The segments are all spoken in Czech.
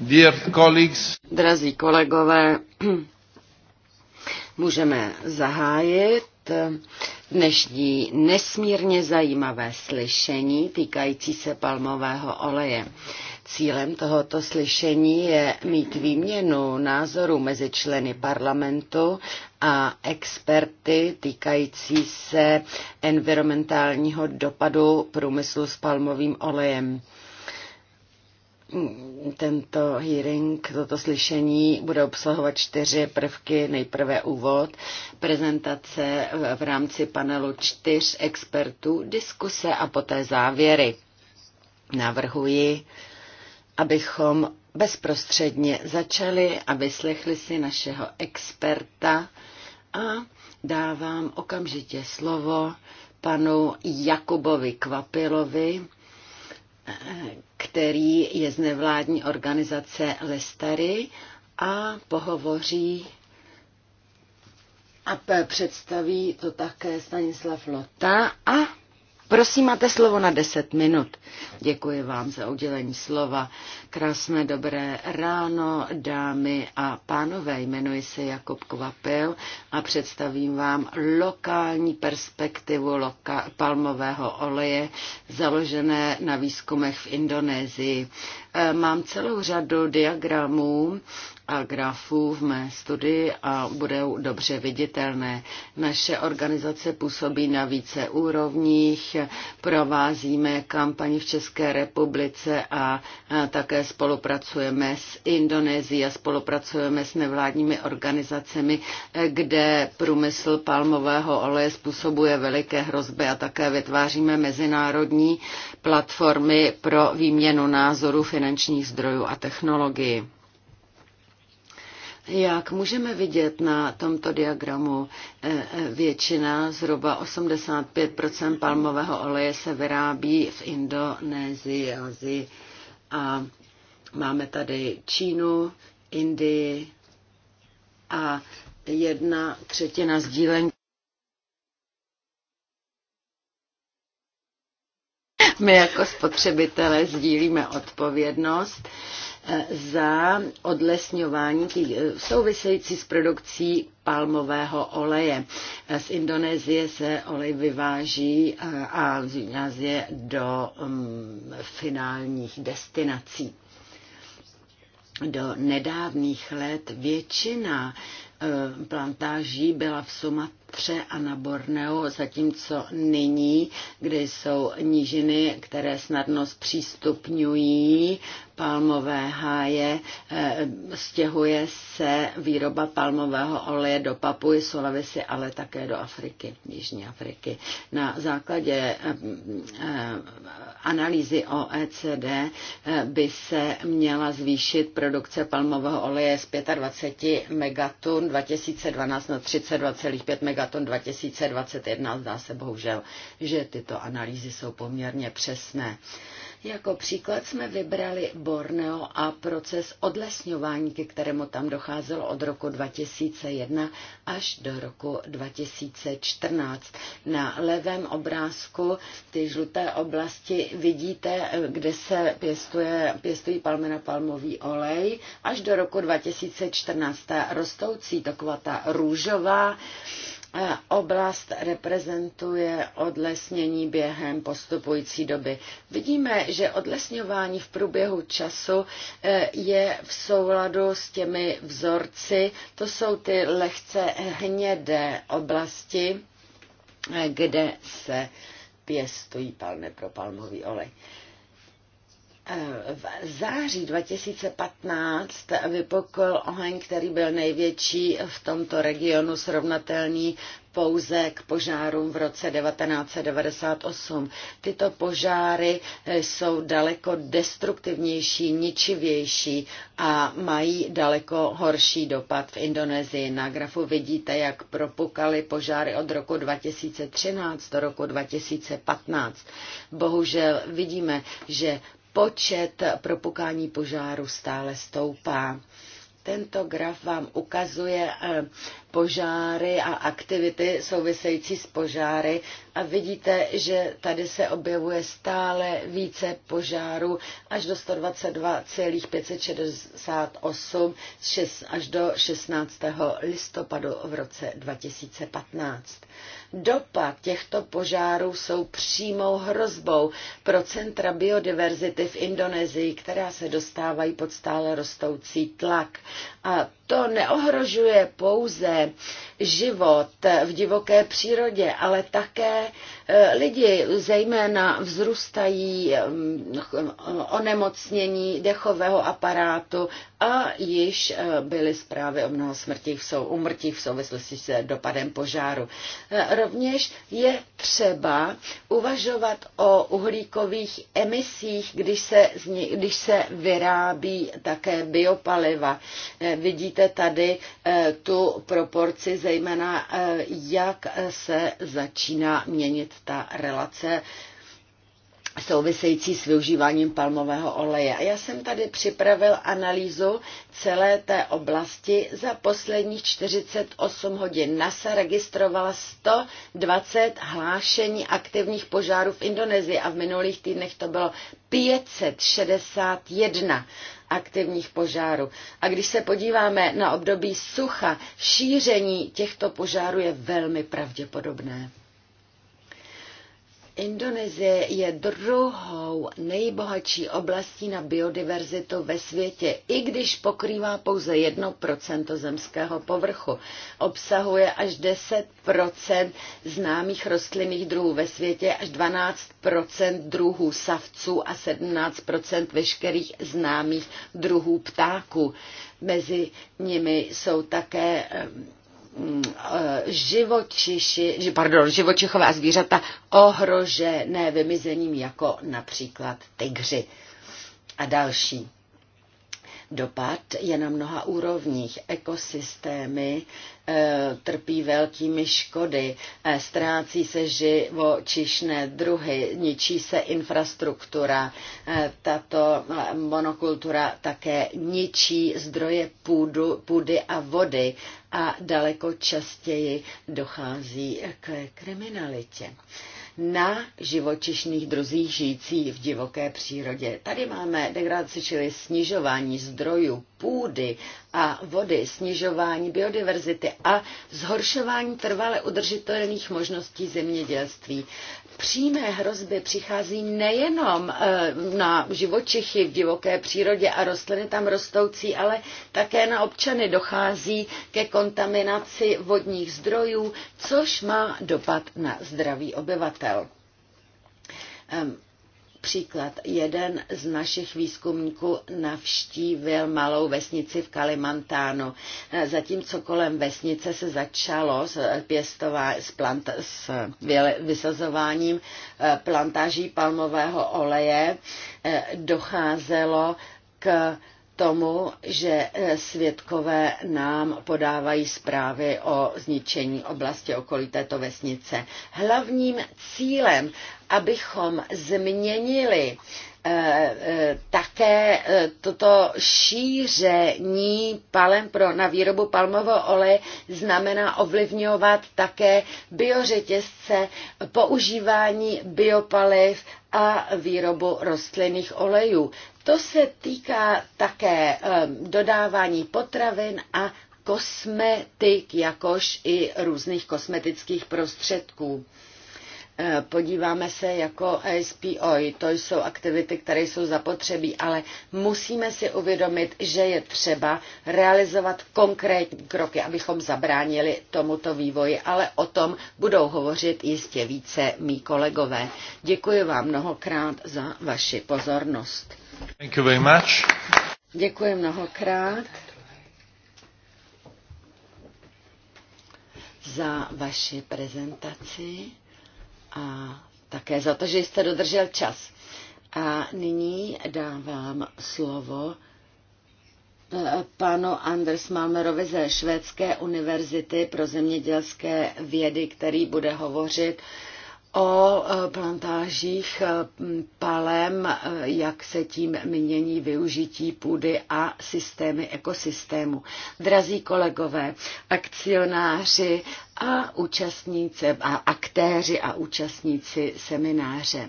Dear colleagues. Drazí kolegové, můžeme zahájit dnešní nesmírně zajímavé slyšení týkající se palmového oleje. Cílem tohoto slyšení je mít výměnu názorů mezi členy parlamentu a experty týkající se environmentálního dopadu průmyslu s palmovým olejem tento hearing, toto slyšení bude obsahovat čtyři prvky. Nejprve úvod, prezentace v rámci panelu čtyř expertů, diskuse a poté závěry. Navrhuji abychom bezprostředně začali a vyslechli si našeho experta a dávám okamžitě slovo panu Jakubovi Kvapilovi, který je z nevládní organizace Lestary a pohovoří a představí to také Stanislav Lota a Prosím, máte slovo na 10 minut. Děkuji vám za udělení slova. Krásné dobré ráno, dámy a pánové. Jmenuji se Jakub Kvapil a představím vám lokální perspektivu loka- palmového oleje založené na výzkumech v Indonésii. E, mám celou řadu diagramů, a grafů v mé studii a budou dobře viditelné. Naše organizace působí na více úrovních, provázíme kampaň v České republice a také spolupracujeme s Indonésií a spolupracujeme s nevládními organizacemi, kde průmysl palmového oleje způsobuje veliké hrozby a také vytváříme mezinárodní platformy pro výměnu názorů finančních zdrojů a technologií. Jak můžeme vidět na tomto diagramu, eh, eh, většina, zhruba 85 palmového oleje se vyrábí v Indonésii, Azii a máme tady Čínu, Indii a jedna třetina sdílení. My jako spotřebitelé sdílíme odpovědnost za odlesňování eh, související s produkcí palmového oleje. Z Indonésie se olej vyváží eh, a z Indonésie do mm, finálních destinací. Do nedávných let většina eh, plantáží byla v sumatře Tře a na Borneo, zatímco nyní, kde jsou nížiny, které snadno zpřístupňují palmové háje, eh, stěhuje se výroba palmového oleje do Papuji, Sulavisy, ale také do Afriky, Jižní Afriky. Na základě eh, eh, analýzy OECD by se měla zvýšit produkce palmového oleje z 25 megatun 2012 na 32,5 megatun Hackathon 2021. Zdá se bohužel, že tyto analýzy jsou poměrně přesné. Jako příklad jsme vybrali Borneo a proces odlesňování, ke kterému tam docházelo od roku 2001 až do roku 2014. Na levém obrázku ty žluté oblasti vidíte, kde se pěstuje, pěstují palmy na palmový olej až do roku 2014. Ta rostoucí taková ta růžová eh, Oblast reprezentuje odlesnění během postupující doby. Vidíme, že odlesňování v průběhu času eh, je v souladu s těmi vzorci. To jsou ty lehce hnědé oblasti, eh, kde se pěstují palmy pro palmový olej. Eh, v září 2015 vypokl oheň, který byl největší v tomto regionu srovnatelný pouze k požárům v roce 1998. Tyto požáry eh, jsou daleko destruktivnější, ničivější a mají daleko horší dopad v Indonésii. Na grafu vidíte, jak propukaly požáry od roku 2013 do roku 2015. Bohužel vidíme, že počet propukání požáru stále stoupá. Tento graf vám ukazuje eh, požáry a aktivity související s požáry a vidíte, že tady se objevuje stále více požárů až do 122,568 až do 16. listopadu v roce 2015. Dopad těchto požárů jsou přímou hrozbou pro centra biodiverzity v Indonésii, která se dostávají pod stále rostoucí tlak. A to neohrožuje pouze život v divoké přírodě, ale také Eh, lidi, zejména vzrůstají ehm, onemocnění dechového aparátu a již eh, byly zprávy o mnoho smrtích v sou, umrtích v souvislosti se dopadem požáru. Eh, rovněž je třeba uvažovat o uhlíkových emisích, když se, když se vyrábí také biopaliva. Vidíte tady tu proporci, zejména jak se začíná měnit ta relace související s využíváním palmového oleje. A já jsem tady připravil analýzu celé té oblasti. Za posledních 48 hodin NASA registrovala 120 hlášení aktivních požárů v Indonésii a v minulých týdnech to bylo 561 aktivních požárů. A když se podíváme na období sucha, šíření těchto požárů je velmi pravděpodobné. Indonésie je druhou nejbohatší oblastí na biodiverzitu ve světě, i když pokrývá pouze 1% zemského povrchu. Obsahuje až 10% známých rostlinných druhů ve světě, až 12% druhů savců a 17% veškerých známých druhů ptáků. Mezi nimi jsou také eh, Eh, živočiši, pardon, živočichová zvířata ohrožené vymizením jako například tygři a další. Dopad je na mnoha úrovních. Ekosystémy e, trpí velkými škody, e, ztrácí se živočišné druhy, ničí se infrastruktura. E, tato monokultura také ničí zdroje půdu, půdy a vody a daleko častěji dochází k kriminalitě na živočišných druzích žijící v divoké přírodě. Tady máme degradaci, čili snižování zdrojů půdy a vody, snižování biodiverzity a zhoršování trvale udržitelných možností zemědělství. Přímé hrozby přichází nejenom eh, na živočichy v divoké přírodě a rostliny tam rostoucí, ale také na občany dochází ke kontaminaci vodních zdrojů, což má dopad na zdraví obyvatel Příklad. Jeden z našich výzkumníků navštívil malou vesnici v Kalimantánu. Zatímco kolem vesnice se začalo s, pěstová, s, plant, s vysazováním eh, plantáží palmového oleje, eh, docházelo k tomu, že e, svědkové nám podávají zprávy o zničení oblasti okolí této vesnice. Hlavním cílem, abychom změnili Eh, také eh, toto šíření palem pro, na výrobu palmového oleje znamená ovlivňovat také biořetězce, používání biopaliv a výrobu rostlinných olejů. To se týká také eh, dodávání potravin a kosmetik, jakož i různých kosmetických prostředků. Eh, podíváme se jako SPOI, to jsou aktivity, které jsou zapotřebí, ale musíme si uvědomit, že je třeba realizovat konkrétní kroky, abychom zabránili tomuto vývoji, ale o tom budou hovořit jistě více mý kolegové. Děkuji vám mnohokrát za vaši pozornost. Thank you very much. Děkuji mnohokrát za vaši prezentaci a také za to, že jste dodržel čas. A nyní dávám slovo eh, panu Anders Malmerovi ze Švédské univerzity pro zemědělské vědy, který bude hovořit o e, plantážích e, palem, e, jak se tím mění využití půdy a systémy ekosystému. Drazí kolegové, akcionáři a účastníci a aktéři a účastníci semináře.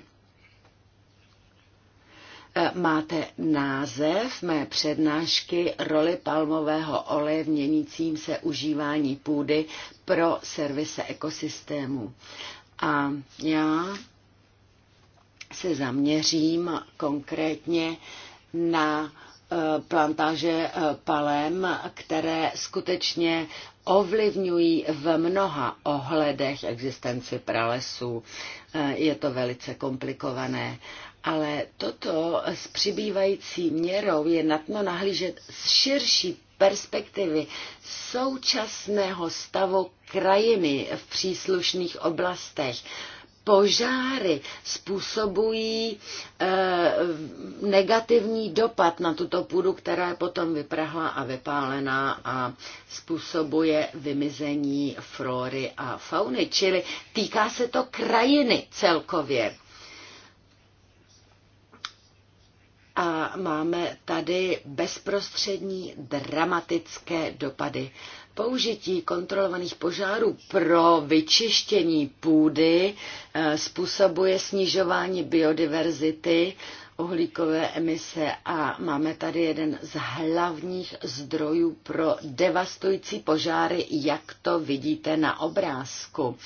Máte název mé přednášky Roli palmového oleje v měnícím se užívání půdy pro servise ekosystému. A já se zaměřím konkrétně na eh, plantáže eh, palem, které skutečně ovlivňují v mnoha ohledech existenci pralesů. Eh, je to velice komplikované. Ale toto s přibývající měrou je natno nahlížet z širší perspektivy současného stavu krajiny v příslušných oblastech požáry způsobují e, negativní dopad na tuto půdu, která je potom vyprahla a vypálená a způsobuje vymizení flory a fauny. Čili týká se to krajiny celkově. a máme tady bezprostřední dramatické dopady. Použití kontrolovaných požárů pro vyčištění půdy eh, způsobuje snižování biodiverzity, uhlíkové emise a máme tady jeden z hlavních zdrojů pro devastující požáry, jak to vidíte na obrázku.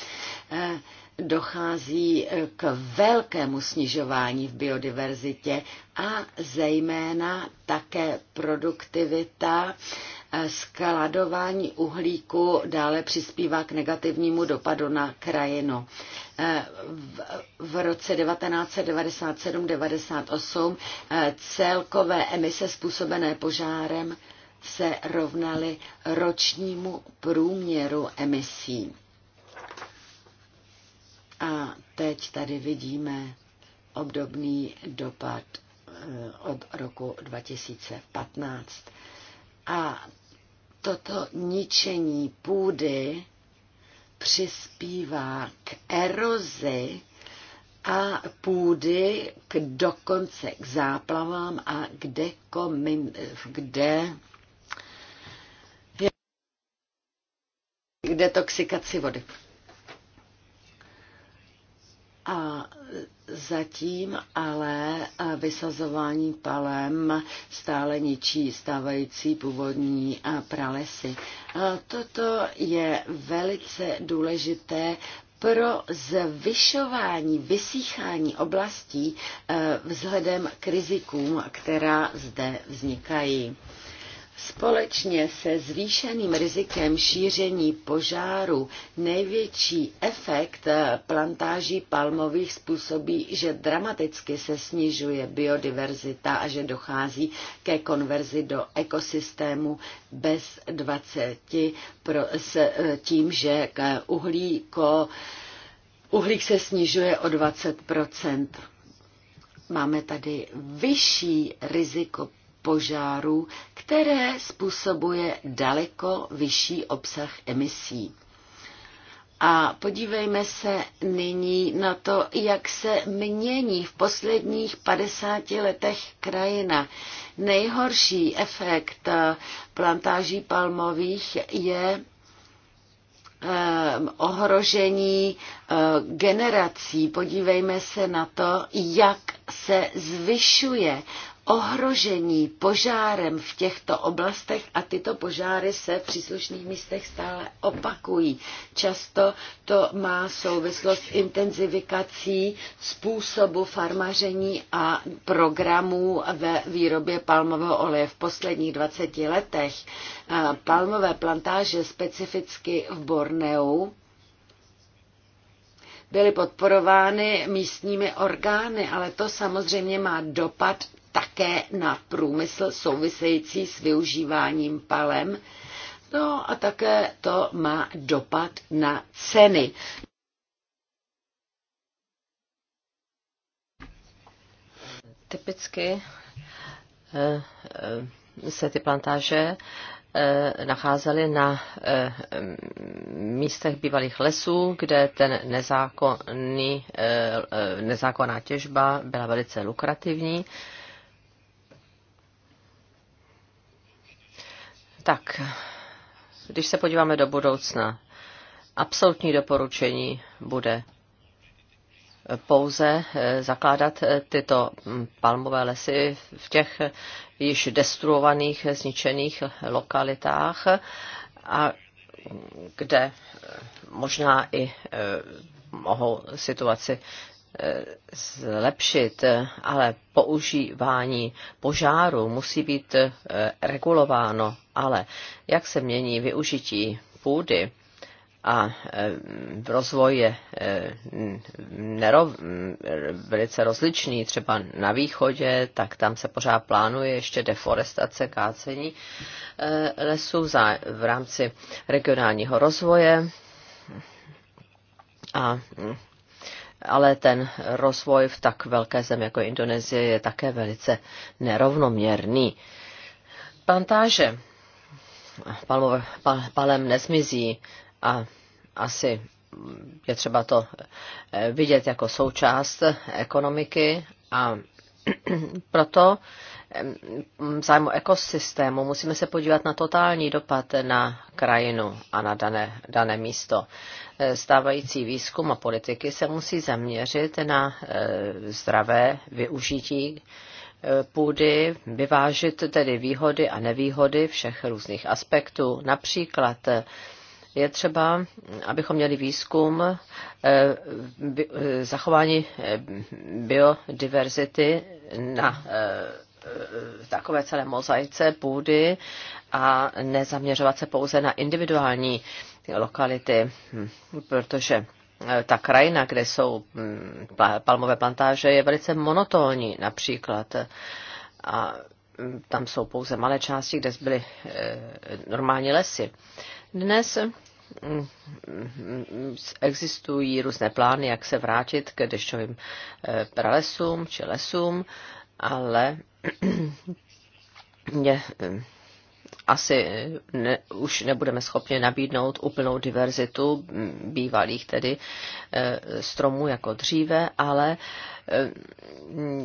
Eh, dochází eh, k velkému snižování v biodiverzitě a zejména také produktivita eh, skladování uhlíku dále přispívá k negativnímu dopadu na krajinu. Eh, v roce 1997-98 celkové emise způsobené požárem se rovnaly ročnímu průměru emisí. A teď tady vidíme obdobný dopad eh, od roku 2015. A toto ničení půdy přispívá k erozi a půdy k dokonce k záplavám a k, dekomin, kde kde toxikaci vody. A zatím ale vysazování palem stále ničí stávající původní pralesy. Toto je velice důležité pro zvyšování, vysíchání oblastí vzhledem k rizikům, která zde vznikají. Společně se zvýšeným rizikem šíření požáru největší efekt plantáží palmových způsobí, že dramaticky se snižuje biodiverzita a že dochází ke konverzi do ekosystému bez 20 pro, s eh, tím, že uhlíko, uhlík se snižuje o 20 Máme tady vyšší riziko požárů, které způsobuje daleko vyšší obsah emisí. A podívejme se nyní na to, jak se mění v posledních 50 letech krajina. Nejhorší efekt plantáží palmových je eh, ohrožení eh, generací. Podívejme se na to, jak se zvyšuje ohrožení požárem v těchto oblastech a tyto požáry se v příslušných místech stále opakují. Často to má souvislost s intenzifikací způsobu farmaření a programů ve výrobě palmového oleje. V posledních 20 letech palmové plantáže specificky v Borneu byly podporovány místními orgány, ale to samozřejmě má dopad také na průmysl související s využíváním palem. No a také to má dopad na ceny. Typicky eh, eh, se ty plantáže eh, nacházely na místech bývalých lesů, kde ten nezákonný, nezákonná těžba byla velice lukrativní Tak, když se podíváme do budoucna, absolutní doporučení bude pouze eh, zakládat eh, tyto mm, palmové lesy v těch eh, již destruovaných, zničených lokalitách, a kde možná i mohou situaci zlepšit, ale používání požáru musí být eh, regulováno. Ale jak se mění využití půdy a eh, rozvoj je eh, nerov, mm, velice rozličný, třeba na východě, tak tam se pořád plánuje ještě deforestace, kácení lesů v rámci regionálního rozvoje. A mm, ale ten rozvoj v tak velké zemi jako Indonésie je také velice nerovnoměrný. Plantáže palmov, pal, palem nezmizí a asi je třeba to eh, vidět jako součást ekonomiky a proto zájmu ekosystému, musíme se podívat na totální dopad na krajinu a na dané, dané místo. Stávající výzkum a politiky se musí zaměřit na eh, zdravé využití eh, půdy, vyvážit tedy výhody a nevýhody všech různých aspektů. Například eh, je třeba, abychom měli výzkum zachování biodiverzity na Eh, takové celé mozaice půdy a nezaměřovat se pouze na individuální lokality, hm, protože eh, ta krajina, kde jsou hm, palmové plantáže, je velice monotónní například. A hm, tam jsou pouze malé části, kde byly eh, normální lesy. Dnes existují různé plány, jak se vrátit k dešťovým pralesům či lesům, ale je eh, asi ne, už nebudeme schopni nabídnout úplnou diverzitu bývalých tedy e, stromů jako dříve, ale e,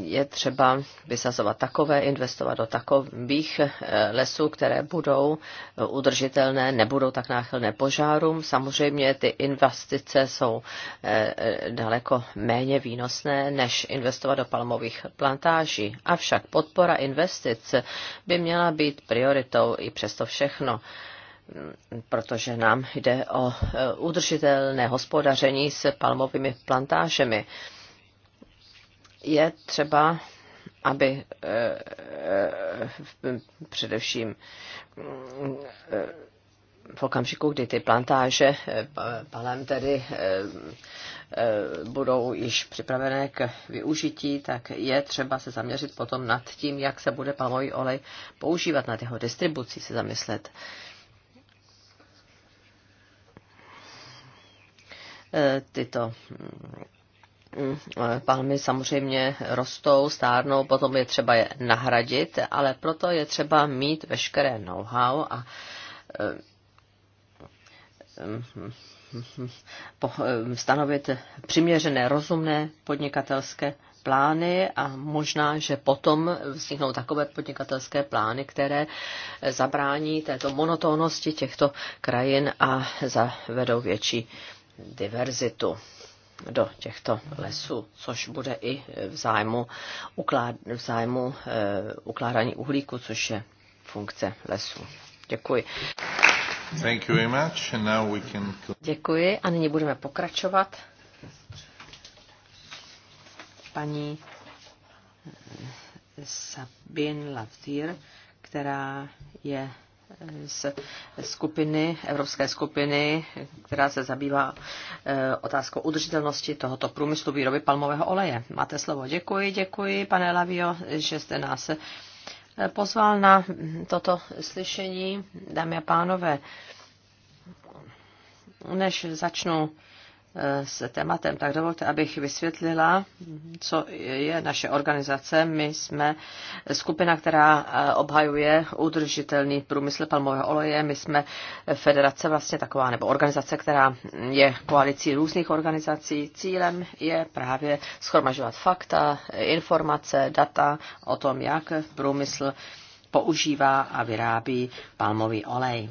je třeba vysazovat takové, investovat do takových e, lesů, které budou udržitelné, nebudou tak náchylné požárům. Samozřejmě ty investice jsou daleko méně výnosné, než investovat do palmových plantáží. Avšak podpora investic by měla být prioritou i přesto všechno protože nám jde o e, udržitelné hospodaření s palmovými plantážemi. Je třeba, aby e, e, především v okamžiku, kdy ty plantáže palem tedy Eh, budou již připravené k využití, tak je třeba se zaměřit potom nad tím, jak se bude palmový olej používat, nad jeho distribucí se zamyslet. Eh, tyto mm, eh, palmy samozřejmě rostou, stárnou, potom je třeba je nahradit, ale proto je třeba mít veškeré know-how a mm, Eh, stanovit přiměřené, rozumné podnikatelské plány a možná, že potom vzniknou takové podnikatelské plány, které eh, zabrání této monotónnosti těchto krajin a zavedou větší diverzitu do těchto lesů, což bude i v zájmu, uklád, v zájmu eh, ukládání uhlíku, což je funkce lesů. Děkuji. Děkuji a nyní budeme pokračovat. Paní eh, Sabine Lavtir, která je eh, z skupiny, evropské skupiny, která se zabývá eh, otázkou udržitelnosti tohoto průmyslu výroby palmového oleje. Máte slovo. Děkuji, děkuji, pane Lavio, že jste nás pozval na toto slyšení, dámy a pánové. Než začnu Eh, s tématem, tak dovolte, abych vysvětlila, co je naše organizace. My jsme skupina, která eh, obhajuje udržitelný průmysl palmového oleje. My jsme federace vlastně taková, nebo organizace, která je koalicí různých organizací. Cílem je právě schromažovat fakta, informace, data o tom, jak průmysl používá a vyrábí palmový olej.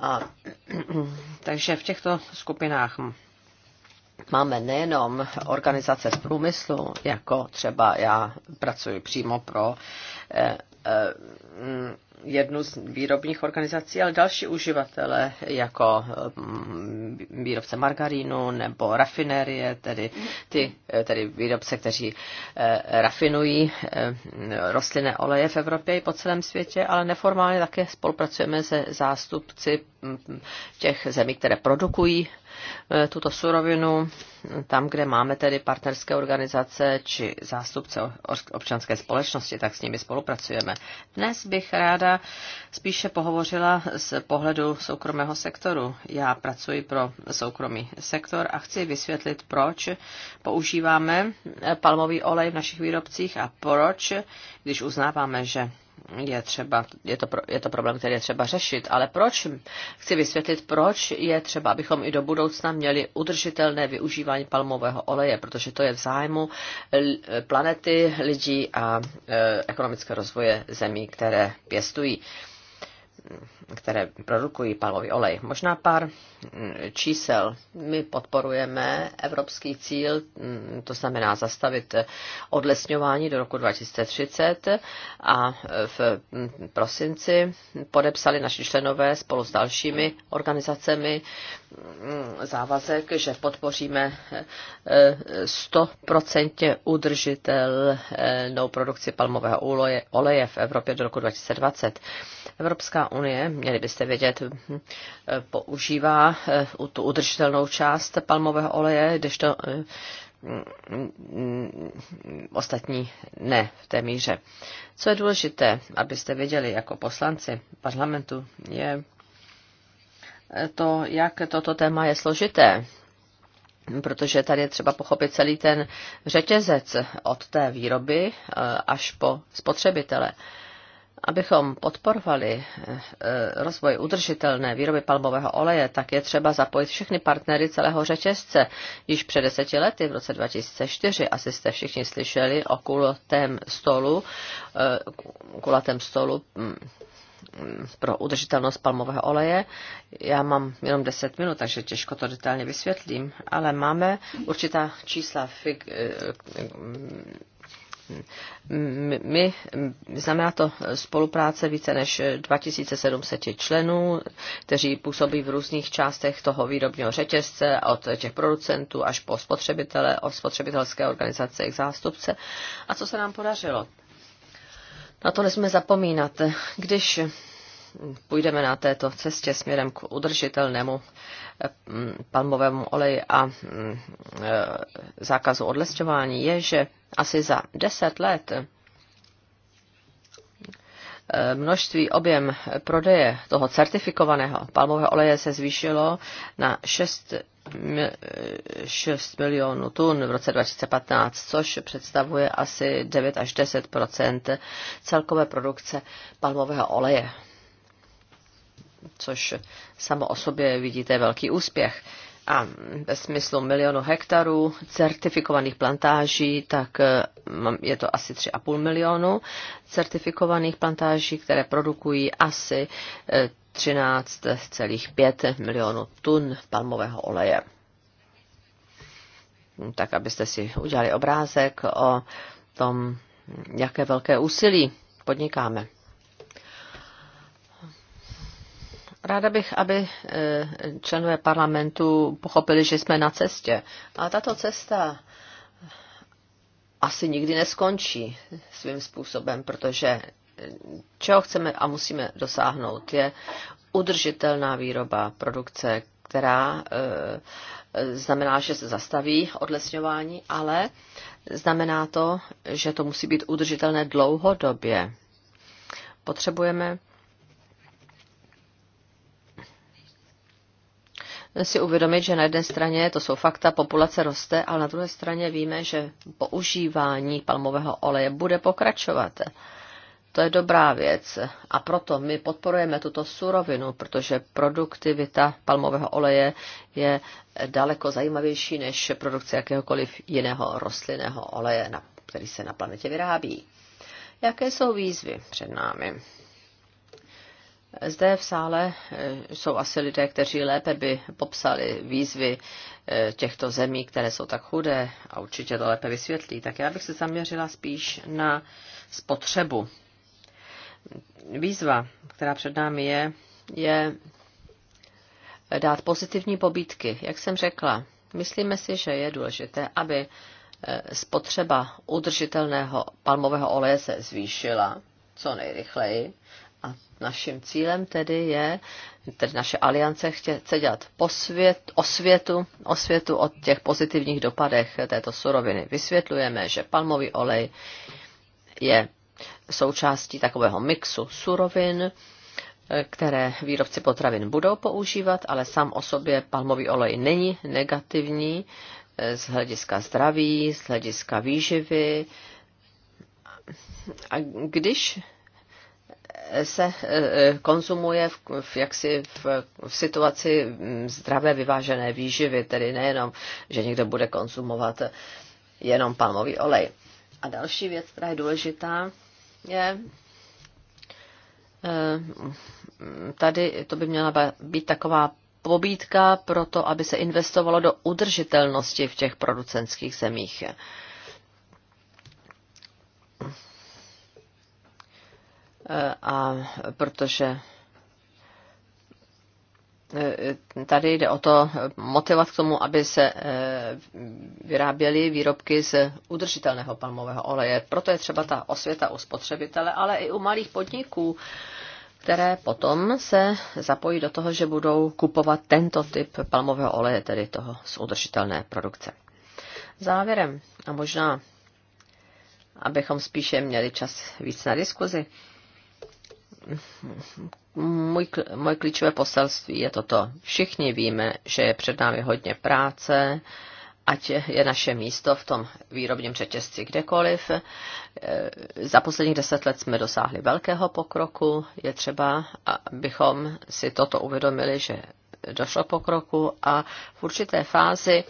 A, takže v těchto skupinách máme nejenom organizace z průmyslu, jako třeba já pracuji přímo pro eh, Eh, jednu z výrobních organizací, ale další uživatele, jako mm, výrobce margarínu nebo rafinérie, tedy, ty, eh, tedy výrobce, kteří eh, rafinují rostlinné oleje v Evropě i po celém světě, ale neformálně také spolupracujeme se zástupci mm, těch zemí, které produkují E, tuto surovinu tam, kde máme tedy partnerské organizace či zástupce občanské společnosti, tak s nimi spolupracujeme. Dnes bych ráda spíše pohovořila z pohledu soukromého sektoru. Já pracuji pro soukromý sektor a chci vysvětlit, proč používáme palmový olej v našich výrobcích a proč, když uznáváme, že je třeba, je to, je to problém, který je třeba řešit, ale proč, chci vysvětlit, proč je třeba, abychom i do budoucna měli udržitelné využívání palmového oleje, protože to je v zájmu planety, lidí a e, ekonomického rozvoje zemí, které pěstují které produkují palový olej. Možná pár mm, čísel. My podporujeme evropský cíl, mm, to znamená zastavit odlesňování do roku 2030 a v mm, prosinci podepsali naši členové spolu s dalšími organizacemi závazek, že podpoříme 100% eh, udržitelnou produkci palmového oleje v Evropě do roku 2020. Evropská unie, měli byste vědět, hm, používá eh, tu udržitelnou část palmového oleje, když to eh, hm, ostatní ne v té míře. Co je důležité, abyste věděli jako poslanci parlamentu, je to, jak toto téma je složité, protože tady je třeba pochopit celý ten řetězec od té výroby eh, až po spotřebitele. Abychom podporovali eh, rozvoj udržitelné výroby palmového oleje, tak je třeba zapojit všechny partnery celého řetězce. Již před deseti lety, v roce 2004, asi jste všichni slyšeli o kulatém stolu, eh, kulatém stolu hm, pro udržitelnost palmového oleje. Já mám jenom 10 minut, takže těžko to detailně vysvětlím, ale máme určitá čísla fig, my, znamená to spolupráce více než 2700 členů, kteří působí v různých částech toho výrobního řetězce, od těch producentů až po spotřebitele, od spotřebitelské organizace k zástupce. A co se nám podařilo? Na to nesmíme zapomínat. Když půjdeme na této cestě směrem k udržitelnému mm, palmovému oleji a mm, e, zákazu odlesťování, je, že asi za deset let množství, objem prodeje toho certifikovaného palmového oleje se zvýšilo na 6 6 milionů tun v roce 2015, což představuje asi 9 až 10 celkové produkce palmového oleje, což samo o sobě vidíte velký úspěch a ve smyslu milionu hektarů certifikovaných plantáží, tak e, je to asi 3,5 milionu certifikovaných plantáží, které produkují asi 13,5 e, milionů tun palmového oleje. Tak, abyste si udělali obrázek o tom, jaké velké úsilí podnikáme. Ráda bych, aby e, členové parlamentu pochopili, že jsme na cestě. A tato cesta e, asi nikdy neskončí svým způsobem, protože e, čeho chceme a musíme dosáhnout, je udržitelná výroba produkce, která znamená, že se zastaví odlesňování, ale znamená to, že to musí být udržitelné dlouhodobě. Potřebujeme si uvědomit, že na jedné straně to jsou fakta, populace roste, ale na druhé straně víme, že používání palmového oleje bude pokračovat. To je dobrá věc a proto my podporujeme tuto surovinu, protože produktivita palmového oleje je daleko zajímavější než produkce jakéhokoliv jiného rostlinného oleje, který se na planetě vyrábí. Jaké jsou výzvy před námi? Zde v sále eh, jsou asi lidé, kteří lépe by popsali výzvy eh, těchto zemí, které jsou tak chudé a určitě to lépe vysvětlí. Tak já bych se zaměřila spíš na spotřebu. Výzva, která před námi je, je dát pozitivní pobídky. Jak jsem řekla, myslíme si, že je důležité, aby eh, spotřeba udržitelného palmového oleje se zvýšila co nejrychleji, Naším cílem tedy je, tedy naše aliance chce dělat posvět, osvětu, osvětu o těch pozitivních dopadech této suroviny. Vysvětlujeme, že palmový olej je součástí takového mixu surovin, které výrobci potravin budou používat, ale sám o sobě palmový olej není negativní eh, z hlediska zdraví, z hlediska výživy. A když se e, e, konzumuje v, v, jaksi v, v situaci mm, zdravé vyvážené výživy, tedy nejenom, že někdo bude konzumovat jenom palmový olej. A další věc, která je důležitá, je e, tady to by měla být taková pobídka pro to, aby se investovalo do udržitelnosti v těch producentských zemích. Eh, a protože eh, tady jde o to motivovat k tomu, aby se eh, vyráběly výrobky z udržitelného palmového oleje. Proto je třeba ta osvěta u spotřebitele, ale i u malých podniků, které potom se zapojí do toho, že budou kupovat tento typ palmového oleje, tedy toho z udržitelné produkce. Závěrem, a možná, abychom spíše měli čas víc na diskuzi, můj, můj klíčové poselství je toto. Všichni víme, že je před námi hodně práce, ať je naše místo v tom výrobním řetězci kdekoliv. E, za posledních deset let jsme dosáhli velkého pokroku. Je třeba, abychom si toto uvědomili, že došlo pokroku a v určité fázi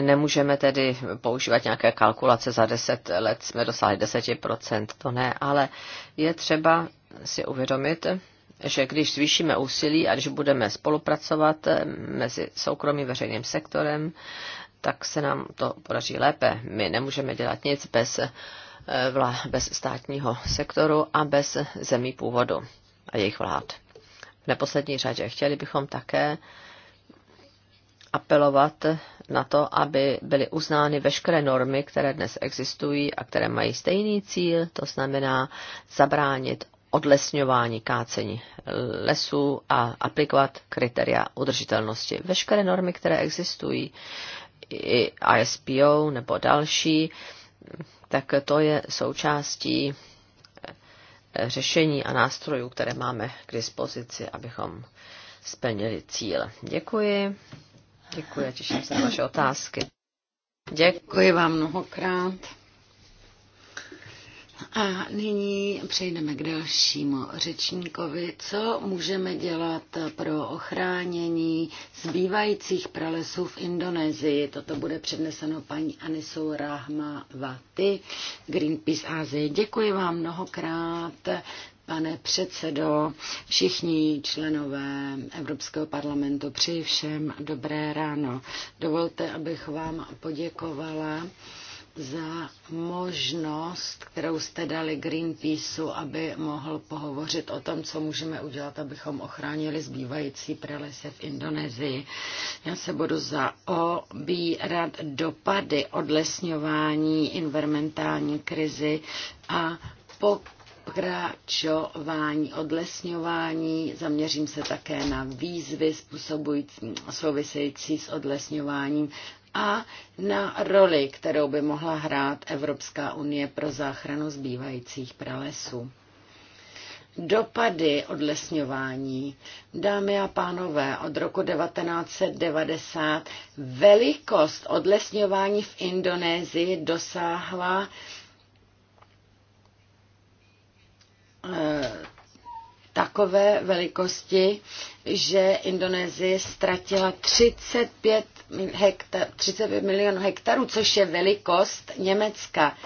nemůžeme tedy používat nějaké kalkulace za deset let, jsme dosáhli 10%, to ne, ale je třeba si uvědomit, že když zvýšíme úsilí a když budeme spolupracovat eh, mezi soukromým veřejným sektorem, tak se nám to podaří lépe. My nemůžeme dělat nic bez, eh, bez státního sektoru a bez zemí původu a jejich vlád. V neposlední řadě chtěli bychom také apelovat na to, aby byly uznány veškeré normy, které dnes existují a které mají stejný cíl, to znamená zabránit odlesňování, kácení lesů a aplikovat kritéria udržitelnosti. Veškeré normy, které existují, i ISPO nebo další, tak to je součástí eh, řešení a nástrojů, které máme k dispozici, abychom splnili cíl. Děkuji. Děkuji těším se na vaše otázky. Děkuji vám mnohokrát. A nyní přejdeme k dalšímu řečníkovi. Co můžeme dělat pro ochránění zbývajících pralesů v Indonésii? Toto bude předneseno paní Anisou Rahma Vaty, Greenpeace Asie. Děkuji vám mnohokrát Pane předsedo, všichni členové Evropského parlamentu, přeji všem dobré ráno. Dovolte, abych vám poděkovala za možnost, kterou jste dali Greenpeaceu, aby mohl pohovořit o tom, co můžeme udělat, abychom ochránili zbývající pralese v Indonésii. Já se budu zaobírat dopady odlesňování, environmentální krizi a pokud pokračování odlesňování. Zaměřím se také na výzvy způsobující, související s odlesňováním a na roli, kterou by mohla hrát Evropská unie pro záchranu zbývajících pralesů. Dopady odlesňování. Dámy a pánové, od roku 1990 velikost odlesňování v Indonésii dosáhla Eh, takové velikosti, že Indonésie ztratila 35, hektar, 35 milionů hektarů, což je velikost Německa.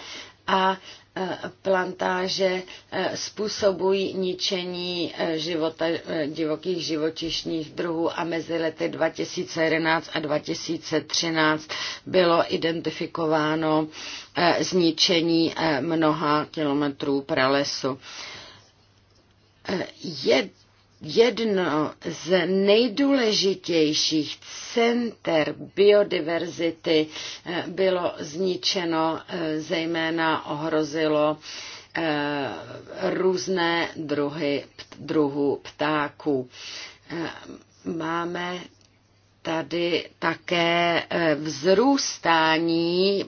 A eh, plantáže eh, způsobují ničení života divokých živočišních druhů a mezi lety 2011 a 2013 bylo identifikováno zničení mnoha kilometrů pralesu je jedno z nejdůležitějších center biodiverzity eh, bylo zničeno, eh, zejména ohrozilo eh, různé druhy druhů ptáků. Máme tady také eh, vzrůstání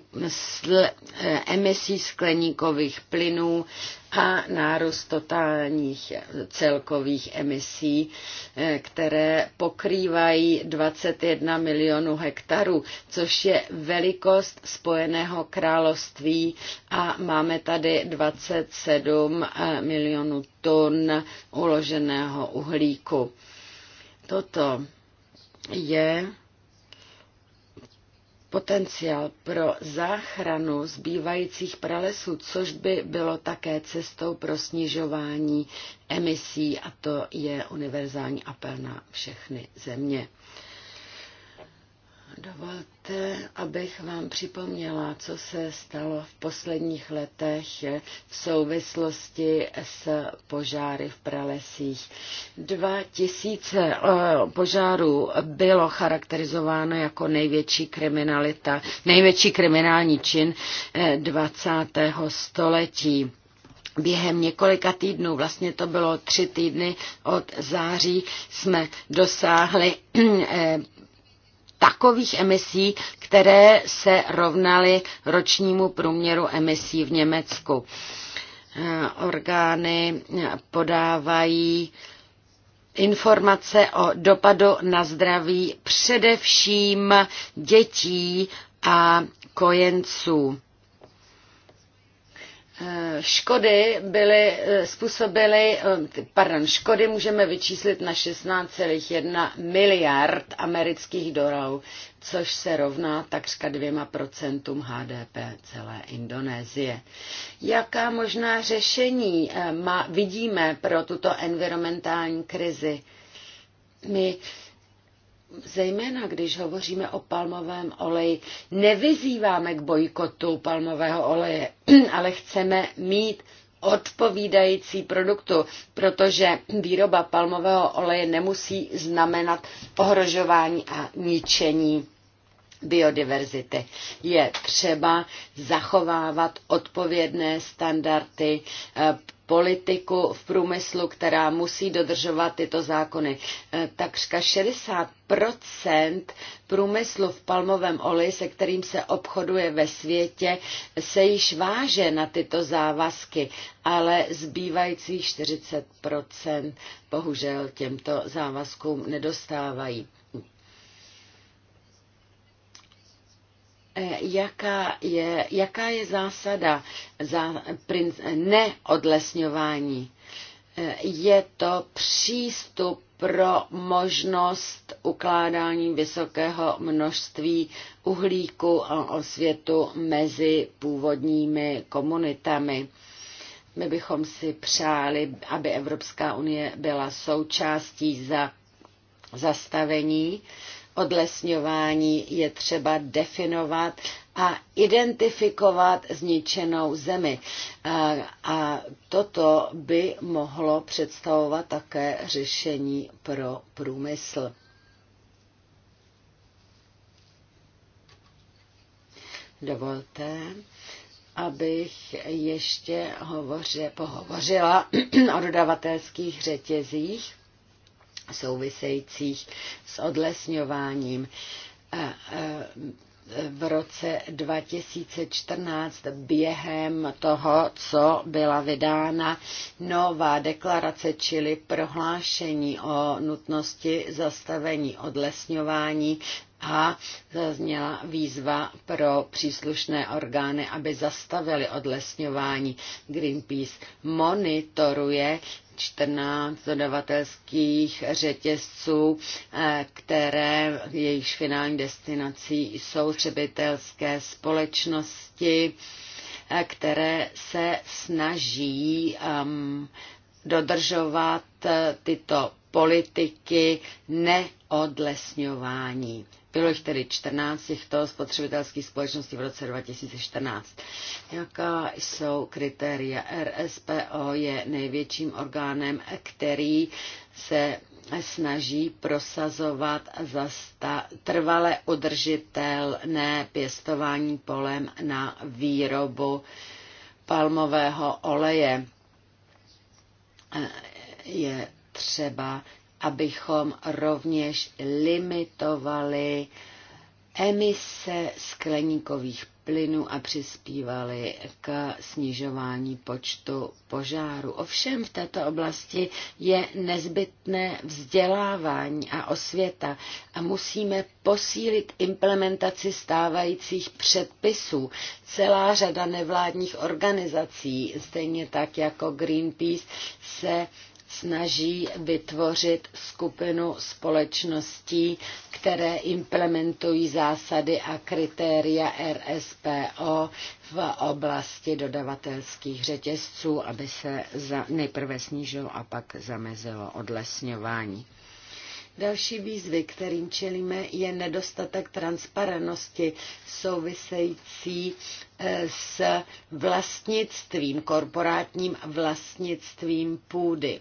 eh, emisí skleníkových plynů a nárůst totálních eh, celkových emisí, které pokrývají 21 milionů hektarů, což je velikost Spojeného království a máme tady 27 milionů tun uloženého uhlíku. Toto je potenciál pro záchranu zbývajících pralesů, což by bylo také cestou pro snižování emisí a to je univerzální apel na všechny země. Dovolte, abych vám připomněla, co se stalo v posledních letech v souvislosti s požáry v pralesích. Dva tisíce eh, požárů bylo charakterizováno jako největší kriminalita, největší kriminální čin 20. Eh, století během několika týdnů, vlastně to bylo tři týdny od září, jsme dosáhli eh, takových emisí, které se rovnaly ročnímu průměru emisí v Německu. Eh, orgány podávají informace o dopadu na zdraví především dětí a kojenců. Eh, škody byly eh, způsobily, eh, pardon, škody můžeme vyčíslit na 16,1 miliard amerických dolarů, což se rovná takřka dvěma procentům HDP celé Indonésie. Jaká možná řešení má, vidíme pro tuto environmentální krizi? My zejména když hovoříme o palmovém oleji, nevyzýváme k bojkotu palmového oleje, ale chceme mít odpovídající produktu, protože výroba palmového oleje nemusí znamenat ohrožování a ničení biodiverzity. Je třeba zachovávat odpovědné standardy eh, politiku v průmyslu, která musí dodržovat tyto zákony. E, takřka 60 průmyslu v palmovém oleji, se kterým se obchoduje ve světě, se již váže na tyto závazky, ale zbývajících 40 bohužel těmto závazkům nedostávají. Eh, jaká je, jaká je zásada za princ, neodlesňování. Eh, je to přístup pro možnost ukládání vysokého množství uhlíku a osvětu mezi původními komunitami. My bychom si přáli, aby Evropská unie byla součástí za zastavení odlesňování je třeba definovat a identifikovat zničenou zemi. A, a toto by mohlo představovat také řešení pro průmysl. Dovolte, abych ještě hovořil, pohovořila o dodavatelských řetězích souvisejících s odlesňováním v roce 2014 během toho, co byla vydána nová deklarace, čili prohlášení o nutnosti zastavení odlesňování a zazněla výzva pro příslušné orgány, aby zastavili odlesňování. Greenpeace monitoruje 14 dodavatelských řetězců, eh, které jejich finální destinací jsou třebitelské společnosti, eh, které se snaží um, dodržovat eh, tyto politiky neodlesňování. Bylo jich tedy 14 těchto spotřebitelských společností v roce 2014. Jaká jsou kritéria? RSPO je největším orgánem, který se snaží prosazovat zasta- trvale udržitelné pěstování polem na výrobu palmového oleje. Je třeba abychom rovněž limitovali emise skleníkových plynů a přispívali k snižování počtu požáru. Ovšem v této oblasti je nezbytné vzdělávání a osvěta a musíme posílit implementaci stávajících předpisů. Celá řada nevládních organizací, stejně tak jako Greenpeace, se snaží vytvořit skupinu společností, které implementují zásady a kritéria RSPO v oblasti dodavatelských řetězců, aby se za, nejprve snížilo a pak zamezilo odlesňování. Další výzvy, kterým čelíme, je nedostatek transparentnosti související e, s vlastnictvím, korporátním vlastnictvím půdy.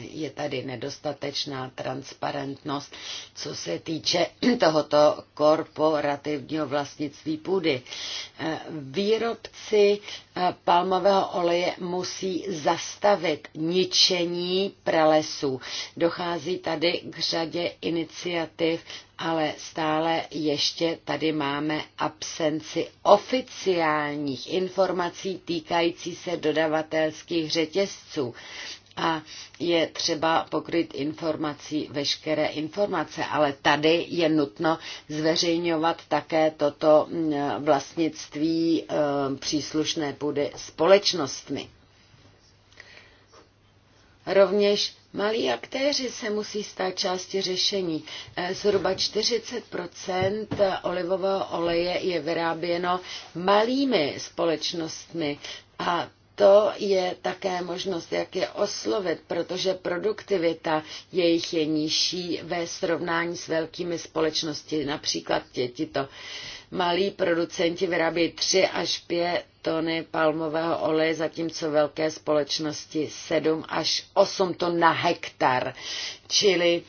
je tady nedostatečná transparentnost, co se týče tohoto korporativního vlastnictví půdy. Eh, výrobci eh, palmového oleje musí zastavit ničení pralesů. Dochází tady k řadě iniciativ, ale stále ještě tady máme absenci oficiálních informací týkající se dodavatelských řetězců a je třeba pokryt informací veškeré informace, ale tady je nutno zveřejňovat také toto mm, vlastnictví eh, příslušné půdy společnostmi. Rovněž malí aktéři se musí stát části řešení. Eh, zhruba 40 olivového oleje je vyráběno malými společnostmi a to je také možnost, jak je oslovit, protože produktivita jejich je nižší ve srovnání s velkými společnosti. Například tito malí producenti vyrábějí 3 až 5 tony palmového oleje, zatímco velké společnosti 7 až 8 ton na hektar. Čili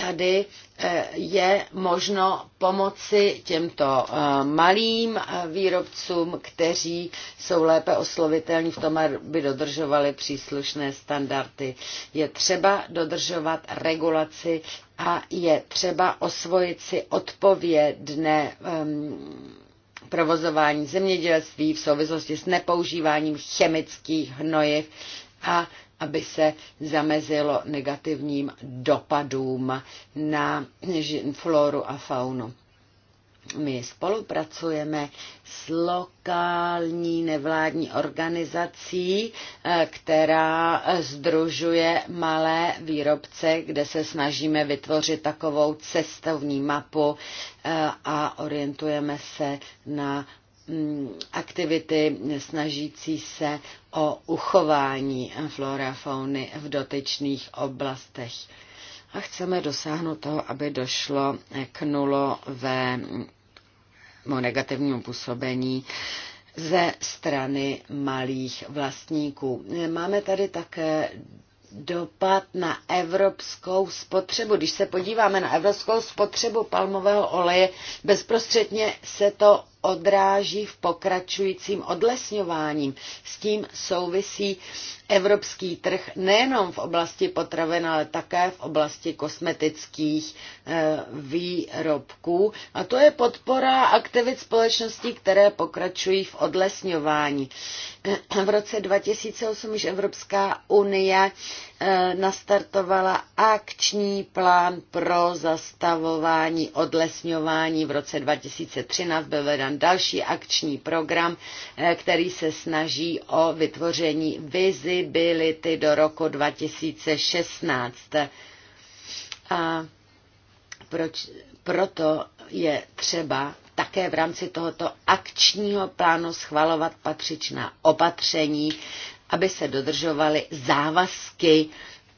tady eh, je možno pomoci těmto eh, malým eh, výrobcům, kteří jsou lépe oslovitelní v tom, aby dodržovali příslušné standardy. Je třeba dodržovat regulaci a je třeba osvojit si odpovědné ehm, provozování zemědělství v souvislosti s nepoužíváním chemických hnojiv a aby se zamezilo negativním dopadům na floru a faunu. My spolupracujeme s lokální nevládní organizací, eh, která združuje malé výrobce, kde se snažíme vytvořit takovou cestovní mapu eh, a orientujeme se na Mm, aktivity snažící se o uchování flora fauny v dotyčných oblastech. A chceme dosáhnout toho, aby došlo k nulovému negativnímu působení ze strany malých vlastníků. Máme tady také dopad na evropskou spotřebu. Když se podíváme na evropskou spotřebu palmového oleje, bezprostředně se to odráží v pokračujícím odlesňováním. S tím souvisí evropský trh nejenom v oblasti potravin, ale také v oblasti kosmetických eh, výrobků. A to je podpora aktivit společností, které pokračují v odlesňování. Eh, v roce 2008 již Evropská unie Eh, nastartovala akční plán pro zastavování odlesňování. V roce 2013 byl vedan další akční program, eh, který se snaží o vytvoření visibility do roku 2016. A proč, proto je třeba také v rámci tohoto akčního plánu schvalovat patřičná opatření aby se dodržovaly závazky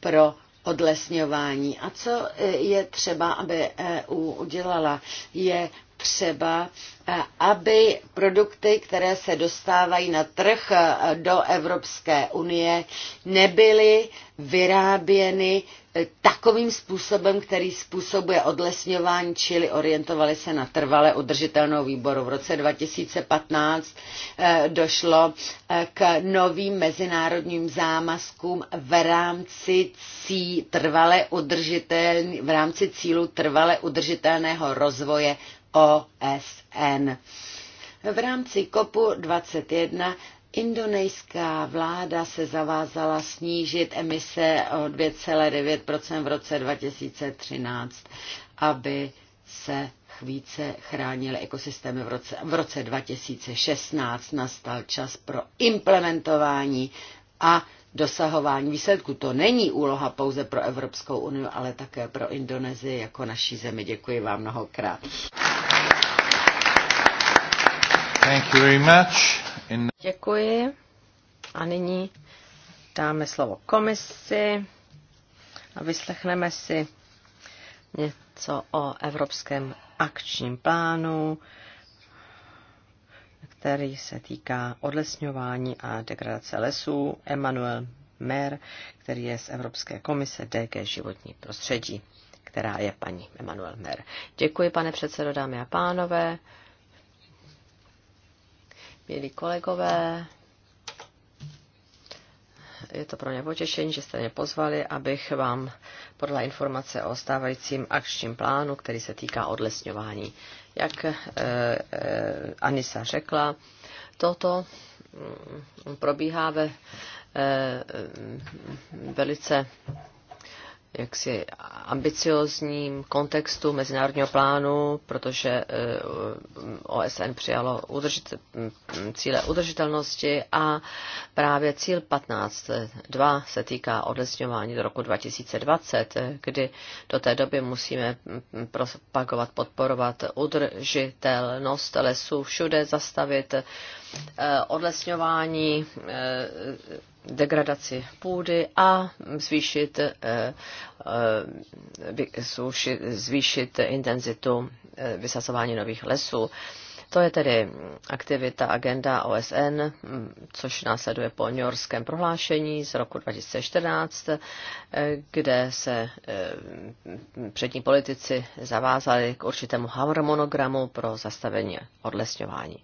pro odlesňování. A co je třeba, aby EU udělala, je třeba, eh, aby produkty, které se dostávají na trh eh, do Evropské unie, nebyly vyráběny eh, takovým způsobem, který způsobuje odlesňování, čili orientovali se na trvale udržitelnou výboru. V roce 2015 došlo k novým mezinárodním zámazkům v rámci, cí, trvale udržitel, v rámci cílu trvale udržitelného rozvoje OSN. V rámci cop 21 Indonejská vláda se zavázala snížit emise o 2,9 v roce 2013, aby se více chránili ekosystémy v roce, v roce 2016. Nastal čas pro implementování a dosahování výsledku. To není úloha pouze pro Evropskou unii, ale také pro Indonésii jako naší zemi. Děkuji vám mnohokrát. Děkuji. A nyní dáme slovo komisi a vyslechneme si něco o Evropském akčním plánu, který se týká odlesňování a degradace lesů. Emanuel Mer, který je z Evropské komise DG životní prostředí, která je paní Emanuel Mer. Děkuji, pane předsedo, dámy a pánové milí kolegové. Je to pro mě potěšení, že jste mě pozvali, abych vám podala informace o stávajícím akčním plánu, který se týká odlesňování. Jak eh, eh, Anisa řekla, toto mm, probíhá ve eh, mm, velice jaksi ambiciozním kontextu mezinárodního plánu, protože eh, OSN přijalo udržit, hm, cíle udržitelnosti a právě cíl 15.2 se týká odlesňování do roku 2020, kdy do té doby musíme hm, propagovat, podporovat udržitelnost lesů všude, zastavit Eh, odlesňování, eh, degradaci půdy a zvýšit, eh, zvýšit intenzitu vysazování nových lesů. To je tedy aktivita agenda OSN, hm, což následuje po New Yorkském prohlášení z roku 2014, kde se přední politici zavázali k určitému harmonogramu pro zastavení odlesňování.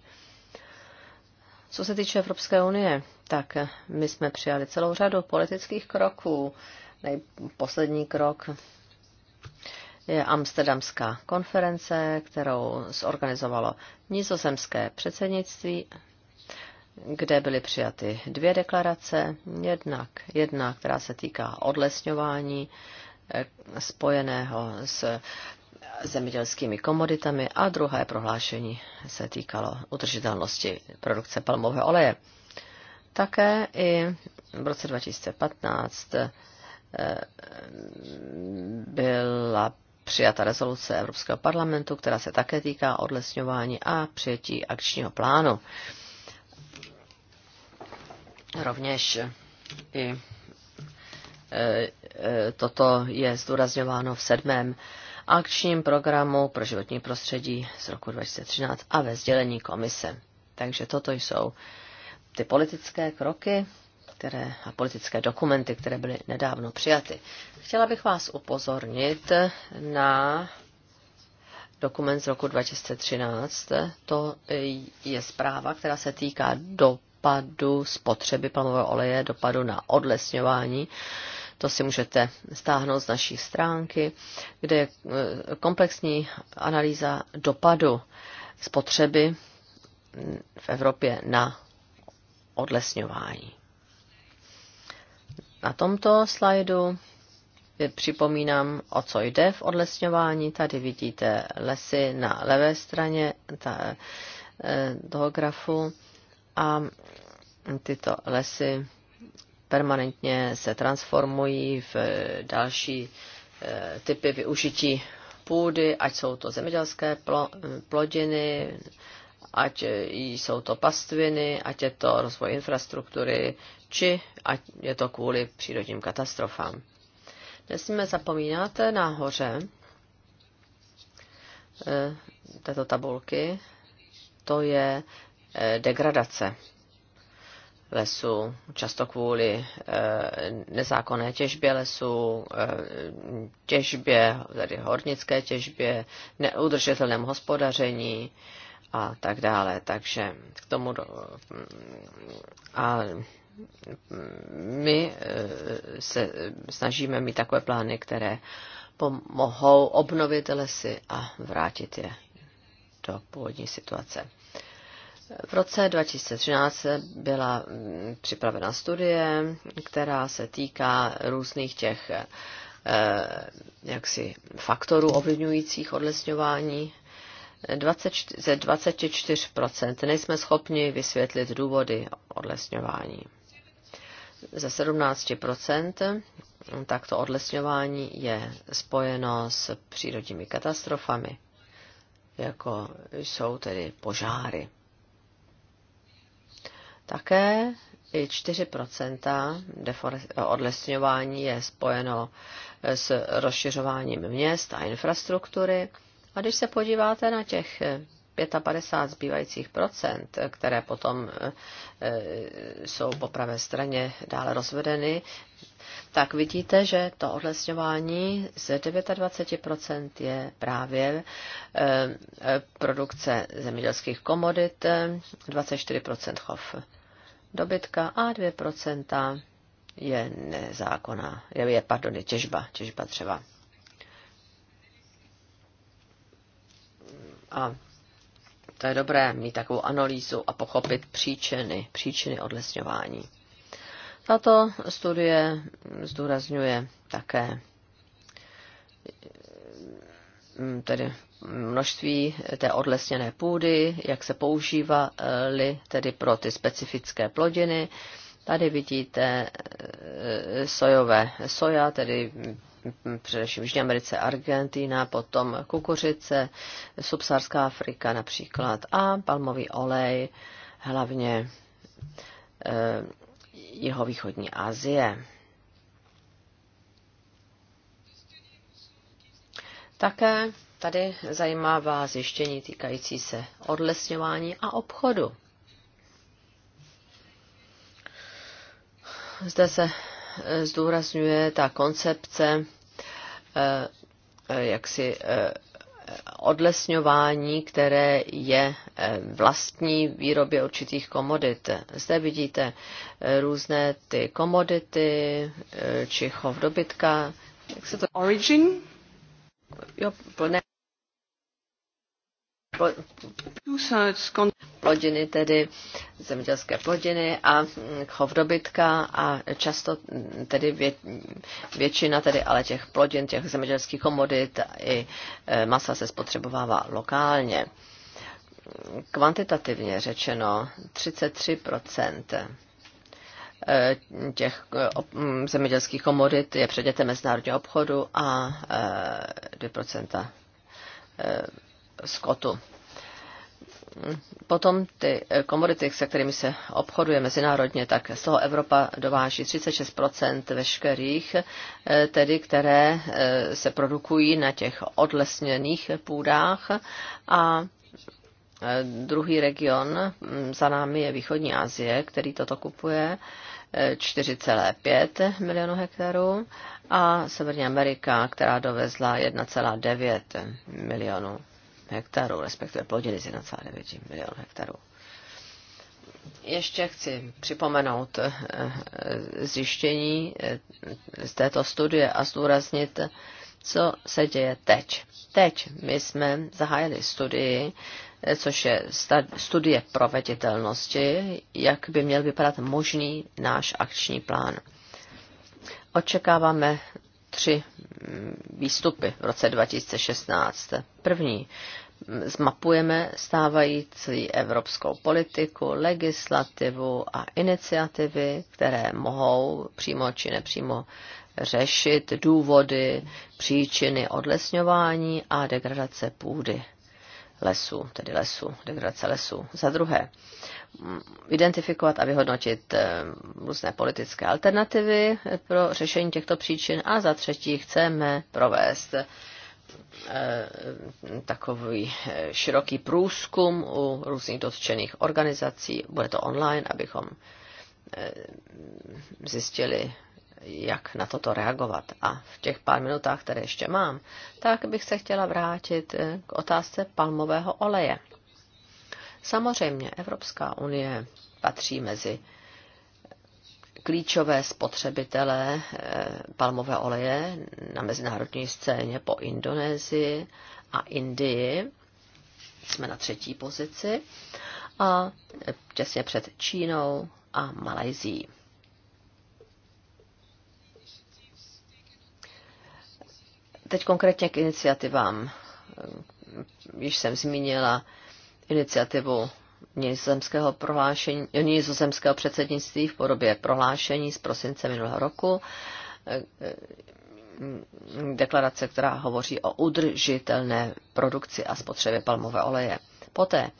Co se týče Evropské unie, tak my jsme přijali celou řadu politických kroků. Nejposlední krok je Amsterdamská konference, kterou zorganizovalo nizozemské předsednictví, kde byly přijaty dvě deklarace. Jednak, jedna, která se týká odlesňování eh, spojeného s zemědělskými komoditami a druhé prohlášení se týkalo udržitelnosti produkce palmového oleje. Také i v roce 2015 eh, byla přijata rezoluce Evropského parlamentu, která se také týká odlesňování a přijetí akčního plánu. Rovněž i eh, eh, toto je zdůrazňováno v sedmém akčním programu pro životní prostředí z roku 2013 a ve sdělení komise. Takže toto jsou ty politické kroky které, a politické dokumenty, které byly nedávno přijaty. Chtěla bych vás upozornit na dokument z roku 2013. To je zpráva, která se týká dopadu spotřeby palmového oleje, dopadu na odlesňování to si můžete stáhnout z naší stránky, kde je eh, komplexní analýza dopadu spotřeby v Evropě na odlesňování. Na tomto slajdu připomínám, o co jde v odlesňování. Tady vidíte lesy na levé straně ta, eh, toho grafu a tyto lesy permanentně se transformují v eh, další eh, typy využití půdy, ať jsou to zemědělské eh, plodiny, ať jsou to pastviny, ať je to rozvoj infrastruktury, či ať je to kvůli přírodním katastrofám. Nesmíme zapomínat nahoře této tabulky, to je degradace lesů, často kvůli eh, nezákonné těžbě lesů, eh, těžbě, tedy hornické těžbě, neudržitelném hospodaření a tak dále. Takže k tomu do... a my eh, se snažíme mít takové plány, které pomohou obnovit lesy a vrátit je do původní situace. V roce 2013 byla mm, připravena studie, která se týká různých těch eh, jaksi faktorů ovlivňujících odlesňování ze 24% nejsme schopni vysvětlit důvody odlesňování. Ze 17% takto odlesňování je spojeno s přírodními katastrofami, jako jsou tedy požáry. Také i 4% odlesňování je spojeno s rozšiřováním měst a infrastruktury. A když se podíváte na těch 55 zbývajících procent, které potom e, e, jsou po pravé straně dále rozvedeny, tak vidíte, že to odlesňování z 29% je právě e, produkce zemědělských komodit, 24% chov dobytka a 2% je nezákonná, je, je, pardon, je těžba, těžba třeba. A to je dobré mít takovou analýzu a pochopit příčiny, příčiny odlesňování. Tato studie zdůrazňuje také tedy množství té odlesněné půdy, jak se používaly tedy pro ty specifické plodiny. Tady vidíte eh, sojové soja, tedy hm, především v Jižní Americe, Argentina, potom kukuřice, subsaharská Afrika například a palmový olej, hlavně jeho východní Asie. Také Tady zajímá vás zjištění týkající se odlesňování a obchodu. Zde se eh, zdůrazňuje ta koncepce eh, eh, jaksi odlesňování, které je vlastní výrobě určitých komodit. Zde vidíte různé ty komodity či chov dobytka. Jak se to... Origin? Jo, plné plodiny, tedy zemědělské plodiny a mm, chov dobytka a často mm, tedy vě, většina tedy ale těch plodin, těch zemědělských komodit i e, masa se spotřebovává lokálně. Kvantitativně řečeno 33 e, těch e, mm, zemědělských komodit je předmětem mezinárodního obchodu a 2 skotu. Potom ty eh, komodity, se kterými se obchoduje mezinárodně, tak z toho Evropa dováží 36 veškerých, eh, tedy které eh, se produkují na těch odlesněných půdách a Druhý region mm, za námi je východní Asie, který toto kupuje 4,5 milionů hektarů a Severní Amerika, která dovezla 1,9 milionů hektarů, respektive plodiny z 1,9 milion hektarů. Ještě chci připomenout eh, eh, zjištění eh, z této studie a zdůraznit, co se děje teď. Teď my jsme zahájili studii, což je studie proveditelnosti, jak by měl vypadat možný náš akční plán. Očekáváme tři výstupy v roce 2016. První, zmapujeme stávající evropskou politiku, legislativu a iniciativy, které mohou přímo či nepřímo řešit důvody, příčiny odlesňování a degradace půdy lesů, tedy lesů, degradace lesů. Za druhé, mm, identifikovat a vyhodnotit eh, různé politické alternativy eh, pro řešení těchto příčin a za třetí chceme provést eh, takový široký průzkum u různých dotčených organizací. Bude to online, abychom zjistili, jak na toto reagovat. A v těch pár minutách, které ještě mám, tak bych se chtěla vrátit eh, k otázce palmového oleje. Samozřejmě Evropská unie patří mezi klíčové spotřebitele eh, palmové oleje na mezinárodní scéně po Indonésii a Indii. Jsme na třetí pozici a těsně před Čínou a Malajzí. Teď konkrétně k iniciativám. Již jsem zmínila iniciativu nizozemského, prohlášení, nizozemského předsednictví v podobě prohlášení z prosince minulého roku, deklarace, která hovoří o udržitelné produkci a spotřebě palmové oleje. Poté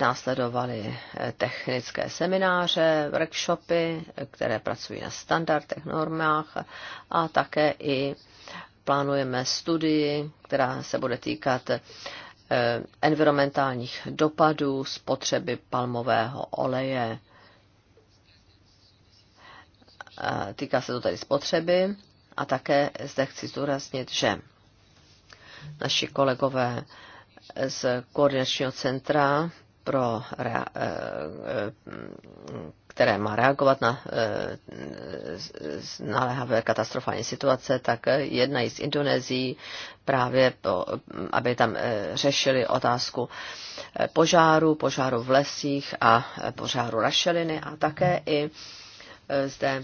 Následovaly eh, technické semináře, workshopy, které pracují na standardech, normách a také i plánujeme studii, která se bude týkat eh, environmentálních dopadů spotřeby palmového oleje. Týká se to tedy spotřeby a také zde chci zdůraznit, že naši kolegové z koordinačního centra pro, eh, eh, které má reagovat na eh, naléhavé katastrofální situace, tak jednají z Indonésií právě, po, aby tam řešili otázku požáru, požáru v lesích a požáru rašeliny a také i zde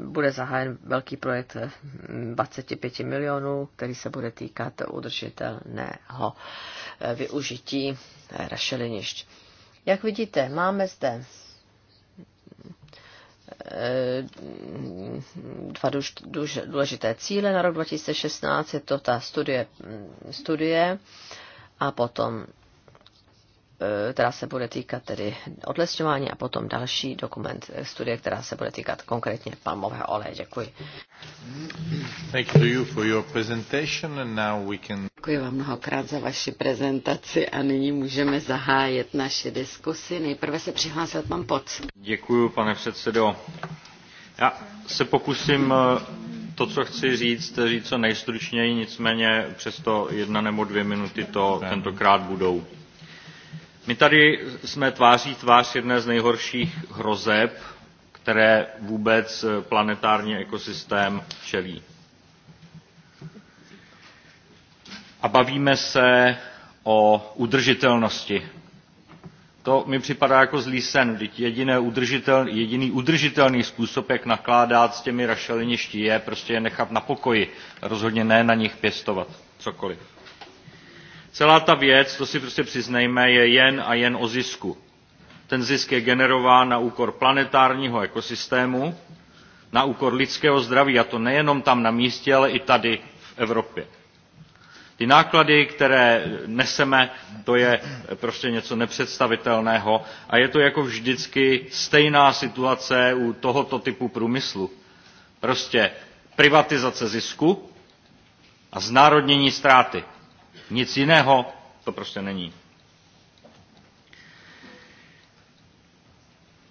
bude zahájen velký projekt 25 milionů, který se bude týkat udržitelného e, využití e, rašelinišť. Jak vidíte, máme zde e, dva důležité cíle na rok 2016, je to ta studie, studie a potom Eh, která se bude týkat tedy odlesňování a potom další dokument eh, studie, která se bude týkat konkrétně palmového oleje. Děkuji. Thank you for your presentation and now we can... Děkuji vám mnohokrát za vaši prezentaci a nyní můžeme zahájit naši diskusi. Nejprve se přihlásil pan Poc. Děkuji, pane předsedo. Já se pokusím eh, to, co chci říct, říct co nejstručněji, nicméně přesto jedna nebo dvě minuty to tentokrát budou. My tady jsme tváří tvář jedné z nejhorších hrozeb, které vůbec planetární ekosystém čelí. A bavíme se o udržitelnosti. To mi připadá jako zlý sen, jediné udržitel, jediný udržitelný způsob, jak nakládat s těmi rašeliništi, je prostě je nechat na pokoji, rozhodně ne na nich pěstovat cokoliv. Celá ta věc, to si prostě přiznejme, je jen a jen o zisku. Ten zisk je generován na úkor planetárního ekosystému, na úkor lidského zdraví, a to nejenom tam na místě, ale i tady v Evropě. Ty náklady, které neseme, to je prostě něco nepředstavitelného a je to jako vždycky stejná situace u tohoto typu průmyslu. Prostě privatizace zisku a znárodnění ztráty. Nic jiného to prostě není.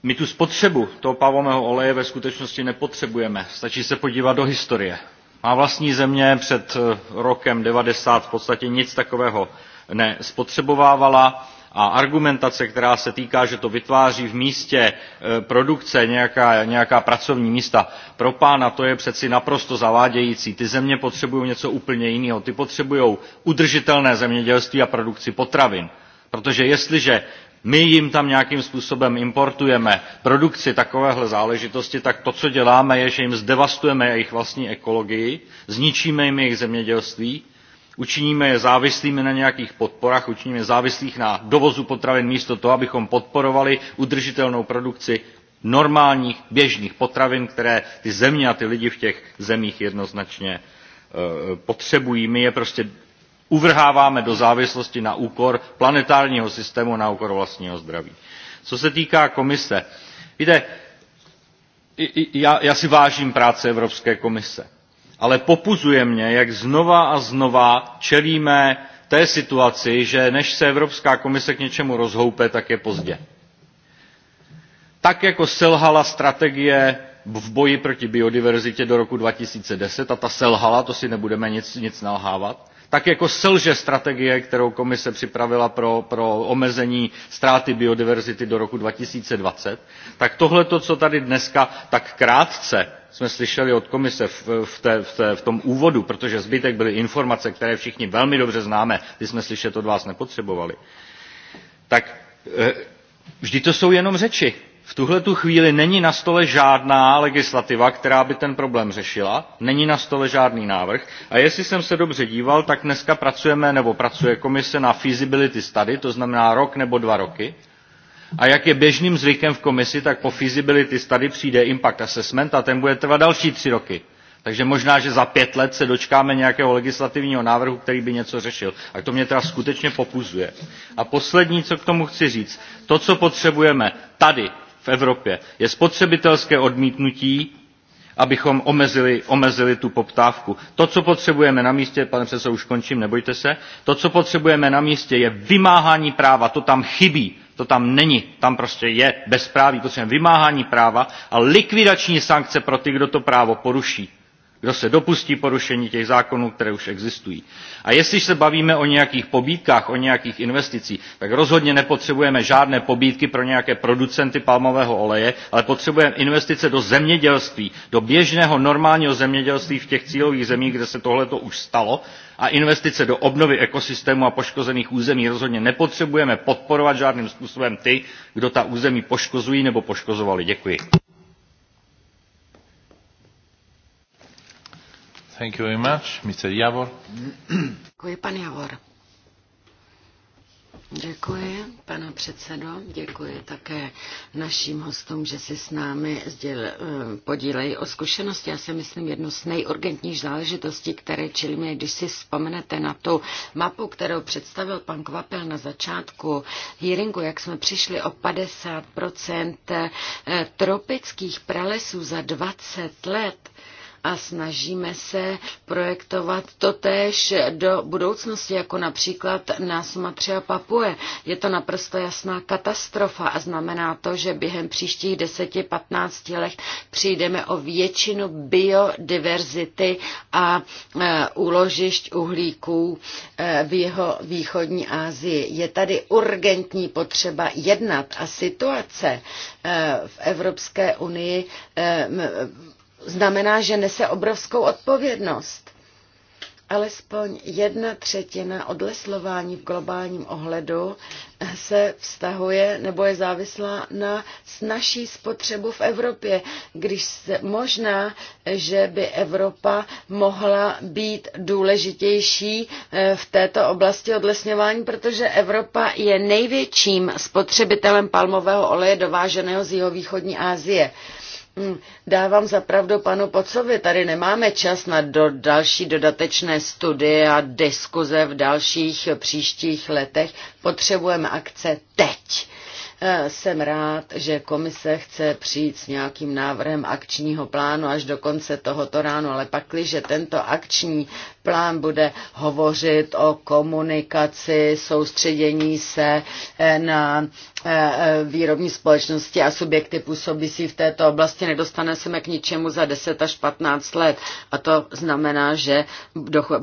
My tu spotřebu toho pavomého oleje ve skutečnosti nepotřebujeme. Stačí se podívat do historie. Má vlastní země před eh, rokem 90 v podstatě nic takového nespotřebovávala a argumentace která se týká že to vytváří v místě e, produkce nějaká, pracovní místa pro pána to je přeci naprosto zavádějící. ty země potřebují něco úplně jiného ty potřebují udržitelné zemědělství a produkci potravin protože jestliže my jim tam nějakým způsobem importujeme produkci takovéhle záležitosti tak to co děláme je že jim zdevastujeme jejich vlastní ekologii zničíme jim jejich zemědělství učiníme je závislými na nějakých podporách učiníme je závislými na dovozu potravin místo toho abychom podporovali udržitelnou produkci normálních běžných potravin které ty země a ty lidi v těch zemích jednoznačně e, potřebují. my je prostě uvrháváme do závislosti na úkor planetárního systému na úkor vlastního zdraví. co se týká komise víte já, já si vážím práce evropské komise ale popuzuje mě jak znova a znova čelíme té situaci že než se evropská komise k něčemu rozhoupe tak je pozdě. tak jako selhala strategie v boji proti biodiverzitě do roku two thousand and ten a ta selhala to si nebudeme nic, nic nalhávat tak jako selže strategie kterou komise připravila pro, pro omezení ztráty biodiverzity do roku two thousand and twenty tak tohle to co tady dneska tak krátce jsme slyšeli od komise v, tom úvodu protože zbytek byly informace které všichni velmi dobře známe ty jsme slyšet od vás nepotřebovali tak eh, vždyť to jsou jenom řeči. V tuhle tu chvíli není na stole žádná legislativa, která by ten problém řešila, není na stole žádný návrh a jestli jsem se dobře díval, tak dneska pracujeme nebo pracuje komise na feasibility study, to znamená rok nebo dva roky, a jak je běžným zvykem v komisi, tak po feasibility study přijde impact assessment a ten bude trvat další tři roky. Takže možná, že za pět let se dočkáme nějakého legislativního návrhu, který by něco řešil. A to mě teda skutečně popuzuje. A poslední, co k tomu chci říct. To, co potřebujeme tady v Evropě, je spotřebitelské odmítnutí, abychom omezili, omezili tu poptávku. To, co potřebujeme na místě, pane předsedo, už končím, nebojte se, to, co potřebujeme na místě, je vymáhání práva, to tam chybí to tam není. Tam prostě je bezpráví. Potřebujeme vymáhání práva a likvidační sankce pro ty, kdo to právo poruší kdo se dopustí porušení těch zákonů, které už existují. A jestliže se bavíme o nějakých pobídkách, o nějakých investicích, tak rozhodně nepotřebujeme žádné pobídky pro nějaké producenty palmového oleje, ale potřebujeme investice do zemědělství, do běžného normálního zemědělství v těch cílových zemích, kde se tohle už stalo a investice do obnovy ekosystému a poškozených území rozhodně nepotřebujeme podporovat žádným způsobem ty kdo ta území poškozují nebo poškozovali. děkuji. Thank you very much, Mr. Javor. Děkuji, pan Javor. Děkuji, pane předsedo. Děkuji také našim hostům, že si s námi sděl, eh, podílejí o zkušenosti. Já si myslím jednu z nejurgentních záležitostí, které čelíme, když si vzpomenete na tu mapu, kterou představil pan Kvapel na začátku hearingu, jak jsme přišli o 50% eh, tropických pralesů za 20 let a snažíme se projektovat to též do budoucnosti, jako například na Sumatře a Papue. Je to naprosto jasná katastrofa a znamená to, že během příštích 10-15 let přijdeme o většinu biodiverzity a e, úložišť uhlíků e, v jeho východní Asii. Je tady urgentní potřeba jednat a situace e, v Evropské unii e, znamená, že nese obrovskou odpovědnost. Alespoň jedna třetina odleslování v globálním ohledu se vztahuje nebo je závislá na snažší spotřebu v Evropě, když se, možná, že by Evropa mohla být důležitější eh, v této oblasti odlesňování, protože Evropa je největším spotřebitelem palmového oleje dováženého z jihovýchodní Asie. Asie Mm, dávám pravdu panu Pocovi, tady nemáme čas na do další dodatečné studie a diskuze v dalších příštích letech. Potřebujeme akce teď. E, jsem rád, že komise chce přijít s nějakým návrhem akčního plánu až do konce tohoto ráno, ale pakliže tento akční plán bude hovořit o komunikaci, soustředění se e, na Eh, eh, výrobní společnosti a subjekty působící v této oblasti, nedostane se k ničemu za 10 až 15 let. A to znamená, že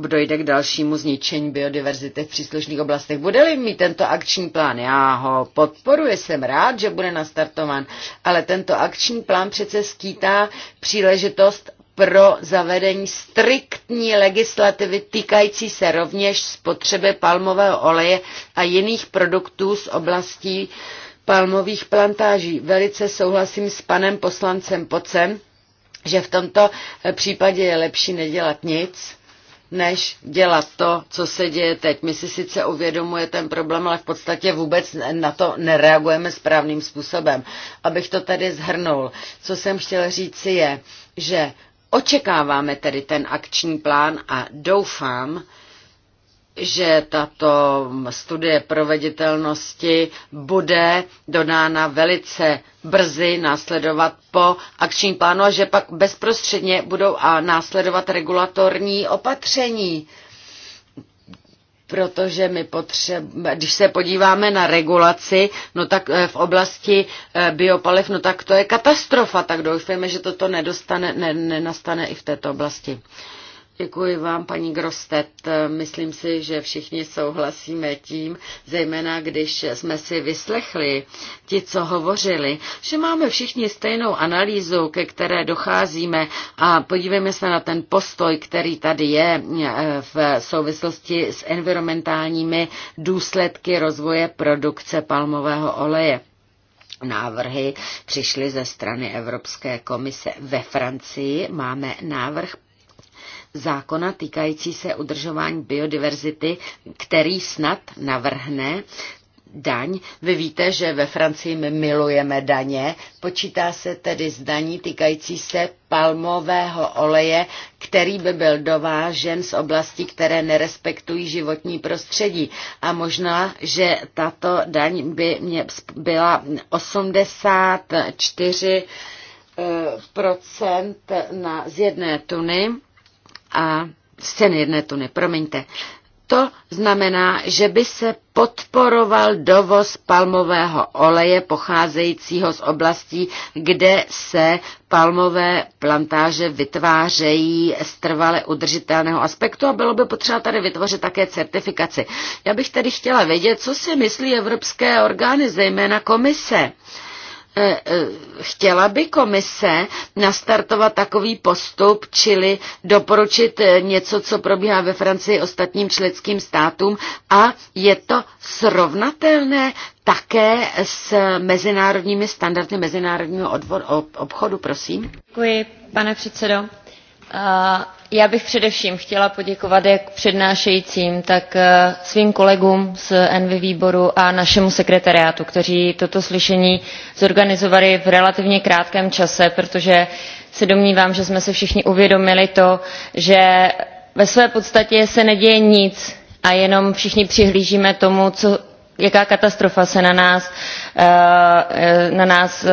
dojde k dalšímu zničení biodiverzity v příslušných oblastech. Bude-li mít tento akční plán? Já ho podporuji, jsem rád, že bude nastartován, ale tento akční plán přece skýtá příležitost pro zavedení striktní legislativy týkající se rovněž spotřeby palmového oleje a jiných produktů z oblastí palmových plantáží. Velice souhlasím s panem poslancem Pocem, že v tomto případě je lepší nedělat nic, než dělat to, co se děje teď. My si sice uvědomuje ten problém, ale v podstatě vůbec na to nereagujeme správným způsobem. Abych to tady zhrnul, co jsem chtěl říci je, že Očekáváme tedy ten akční plán a doufám, že tato studie proveditelnosti bude dodána velice brzy následovat po akčním plánu a že pak bezprostředně budou a následovat regulatorní opatření protože my potřebujeme, když se podíváme na regulaci, no tak eh, v oblasti eh, biopaliv, no tak to je katastrofa, tak doufejme, že toto nedostane, ne, nenastane i v této oblasti. Děkuji vám, paní Grostet. Myslím si, že všichni souhlasíme tím, zejména když jsme si vyslechli ti, co hovořili, že máme všichni stejnou analýzu, ke které docházíme a podívejme se na ten postoj, který tady je e, v souvislosti s environmentálními důsledky rozvoje produkce palmového oleje. Návrhy přišly ze strany Evropské komise. Ve Francii máme návrh zákona týkající se udržování biodiverzity, který snad navrhne daň. Vy víte, že ve Francii my milujeme daně. Počítá se tedy z daní týkající se palmového oleje, který by byl dovážen z oblastí, které nerespektují životní prostředí. A možná, že tato daň by mě byla 84 eh, procent na, z jedné tuny a scény jedné tuny, promiňte. To znamená, že by se podporoval dovoz palmového oleje pocházejícího z oblastí, kde se palmové plantáže vytvářejí z trvale udržitelného aspektu a bylo by potřeba tady vytvořit také certifikaci. Já bych tedy chtěla vědět, co si myslí evropské orgány, zejména komise. Uh, E, e, chtěla by komise nastartovat takový postup, čili doporučit e, něco, co probíhá ve Francii ostatním členským státům a je to srovnatelné také s mezinárodními standardy mezinárodního obchodu, prosím? Děkuji, pane předsedo já bych především chtěla poděkovat jak přednášejícím tak eh, svým kolegům z envi výboru a našemu sekretariátu kteří toto slyšení zorganizovali v relativně krátkém čase protože se domnívám že jsme si všichni uvědomili to že ve své podstatě se neděje nic a jenom všichni přihlížíme tomu co jaká katastrofa se na nás, eh, eh, na nás eh,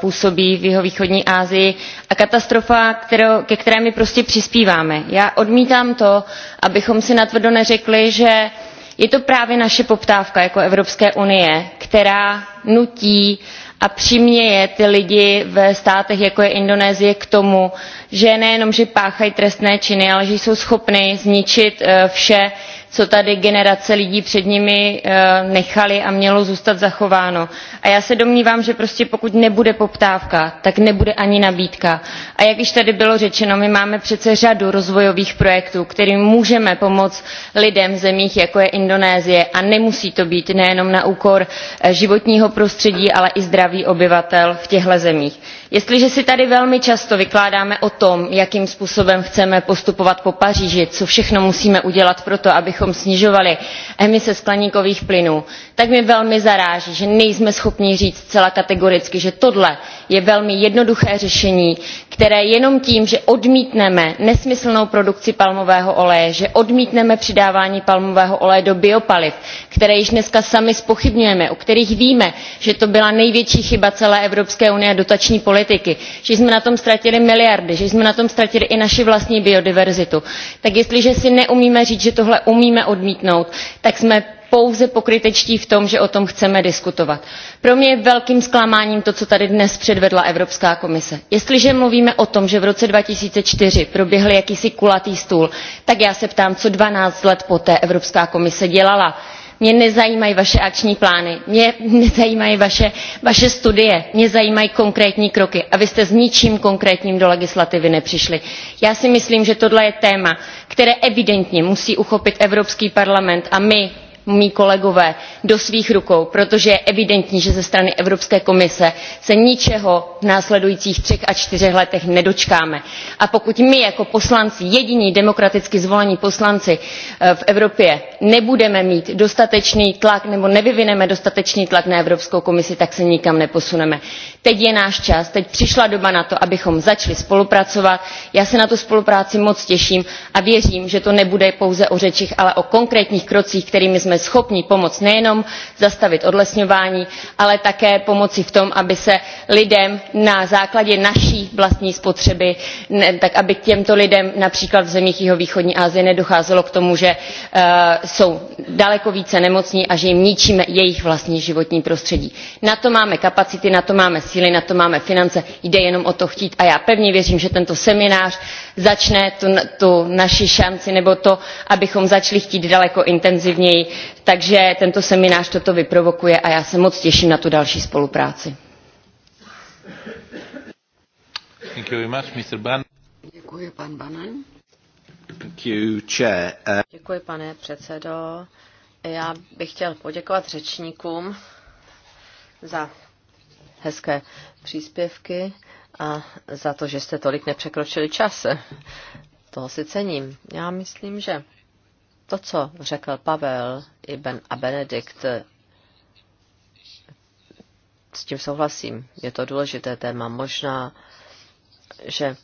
působí v jihovýchodní asii a katastrofa kterou, ke které my prostě přispíváme. já odmítám to abychom si natvrdo neřekli že je to právě naše poptávka jako evropské unie která nutí a přiměje ty lidi ve státech jako je indonésie k tomu že nejenom že páchají trestné činy ale že jsou schopni zničit vše co tady generace lidí před nimi eh, nechaly a mělo zůstat zachováno. a já se domnívám že prostě pokud nebude poptávka tak nebude ani nabídka. a jak již tady bylo řečeno my máme přece řadu rozvojových projektů kterými můžeme pomoci lidem v zemích jako je indonésie a nemusí to být nejenom na úkor eh, životního prostředí ale i zdraví obyvatel v těchto zemích jestliže si tady velmi často vykládáme o tom jakým způsobem chceme postupovat po paříži co všechno musíme udělat pro to abychom snižovali emise skleníkových plynů tak mě velmi zaráží že nejsme schopni říct zcela kategoricky že tohle je velmi jednoduché řešení které jenom tím že odmítneme nesmyslnou produkci palmového oleje že odmítneme přidávání palmového oleje do biopaliv které již dnes sami zpochybňujeme o kterých víme že to byla největší chyba celé evropské unie a dotační politiky že jsme na tom ztratili miliardy že jsme na tom ztratili i naši vlastní biodiverzitu tak jestliže si neumíme říct že tohle umíme odmítnout tak jsme pouze pokrytečtí v tom že o tom chceme diskutovat. pro mě je velkým zklamáním to co tady dnes předvedla evropská komise. jestliže mluvíme o tom že v roce two thousand and four proběhl jakýsi kulatý stůl tak já se ptám co twelve let poté evropská komise dělala? mě nezajímají vaše akční plány mě nezajímají vaše, studie mě zajímají konkrétní kroky a vy jste s ničím konkrétním do legislativy nepřišli. já si myslím že tohle je téma které evidentně musí uchopit evropský parlament a my mí kolegové do svých rukou protože je evidentní že ze strany evropské komise se ničeho v následujících třech a čtyřech letech nedočkáme a pokud my jako poslanci jediní demokraticky zvolení poslanci eh, v evropě nebudeme mít dostatečný tlak nebo nevyvineme dostatečný tlak na evropskou komisi tak se nikam neposuneme. teď je náš čas teď přišla doba na to abychom začali spolupracovat já se na tu spolupráci moc těším a věřím že to nebude pouze o řečech ale o konkrétních krocích kterými jsme jsme schopni pomoci nejenom zastavit odlesňování ale také pomoci v tom aby se lidem na základě naší vlastní spotřeby tak aby těmto lidem například v zemích jihovýchodní asie nedocházelo k tomu že eh, jsou daleko více nemocní a že jim ničíme jejich vlastní životní prostředí. na to máme kapacity na to máme síly na to máme finance jde jenom o to chtít a já pevně věřím že tento seminář začne tu naši šanci nebo to abychom začali chtít daleko intenzivněji takže tento seminář toto vyprovokuje a já se moc těším na tu další spolupráci. Děkuji, pan Banan. Děkuji, pane předsedo. Já bych chtěl poděkovat řečníkům za hezké příspěvky a za to, že jste tolik nepřekročili čas. Toho si cením. Já myslím, že to, co řekl Pavel Iben a Benedikt, s tím souhlasím. Je to důležité téma. Možná, že e,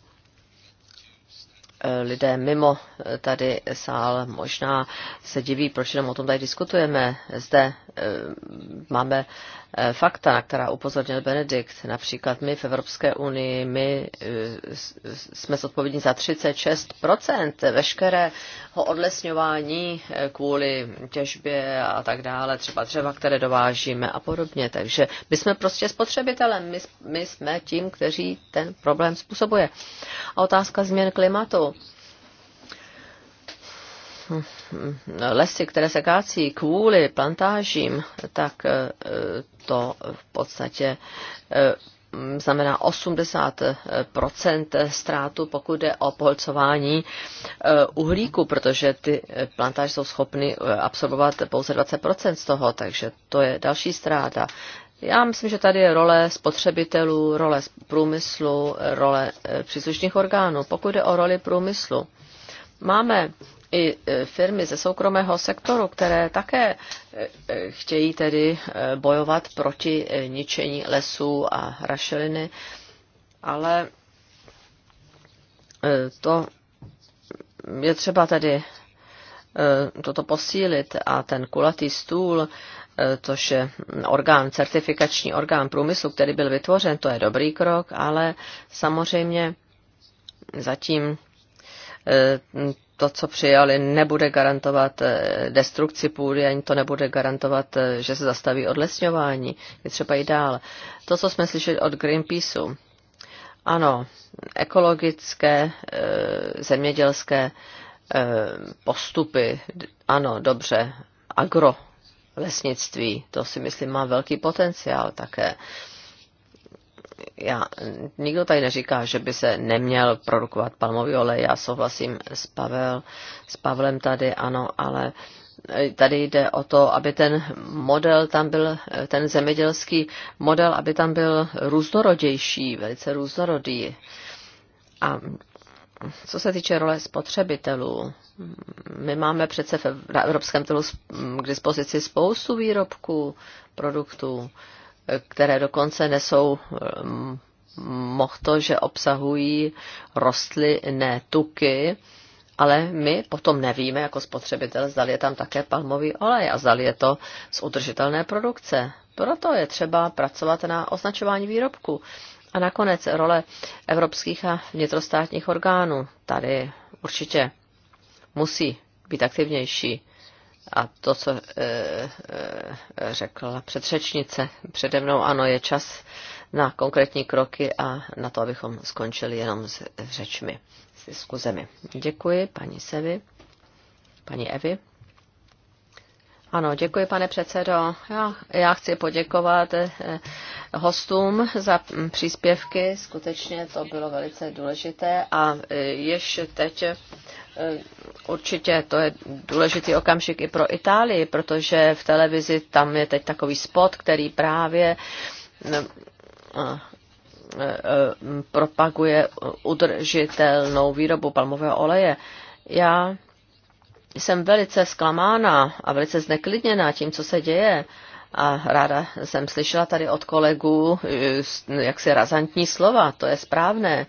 lidé mimo tady sál možná se diví, proč jenom o tom tady diskutujeme. Zde e, máme Eh, fakta, na která upozornil Benedikt. Například my v Evropské unii, my eh, jsme zodpovědní za 36% veškerého odlesňování eh, kvůli těžbě a tak dále, třeba dřeva, které dovážíme a podobně. Takže my jsme prostě spotřebitelem, my, my jsme tím, kteří ten problém způsobuje. A otázka změn klimatu. Hm lesy, které se kácí kvůli plantážím, tak eh, to v podstatě eh, znamená 80 eh, ztrátu, pokud jde o polcování uhlíku, protože ty plantáže jsou schopny absorbovat pouze 20 z toho, takže to je další ztráta. Já myslím, že tady je role spotřebitelů, role průmyslu, role příslušných orgánů. Pokud jde o roli průmyslu, Máme i e, firmy ze soukromého sektoru, které také e, e, chtějí tedy bojovat proti ničení lesů a rašeliny, ale to je třeba tedy toto posílit a ten kulatý stůl, což je orgán, certifikační orgán průmyslu, který byl vytvořen, to je dobrý krok, ale samozřejmě zatím Eh, to, co přijali, nebude garantovat eh, destrukci půdy, ani to nebude garantovat, eh, že se zastaví odlesňování. Je třeba i dál. To, co jsme slyšeli od Greenpeaceu, ano, ekologické, zemědělské postupy, ano, dobře, agro lesnictví, to si myslím má velký potenciál také já, nikdo tady neříká, že by se neměl produkovat palmový olej. Já souhlasím s, Pavel, s Pavlem tady, ano, ale e, tady jde o to, aby ten model tam byl, e, ten zemědělský model, aby tam byl různorodější, velice různorodý. A co se týče role spotřebitelů, my máme přece v evropském trhu k dispozici spoustu výrobků, produktů, které dokonce nesou eh, mohto, že obsahují rostlinné tuky, ale my potom nevíme jako spotřebitel, zda je tam také palmový olej a zda je to z udržitelné produkce. Proto je třeba pracovat na označování výrobku. A nakonec role evropských a vnitrostátních orgánů tady určitě musí být aktivnější. A to, co eh, eh, řekla předřečnice přede mnou, ano, je čas na konkrétní kroky a na to, abychom skončili jenom s řečmi, s diskuzemi. Děkuji paní Sevi, paní Evi. Ano, děkuji, pane předsedo. Já, já chci poděkovat eh, hostům za mm, příspěvky. Skutečně to bylo velice důležité a eh, ještě teď eh, určitě to je důležitý okamžik i pro Itálii, protože v televizi tam je teď takový spot, který právě mm, propaguje udržitelnou výrobu palmového oleje. Já jsem velice zklamána a velice zneklidněná tím, co se děje. A ráda jsem slyšela tady od kolegů eh, jaksi razantní slova, to je správné.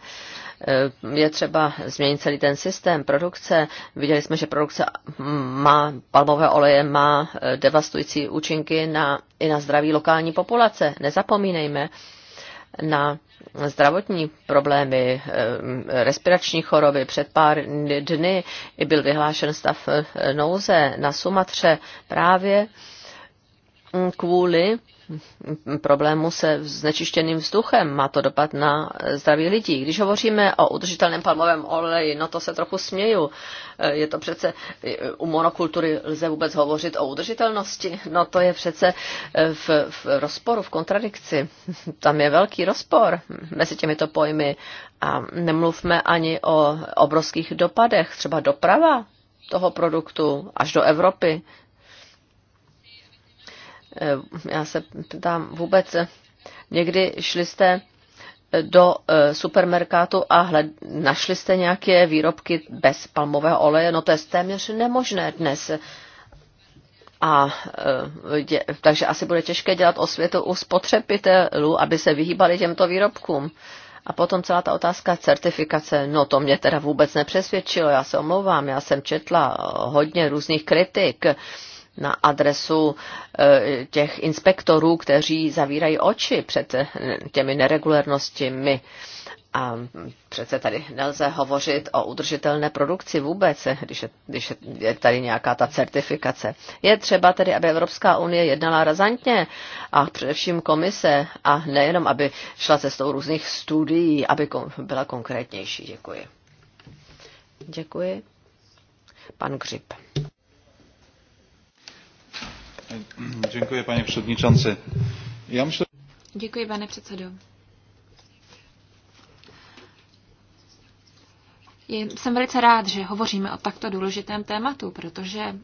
Eh, je třeba změnit celý ten systém produkce. Viděli jsme, že produkce má palmové oleje má eh, devastující účinky na, i na zdraví lokální populace. Nezapomínejme na zdravotní problémy, eh, respirační choroby. Před pár dny byl vyhlášen stav nouze na Sumatře právě kvůli problému se znečištěným vzduchem. Má to dopad na zdraví lidí. Když hovoříme o udržitelném palmovém oleji, no to se trochu směju. Je to přece, u monokultury lze vůbec hovořit o udržitelnosti. No to je přece v, v rozporu, v kontradikci. Tam je velký rozpor mezi těmito pojmy. A nemluvme ani o obrovských dopadech. Třeba doprava toho produktu až do Evropy Eh, já se ptám vůbec, eh, někdy šli jste eh, do supermerkátu a hled, našli jste nějaké výrobky bez palmového oleje, no to je téměř nemožné dnes. A dě, takže asi bude těžké dělat osvětu u spotřebitelů, aby se vyhýbali těmto výrobkům. A potom celá ta otázka certifikace, no to mě teda vůbec nepřesvědčilo, já se omlouvám, já jsem četla hodně různých kritik, na adresu eh, těch inspektorů, kteří zavírají oči před eh, těmi neregulérnostmi. A přece tady nelze hovořit o udržitelné produkci vůbec, eh, když je, když je tady nějaká ta certifikace. Je třeba tedy, aby Evropská unie jednala razantně a především komise a nejenom, aby šla cestou různých studií, aby byla konkrétnější. Děkuji. Děkuji. Pan Grip. Děkuji, pane předsedající. Děkuji, pane předsedo. Jsem velice rád, že hovoříme o takto důležitém tématu, protože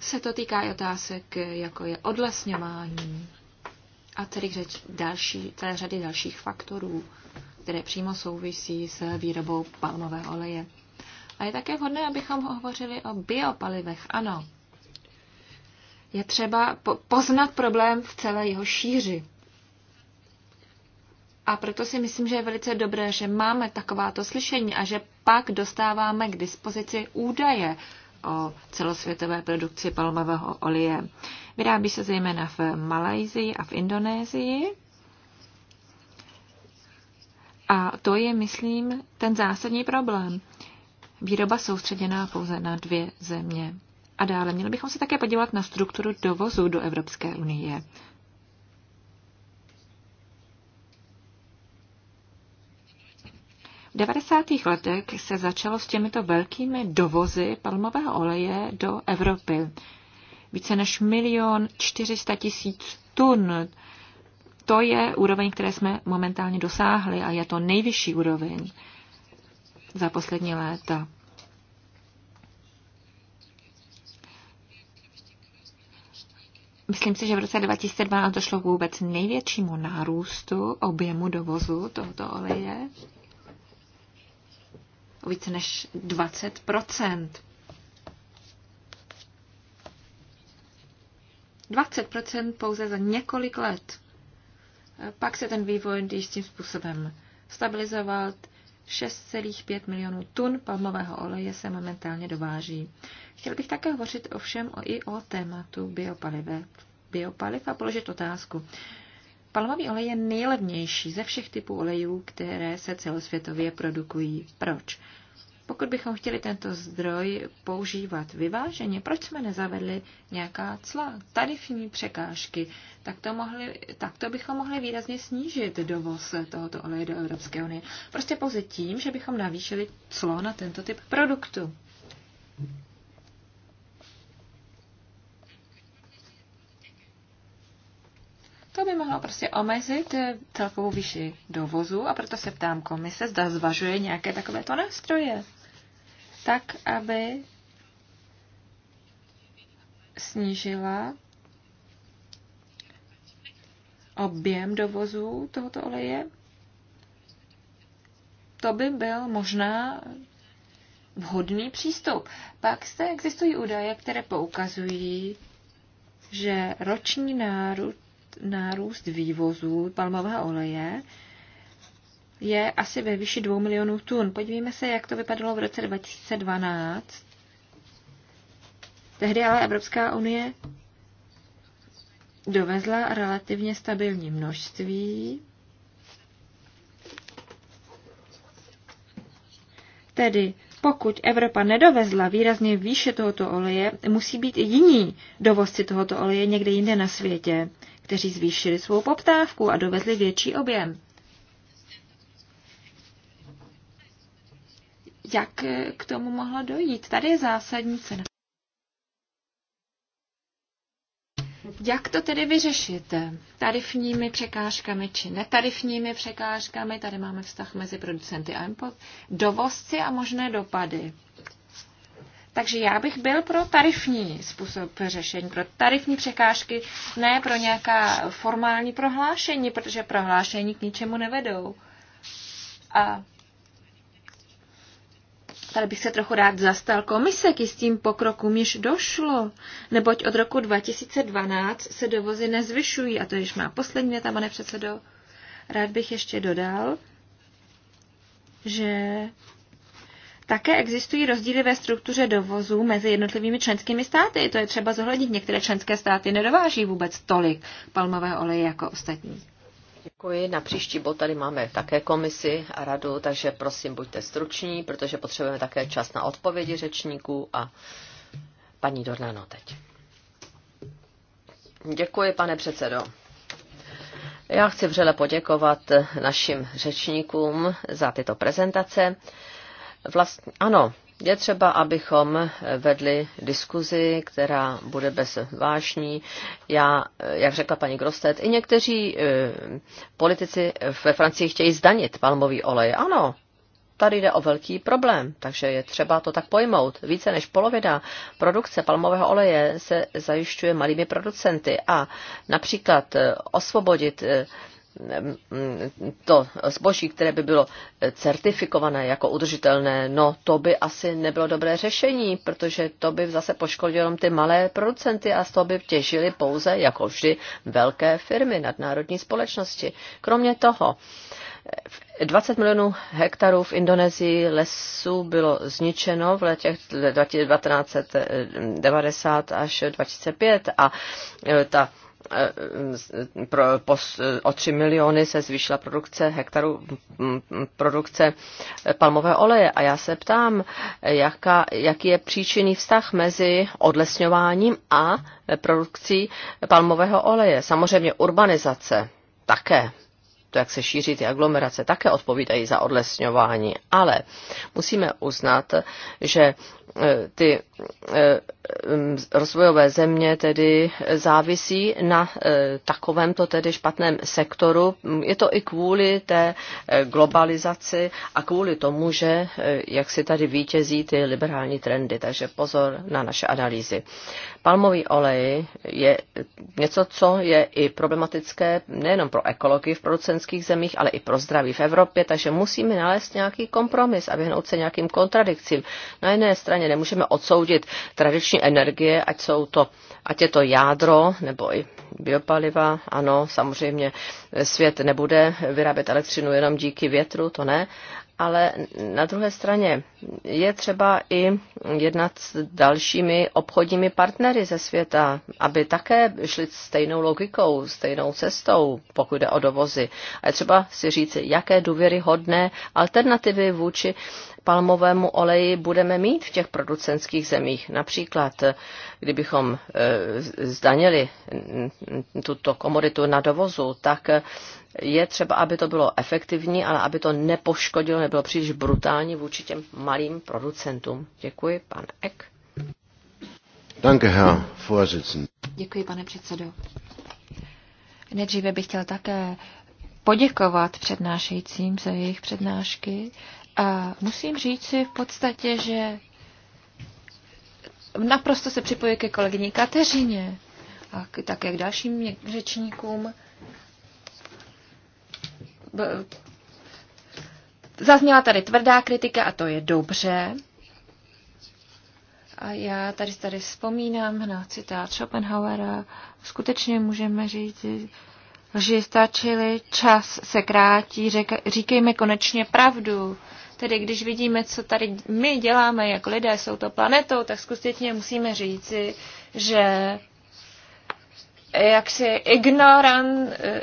se to týká i otázek, jako je odlesňování a celých řeč, další, celé řady dalších faktorů které přímo souvisí s výrobou palmového oleje. A je také vhodné, abychom hovořili o biopalivech. Ano, je třeba poznat problém v celé jeho šíři. A proto si myslím, že je velice dobré, že máme takováto slyšení a že pak dostáváme k dispozici údaje o celosvětové produkci palmového oleje. Vyrábí se zejména v Malajzii a v Indonésii. A to je, myslím, ten zásadní problém. Výroba soustředěná pouze na dvě země. A dále měli bychom se také podívat na strukturu dovozu do Evropské unie. V 90. letech se začalo s těmito velkými dovozy palmového oleje do Evropy. Více než milion 400 tisíc tun to je úroveň, které jsme momentálně dosáhli a je to nejvyšší úroveň za poslední léta. Myslím si, že v roce 2012 došlo k vůbec největšímu nárůstu objemu dovozu tohoto oleje o více než 20 20 pouze za několik let. Pak se ten vývoj jistým způsobem stabilizoval. 6,5 milionů tun palmového oleje se momentálně dováží. Chtěl bych také hovořit ovšem o, i o tématu biopalive. biopaliv a položit otázku. Palmový olej je nejlevnější ze všech typů olejů, které se celosvětově produkují. Proč? Pokud bychom chtěli tento zdroj používat vyváženě, proč jsme nezavedli nějaká cla, tarifní překážky, tak to, mohli, tak to bychom mohli výrazně snížit dovoz tohoto oleje do Evropské unie. Prostě pouze tím, že bychom navýšili clo na tento typ produktu. To by mohlo prostě omezit celkovou výši dovozu a proto se ptám komise, zda zvažuje nějaké takovéto nástroje tak aby snížila objem dovozu tohoto oleje. To by byl možná vhodný přístup. Pak zde existují údaje, které poukazují, že roční nárůst, nárůst palmového oleje je asi ve výši 2 milionů tun. Podívejme se, jak to vypadalo v roce 2012. Tehdy ale Evropská unie dovezla relativně stabilní množství, tedy pokud Evropa nedovezla výrazně výše tohoto oleje, musí být i jiní dovozci tohoto oleje někde jinde na světě, kteří zvýšili svou poptávku a dovezli větší objem. jak eh, k tomu mohlo dojít. Tady je zásadní cena. Jak to tedy vyřešit? Tarifními překážkami či netarifními překážkami? Tady máme vztah mezi producenty a import, dovozci a možné dopady. Takže já bych byl pro tarifní způsob řešení, pro tarifní překážky, ne pro nějaká formální prohlášení, protože prohlášení k ničemu nevedou. A Tady bych se trochu rád zastal komise, k jistým pokrokům již došlo, neboť od roku 2012 se dovozy nezvyšují. A to již má poslední věta, pane předsedo. Rád bych ještě dodal, že také existují rozdíly ve struktuře dovozů mezi jednotlivými členskými státy. To je třeba zohlednit. Některé členské státy nedováží vůbec tolik palmového oleje jako ostatní. Děkuji. Na příští bod tady máme také komisi a radu, takže prosím buďte struční, protože potřebujeme také čas na odpovědi řečníků a paní Dornano teď. Děkuji, pane předsedo. Já chci vřele poděkovat našim řečníkům za tyto prezentace. Vlastně, ano, je třeba, abychom vedli diskuzi, která bude bez vášní. Já, jak řekla paní Grostet, i někteří eh, politici ve Francii chtějí zdanit palmový olej. Ano, tady jde o velký problém, takže je třeba to tak pojmout. Více než polovina produkce palmového oleje se zajišťuje malými producenty a například eh, osvobodit Eh, to zboží, které by bylo certifikované jako udržitelné, no to by asi nebylo dobré řešení, protože to by zase poškodilo jenom ty malé producenty a z toho by těžili pouze, jako vždy, velké firmy, nadnárodní společnosti. Kromě toho, 20 milionů hektarů v Indonésii lesů bylo zničeno v letech 1990 až 2005 a ta Eh, pro, po, eh, o 3 miliony se zvýšila produkce hektarů mm, mm, produkce eh, palmového oleje. A já se ptám, jaká, jaký je příčinný vztah mezi odlesňováním a produkcí palmového oleje. Samozřejmě urbanizace také jak se šíří ty aglomerace, také odpovídají za odlesňování. Ale musíme uznat, že e, ty e, rozvojové země tedy závisí na e, takovémto tedy špatném sektoru. Je to i kvůli té globalizaci a kvůli tomu, že jak si tady vítězí ty liberální trendy. Takže pozor na naše analýzy. Palmový olej je něco, co je i problematické nejenom pro ekologii v producenské členských zemích, ale i pro zdraví v Evropě, takže musíme nalézt nějaký kompromis a vyhnout se nějakým kontradikcím. Na jedné straně nemůžeme odsoudit tradiční energie, ať, jsou to, ať je to jádro nebo i biopaliva. Ano, samozřejmě svět nebude vyrábět elektřinu jenom díky větru, to ne, ale na druhé straně je třeba i jednat s dalšími obchodními partnery ze světa, aby také šli stejnou logikou, stejnou cestou, pokud jde o dovozy. A je třeba si říct, jaké důvěryhodné alternativy vůči palmovému oleji budeme mít v těch producentských zemích. Například, kdybychom e, zdanili tuto komoditu na dovozu, tak je třeba, aby to bylo efektivní, ale aby to nepoškodilo, nebylo příliš brutální vůči těm malým producentům. Děkuji, pan Ek. Danke, Herr Vorsitzend. Děkuji, pane předsedo. Nejdříve bych chtěl také poděkovat přednášejícím za jejich přednášky a musím říct si v podstatě, že naprosto se připojuji ke kolegyni Kateřině a také k dalším řečníkům. Zazněla tady tvrdá kritika a to je dobře. A já tady, tady vzpomínám na citát Schopenhauera. Skutečně můžeme říct, že stačily, čas se krátí, řek, říkejme konečně pravdu. Tedy když vidíme, co tady my děláme jako lidé s to planetou, tak skutečně musíme říci, že jaksi ignoran,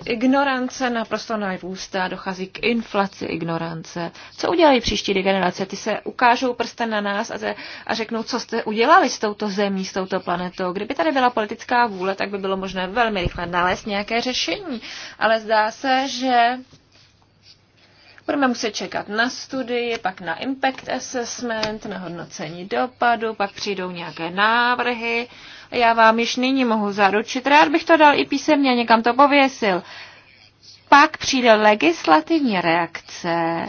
ignorance naprosto najvůstá, dochází k inflaci ignorance. Co udělají příští generace? Ty se ukážou prsten na nás a, ze, a řeknou, co jste udělali s touto zemí, s touto planetou. Kdyby tady byla politická vůle, tak by bylo možné velmi rychle nalézt nějaké řešení. Ale zdá se, že Budeme muset čekat na studii, pak na impact assessment, na hodnocení dopadu, pak přijdou nějaké návrhy. Já vám již nyní mohu zaručit, rád bych to dal i písemně, někam to pověsil. Pak přijde legislativní reakce,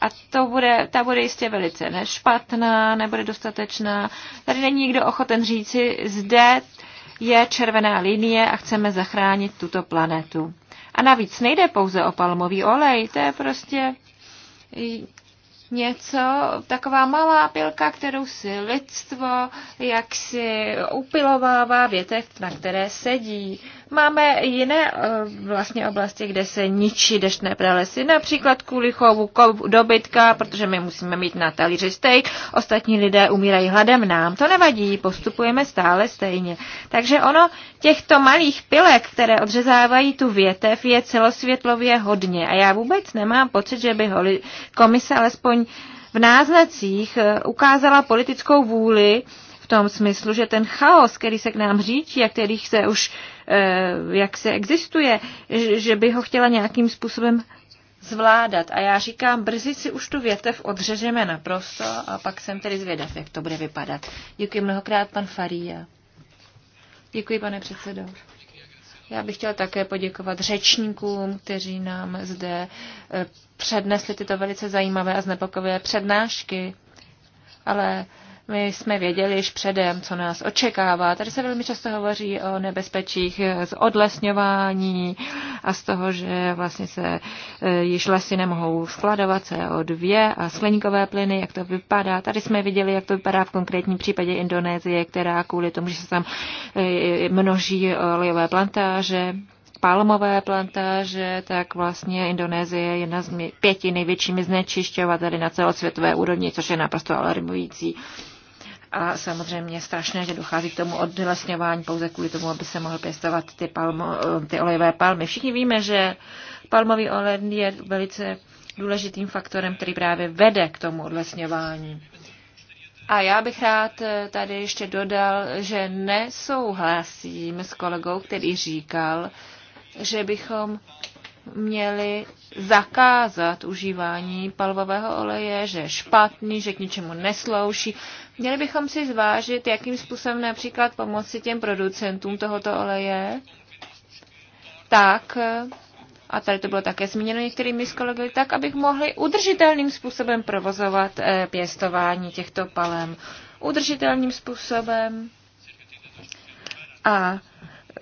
a to bude, ta bude jistě velice nešpatná, nebude dostatečná. Tady není nikdo ochoten říci, zde je červená linie a chceme zachránit tuto planetu. A navíc nejde pouze o palmový olej, to je prostě něco, taková malá pilka, kterou si lidstvo jaksi upilovává větev, na které sedí. Máme jiné eh, vlastně oblasti, kde se ničí deštné pralesy, například kvůli chovu dobytka, protože my musíme mít na talíři steak, ostatní lidé umírají hladem nám. To nevadí, postupujeme stále stejně. Takže ono těchto malých pilek, které odřezávají tu větev, je celosvětlově hodně. A já vůbec nemám pocit, že by komise alespoň v náznacích eh, ukázala politickou vůli v tom smyslu, že ten chaos, který se k nám řídí a kterých se už Eh, jak se existuje, že by ho chtěla nějakým způsobem zvládat. A já říkám, brzy si už tu větev odřežeme naprosto a pak jsem tedy zvědav, jak to bude vypadat. Děkuji mnohokrát, pan Faria. Děkuji, pane předsedo. Já bych chtěla také poděkovat řečníkům, kteří nám zde eh, přednesli tyto velice zajímavé a znepokové přednášky. Ale my jsme věděli již předem, co nás očekává. Tady se velmi často hovoří o nebezpečích z odlesňování a z toho, že vlastně se e, již lesy nemohou skladovat CO2 a skleníkové plyny, jak to vypadá. Tady jsme viděli, jak to vypadá v konkrétním případě Indonésie, která kvůli tomu, že se tam e, e, množí olejové plantáže, palmové plantáže, tak vlastně Indonésie je jedna z pěti největšími znečišťovateli na celosvětové úrovni, což je naprosto alarmující. A samozřejmě strašné, že dochází k tomu odlesňování pouze kvůli tomu, aby se mohl pěstovat ty, palmo, eh, ty olejové palmy. Všichni víme, že palmový olej je velice důležitým faktorem, který právě vede k tomu odlesňování. A já bych rád eh, tady ještě dodal, že nesouhlasím s kolegou, který říkal, že bychom měli zakázat užívání palvového oleje, že je špatný, že k ničemu neslouší. Měli bychom si zvážit, jakým způsobem například pomoci těm producentům tohoto oleje, tak, a tady to bylo také zmíněno některými z kolegy, tak, abych mohli udržitelným způsobem provozovat eh, pěstování těchto palem. Udržitelným způsobem a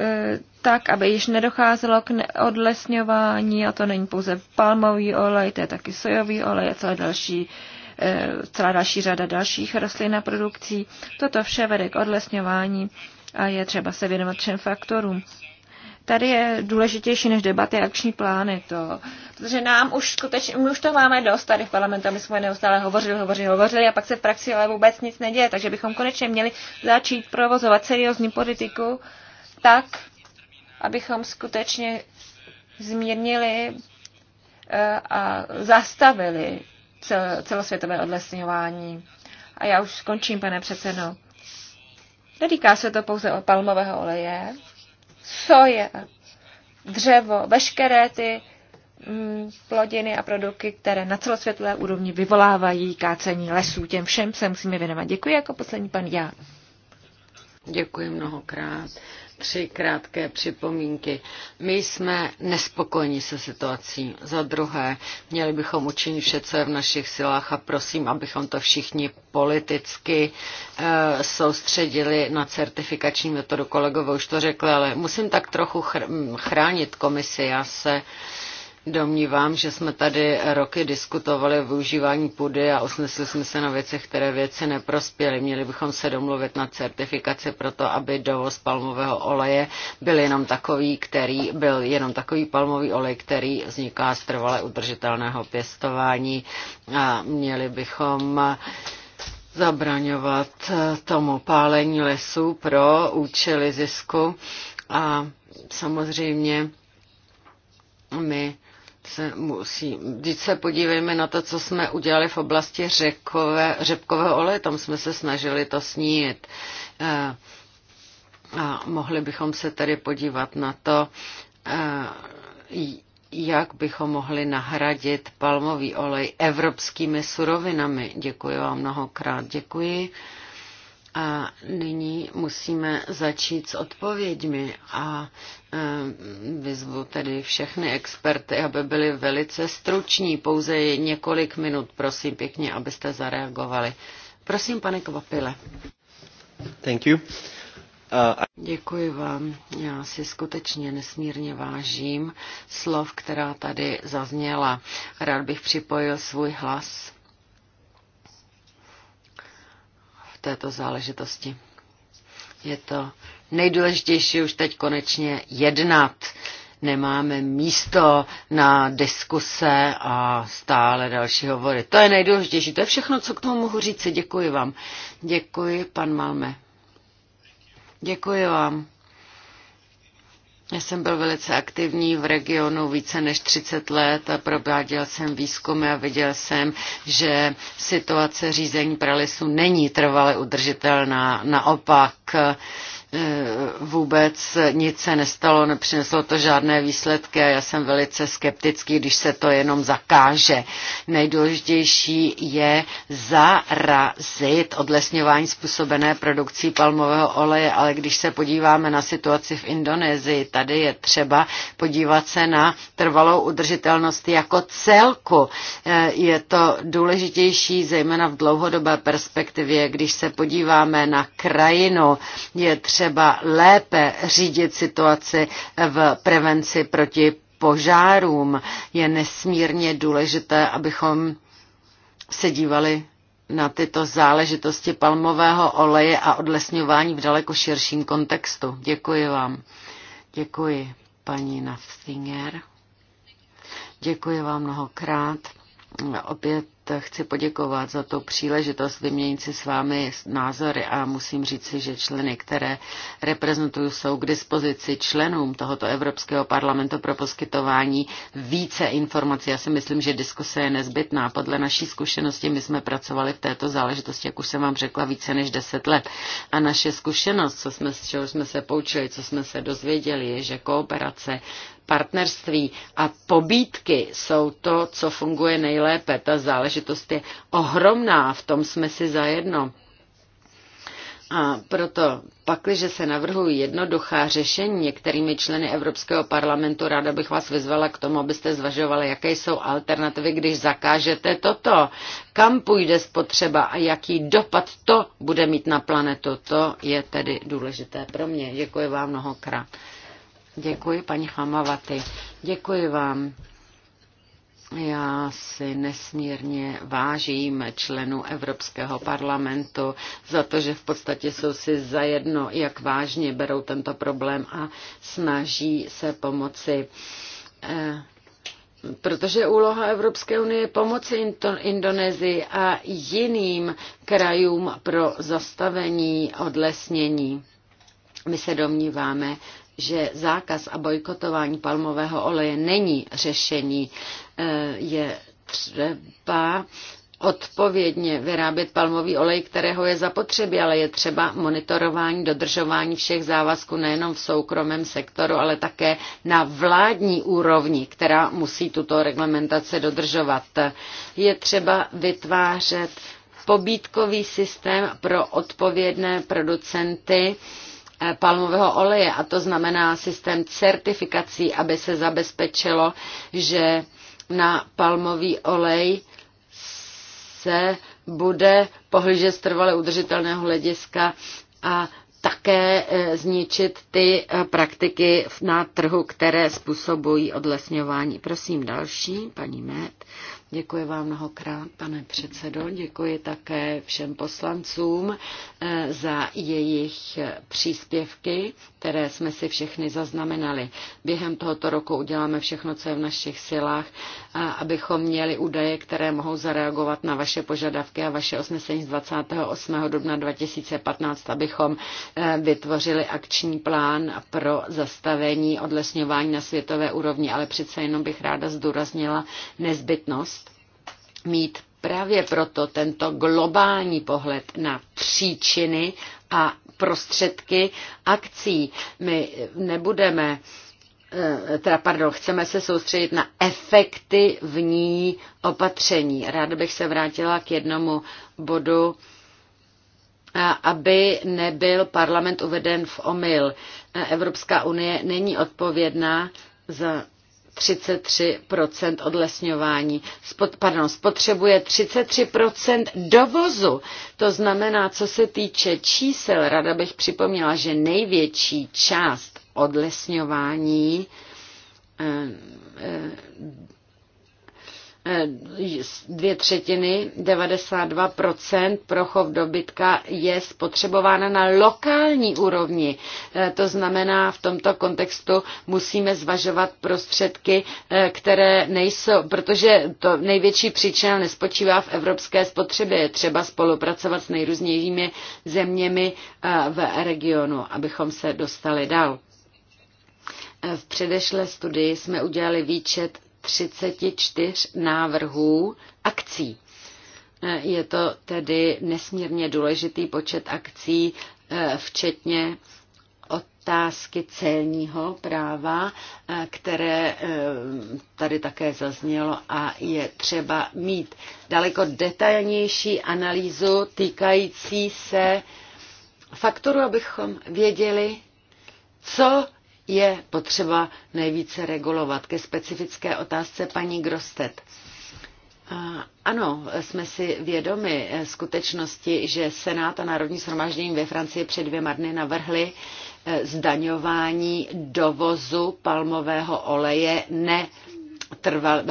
eh, tak, aby již nedocházelo k odlesňování, a to není pouze palmový olej, to je taky sojový olej a celá další eh, celá další řada dalších rostlin a produkcí. Toto vše vede k odlesňování a je třeba se věnovat všem faktorům. Tady je důležitější než debaty a akční plány. To, protože nám už skutečně, my už to máme dost tady v parlamentu, my jsme neustále hovořili, hovořili, hovořili a pak se v praxi ale vůbec nic neděje. Takže bychom konečně měli začít provozovat seriózní politiku tak, abychom skutečně zmírnili eh, a zastavili celosvětové odlesňování. A já už skončím, pane předsedo. Nedýká se to pouze o palmového oleje, soje, dřevo, veškeré ty mm, plodiny a produkty, které na celosvětové úrovni vyvolávají kácení lesů. Těm všem se musíme věnovat. Děkuji jako poslední pan já. Děkuji mnohokrát. Tři krátké připomínky. My jsme nespokojeni se situací. Za druhé, měli bychom učinit vše, co je v našich silách a prosím, abychom to všichni politicky e, soustředili na certifikační metodu. Kolegové už to řekli, ale musím tak trochu chr- chránit komisi. Já se Domnívám, že jsme tady roky diskutovali o využívání půdy a usnesli jsme se na věcech, které věci neprospěly. Měli bychom se domluvit na certifikaci pro to, aby dovoz palmového oleje byl jenom takový, který byl jenom takový palmový olej, který vzniká z trvale udržitelného pěstování. A měli bychom zabraňovat tomu pálení lesů pro účely zisku a samozřejmě my se musí, vždyť se podívejme na to, co jsme udělali v oblasti řekové, řepkového oleje, tam jsme se snažili to snít. Eh, a mohli bychom se tedy podívat na to, eh, jak bychom mohli nahradit palmový olej evropskými surovinami. Děkuji vám mnohokrát. Děkuji. A nyní musíme začít s odpověďmi a e, vyzvu tedy všechny experty, aby byli velice struční, pouze několik minut, prosím pěkně, abyste zareagovali. Prosím, pane Kvapile. Thank you. Uh, Děkuji vám. Já si skutečně nesmírně vážím slov, která tady zazněla. Rád bych připojil svůj hlas této záležitosti. Je to nejdůležitější už teď konečně jednat. Nemáme místo na diskuse a stále další hovory. To je nejdůležitější. To je všechno, co k tomu mohu říct. Děkuji vám. Děkuji, pan Malme. Děkuji vám. Já jsem byl velice aktivní v regionu více než 30 let a prováděl jsem výzkumy a viděl jsem, že situace řízení pralesu není trvale udržitelná. Naopak Eh, vůbec nic se nestalo, nepřineslo to žádné výsledky a já jsem velice skeptický, když se to jenom zakáže. Nejdůležitější je zarazit odlesňování způsobené produkcí palmového oleje, ale když se podíváme na situaci v Indonésii, tady je třeba podívat se na trvalou udržitelnost jako celku. Eh, je to důležitější zejména v dlouhodobé perspektivě, když se podíváme na krajinu, je třeba třeba lépe řídit situaci v prevenci proti požárům. Je nesmírně důležité, abychom se dívali na tyto záležitosti palmového oleje a odlesňování v daleko širším kontextu. Děkuji vám. Děkuji, paní Naftinger. Děkuji vám mnohokrát. Opět chci poděkovat za tu příležitost vyměnit si s vámi názory a musím říci, že členy, které reprezentuju, jsou k dispozici členům tohoto Evropského parlamentu pro poskytování více informací. Já si myslím, že diskuse je nezbytná. Podle naší zkušenosti my jsme pracovali v této záležitosti, jak už jsem vám řekla, více než deset let. A naše zkušenost, co jsme, z čeho jsme se poučili, co jsme se dozvěděli, je, že kooperace partnerství a pobídky jsou to, co funguje nejlépe. Ta záležitost je ohromná, v tom jsme si zajedno. A proto, pakliže se navrhují jednoduchá řešení některými členy Evropského parlamentu, ráda bych vás vyzvala k tomu, abyste zvažovali, jaké jsou alternativy, když zakážete toto. Kam půjde spotřeba a jaký dopad to bude mít na planetu. To je tedy důležité pro mě. Děkuji vám mnohokrát. Děkuji, paní Chamavaty. Děkuji vám. Já si nesmírně vážím členů Evropského parlamentu za to, že v podstatě jsou si zajedno, jak vážně berou tento problém a snaží se pomoci. Eh, protože úloha Evropské unie je pomoci Indonésii a jiným krajům pro zastavení odlesnění. My se domníváme, že zákaz a bojkotování palmového oleje není řešení. E, je třeba odpovědně vyrábět palmový olej, kterého je zapotřebí, ale je třeba monitorování, dodržování všech závazků nejenom v soukromém sektoru, ale také na vládní úrovni, která musí tuto reglementaci dodržovat. Je třeba vytvářet pobídkový systém pro odpovědné producenty, Eh, palmového oleje, a to znamená systém certifikací, aby se zabezpečilo, že na palmový olej se bude pohlížet z trvale udržitelného hlediska a také eh, zničit ty eh, praktiky na trhu, které způsobují odlesňování. Prosím další, paní Met. Děkuji vám mnohokrát, pane předsedo. Děkuji také všem poslancům eh, za jejich příspěvky které jsme si všechny zaznamenali. Během tohoto roku uděláme všechno, co je v našich silách, abychom měli údaje, které mohou zareagovat na vaše požadavky a vaše osnesení z 28. dubna 2015, abychom eh, vytvořili akční plán pro zastavení odlesňování na světové úrovni, ale přece jenom bych ráda zdůraznila nezbytnost mít Právě proto tento globální pohled na příčiny a prostředky akcí. My nebudeme eh, teda pardon, chceme se soustředit na efekty efektivní opatření. Ráda bych se vrátila k jednomu bodu, aby nebyl parlament uveden v omyl. Evropská unie není odpovědná za 33 odlesňování. pardon, spotřebuje 33 dovozu. To znamená, co se týče čísel, rada bych připomněla, že největší část odlesňování eh, eh, Eh, dvě třetiny, 92% pro chov dobytka je spotřebována na lokální úrovni. Eh, to znamená, v tomto kontextu musíme zvažovat prostředky, eh, které nejsou, protože to největší příčina nespočívá v evropské spotřebě. Je třeba spolupracovat s nejrůznějšími zeměmi v regionu, abychom se dostali dál. V předešlé studii jsme udělali výčet 34 návrhů akcí. E, je to tedy nesmírně důležitý počet akcí, e, včetně otázky celního práva, e, které tady také zaznělo a je třeba mít daleko detailnější analýzu týkající se faktoru, abychom věděli, co je potřeba nejvíce regulovat. Ke specifické otázce paní Grostet. Ano, jsme si vědomi eh, skutečnosti, že Senát a Národní shromáždění ve Francii před dvěma dny navrhli eh, zdaňování dovozu palmového oleje ne trval,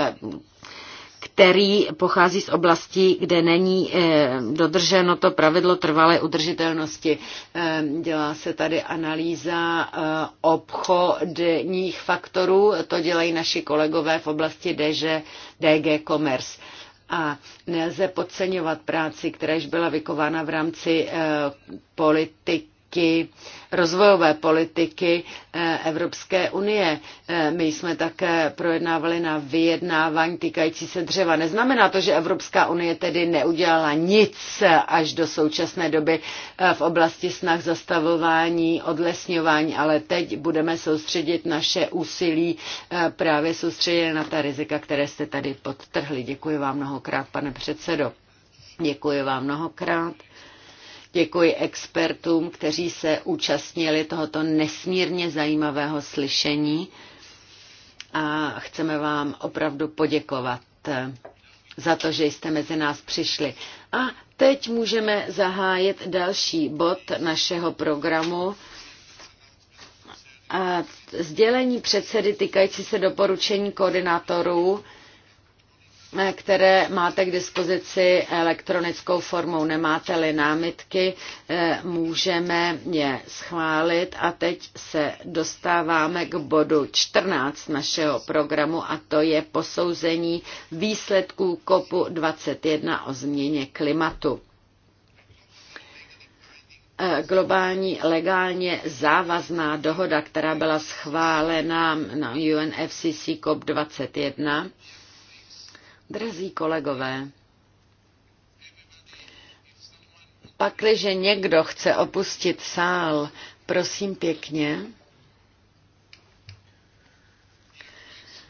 který pochází z oblastí, kde není eh, dodrženo to pravidlo trvalé udržitelnosti. Eh, dělá se tady analýza eh, obchodních faktorů, to dělají naši kolegové v oblasti DG, DG Commerce a nelze podceňovat práci, která již byla vykována v rámci politik politiky, rozvojové politiky eh, Evropské unie. Eh, my jsme také projednávali na vyjednávání týkající se dřeva. Neznamená to, že Evropská unie tedy neudělala nic až do současné doby eh, v oblasti snah zastavování, odlesňování, ale teď budeme soustředit naše úsilí právě soustředěné na ta rizika, které jste tady podtrhli. Děkuji vám mnohokrát, pane předsedo. Děkuji vám mnohokrát. Děkuji expertům, kteří se účastnili tohoto nesmírně zajímavého slyšení a chceme vám opravdu poděkovat za to, že jste mezi nás přišli. A teď můžeme zahájit další bod našeho programu. A sdělení předsedy týkající se doporučení koordinátorů které máte k dispozici elektronickou formou. Nemáte-li námitky, eh, můžeme je schválit. A teď se dostáváme k bodu 14 našeho programu a to je posouzení výsledků COPu 21 o změně klimatu eh, globální legálně závazná dohoda, která byla schválena na UNFCC COP21, Drazí kolegové, pakliže někdo chce opustit sál, prosím pěkně.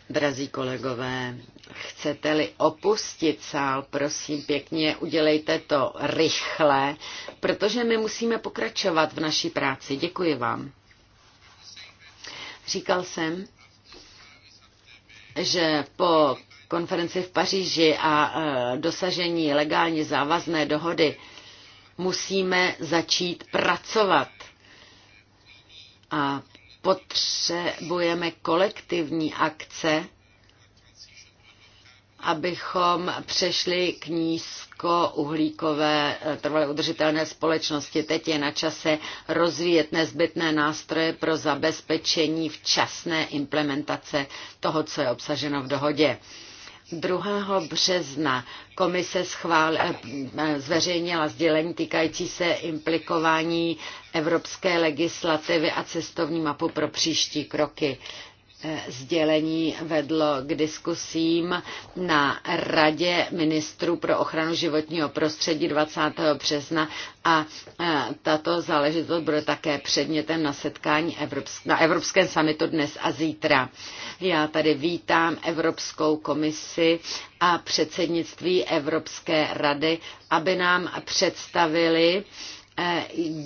Drazí kolegové, chcete-li opustit sál, prosím pěkně, udělejte to rychle, protože my musíme pokračovat v naší práci. Děkuji vám. Říkal jsem, že po konferenci v Paříži a e, dosažení legálně závazné dohody, musíme začít pracovat. A potřebujeme kolektivní akce, abychom přešli k nízkouhlíkové e, trvale udržitelné společnosti. Teď je na čase rozvíjet nezbytné nástroje pro zabezpečení včasné implementace toho, co je obsaženo v dohodě. 2. března komise schvál, eh, eh, zveřejnila sdělení týkající se implikování evropské legislativy a cestovní mapu pro příští kroky sdělení vedlo k diskusím na Radě ministrů pro ochranu životního prostředí 20. března a e, tato záležitost bude také předmětem na setkání Evropsk- na Evropském samitu dnes a zítra. Já tady vítám Evropskou komisi a předsednictví Evropské rady, aby nám představili e,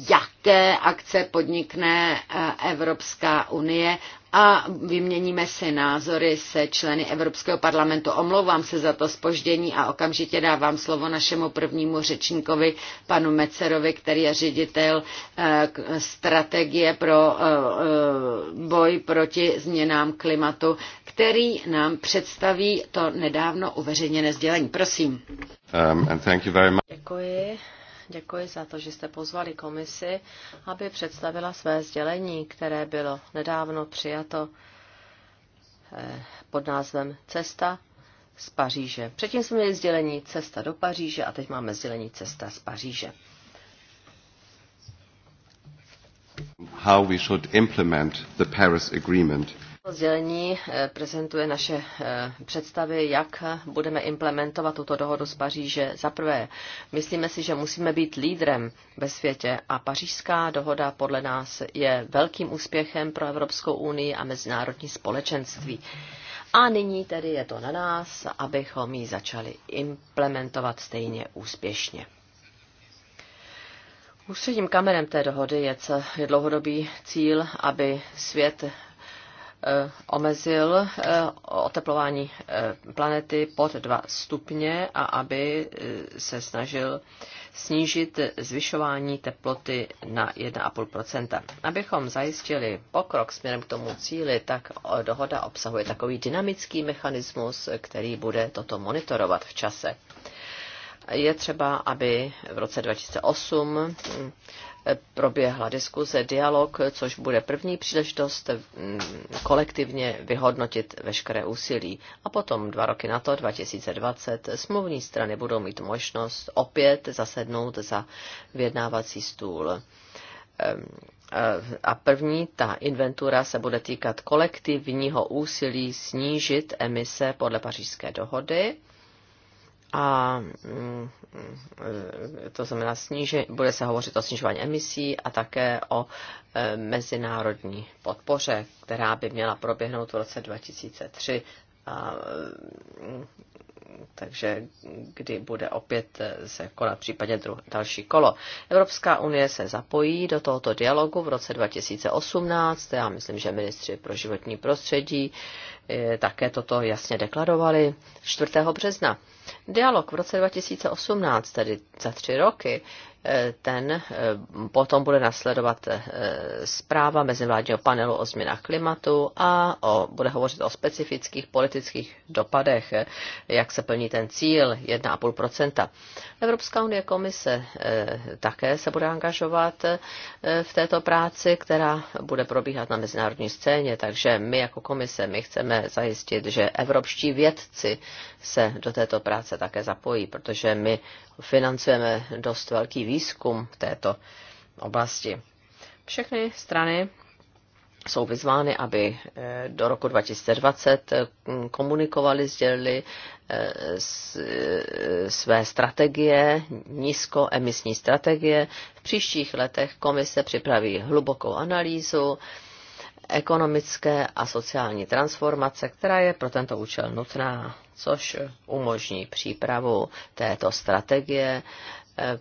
jaké akce podnikne e, Evropská unie a vyměníme si názory se členy Evropského parlamentu. Omlouvám se za to spoždění a okamžitě dávám slovo našemu prvnímu řečníkovi, panu Mecerovi, který je ředitel eh, strategie pro eh, eh, boj proti změnám klimatu, který nám představí to nedávno uveřejněné sdělení. Prosím. Um, Děkuji. Děkuji za to, že jste pozvali komisi, aby představila své sdělení, které bylo nedávno přijato eh, pod názvem Cesta z Paříže. Předtím jsme měli sdělení Cesta do Paříže a teď máme sdělení Cesta z Paříže. How we should implement the Paris Agreement Sdělení eh, prezentuje naše eh, představy, jak budeme implementovat tuto dohodu z Paříže. Za prvé, myslíme si, že musíme být lídrem ve světě a pařížská dohoda podle nás je velkým úspěchem pro Evropskou unii a mezinárodní společenství. A nyní tedy je to na nás, abychom ji začali implementovat stejně úspěšně. Ústředním kamenem té dohody je dlouhodobý cíl, aby svět Eh, omezil eh, oteplování eh, planety pod 2 stupně a aby se snažil snížit zvyšování teploty na 1,5 Abychom zajistili pokrok směrem k tomu cíli, tak dohoda obsahuje takový dynamický mechanismus, který bude toto monitorovat v čase je třeba, aby v roce 2008 proběhla diskuze, dialog, což bude první příležitost mm, kolektivně vyhodnotit veškeré úsilí. A potom dva roky na to, 2020, smluvní strany budou mít možnost opět zasednout za vyjednávací stůl. Ehm, a první, ta inventura se bude týkat kolektivního úsilí snížit emise podle pařížské dohody a mm, to znamená, sníži, bude se hovořit o snižování emisí a také o e, mezinárodní podpoře, která by měla proběhnout v roce 2003. A, mm, takže kdy bude opět se konat případně dru- další kolo. Evropská unie se zapojí do tohoto dialogu v roce 2018. Já myslím, že ministři pro životní prostředí e, také toto jasně deklarovali 4. března dialog v roce 2018, tedy za tři roky, ten eh, potom bude nasledovat eh, zpráva mezivládního panelu o změnách klimatu a o, bude hovořit o specifických politických dopadech, eh, jak se plní ten cíl 1,5 Evropská unie komise také se bude angažovat v této práci, která bude probíhat na mezinárodní scéně, takže my jako komise my chceme zajistit, že evropští vědci se do této práce také zapojí, protože my financujeme dost velký výzkum výzkum v této oblasti. Všechny strany jsou vyzvány, aby eh, do roku 2020 eh, komunikovali, sdělili eh, své strategie, nízkoemisní strategie. V příštích letech komise připraví hlubokou analýzu ekonomické a sociální transformace, která je pro tento účel nutná, což umožní přípravu této strategie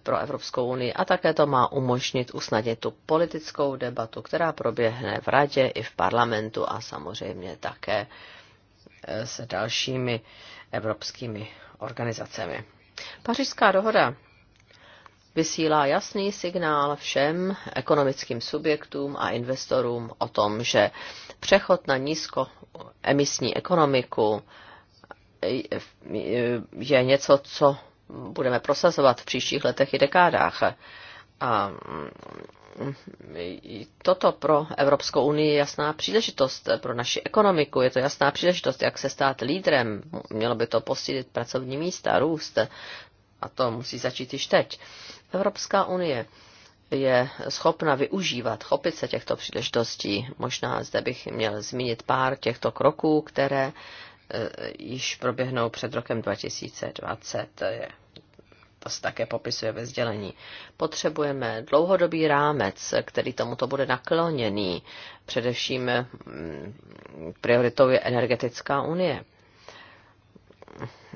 pro Evropskou unii a také to má umožnit usnadnit tu politickou debatu, která proběhne v radě i v parlamentu a samozřejmě také e, s dalšími evropskými organizacemi. Pařížská dohoda vysílá jasný signál všem ekonomickým subjektům a investorům o tom, že přechod na nízkoemisní ekonomiku je něco, co budeme prosazovat v příštích letech i dekádách. A mm, toto pro Evropskou unii je jasná příležitost, pro naši ekonomiku je to jasná příležitost, jak se stát lídrem. Mělo by to posílit pracovní místa, růst. A to musí začít již teď. Evropská unie je schopna využívat, chopit se těchto příležitostí. Možná zde bych měl zmínit pár těchto kroků, které E, již proběhnou před rokem 2020. To se také popisuje ve sdělení. Potřebujeme dlouhodobý rámec, který tomuto bude nakloněný. Především mm, prioritou je energetická unie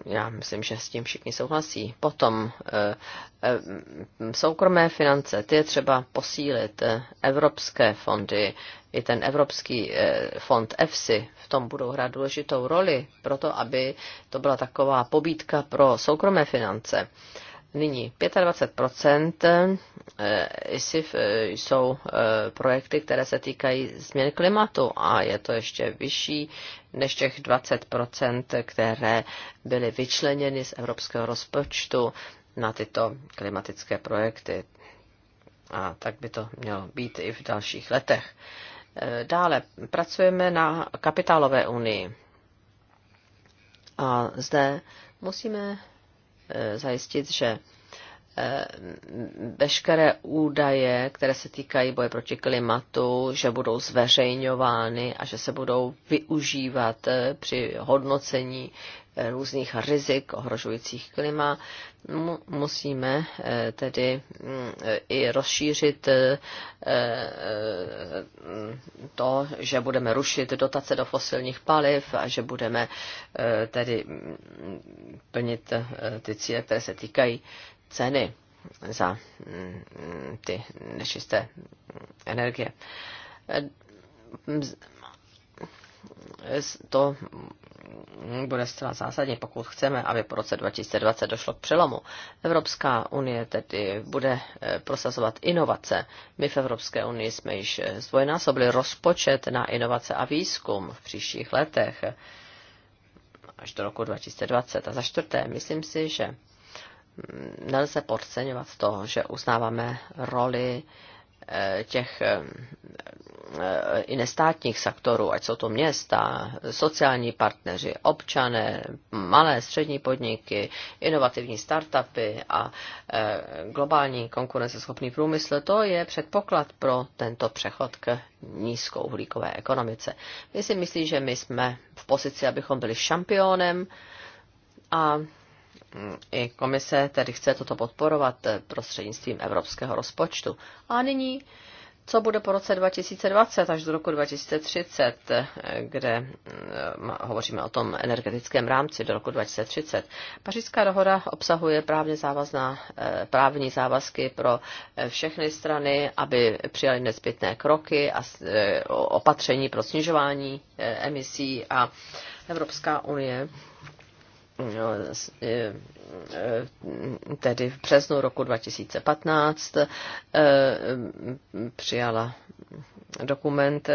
já myslím, že s tím všichni souhlasí. Potom eh, eh, soukromé finance, ty je třeba posílit, eh, evropské fondy, i ten evropský fond EFSI v tom budou hrát důležitou roli, proto aby to byla taková pobídka pro soukromé finance. Nyní 25 eh, ISIF eh, jsou eh, projekty, které se týkají změn klimatu a je to ještě vyšší než těch 20 které byly vyčleněny z evropského rozpočtu na tyto klimatické projekty. A tak by to mělo být i v dalších letech. Dále pracujeme na kapitálové unii. A zde musíme Eh, zajistit, že eh, veškeré údaje, které se týkají boje proti klimatu, že budou zveřejňovány a že se budou využívat eh, při hodnocení Eh, různých rizik ohrožujících klima. Musíme eh, tedy mm, eh, i rozšířit to, že budeme rušit dotace do fosilních paliv a že budeme tedy mm, plnit ty cíle, které se týkají ceny za mm, ty nečisté energie. To bude zcela zásadní, pokud chceme, aby po roce 2020 došlo k přelomu. Evropská unie tedy bude eh, prosazovat inovace. My v Evropské unii jsme již eh, zdvojnásobili rozpočet na inovace a výzkum v příštích letech až do roku 2020. A za čtvrté, myslím si, že mm, nelze podceňovat to, že uznáváme roli Eh, těch eh, i nestátních sektorů, ať jsou to města, sociální partneři, občané, malé střední podniky, inovativní startupy a eh, globální konkurenceschopný průmysl, to je předpoklad pro tento přechod k nízkouhlíkové ekonomice. My si myslí, že my jsme v pozici, abychom byli šampionem a i komise tedy chce toto podporovat eh, prostřednictvím evropského rozpočtu. A nyní, co bude po roce 2020 až do roku 2030, eh, kde eh, hovoříme o tom energetickém rámci do roku 2030. Pařížská dohoda obsahuje právně závazná, právní závazky pro všechny strany, aby přijali nezbytné kroky a opatření pro snižování emisí a Evropská unie No, e, e, tedy v březnu roku 2015 e, přijala dokument,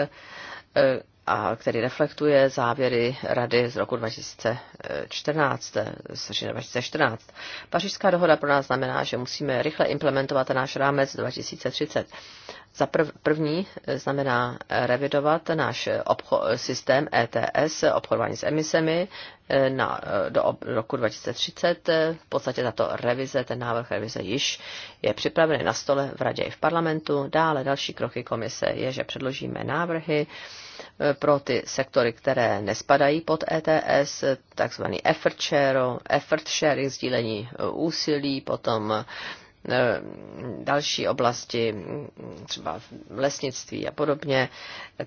a který reflektuje závěry Rady z roku 2014, 2014. Pařížská dohoda pro nás znamená, že musíme rychle implementovat náš rámec 2030. Za prv, první e, znamená e, revidovat náš e, obcho, systém ETS, obchodování s emisemi, na, do roku 2030. V podstatě tato revize, ten návrh revize již je připravený na stole v Radě i v parlamentu. Dále další kroky komise je, že předložíme návrhy pro ty sektory, které nespadají pod ETS, takzvaný effort share, effort sharing, sdílení úsilí, potom E, další oblasti, třeba lesnictví a podobně,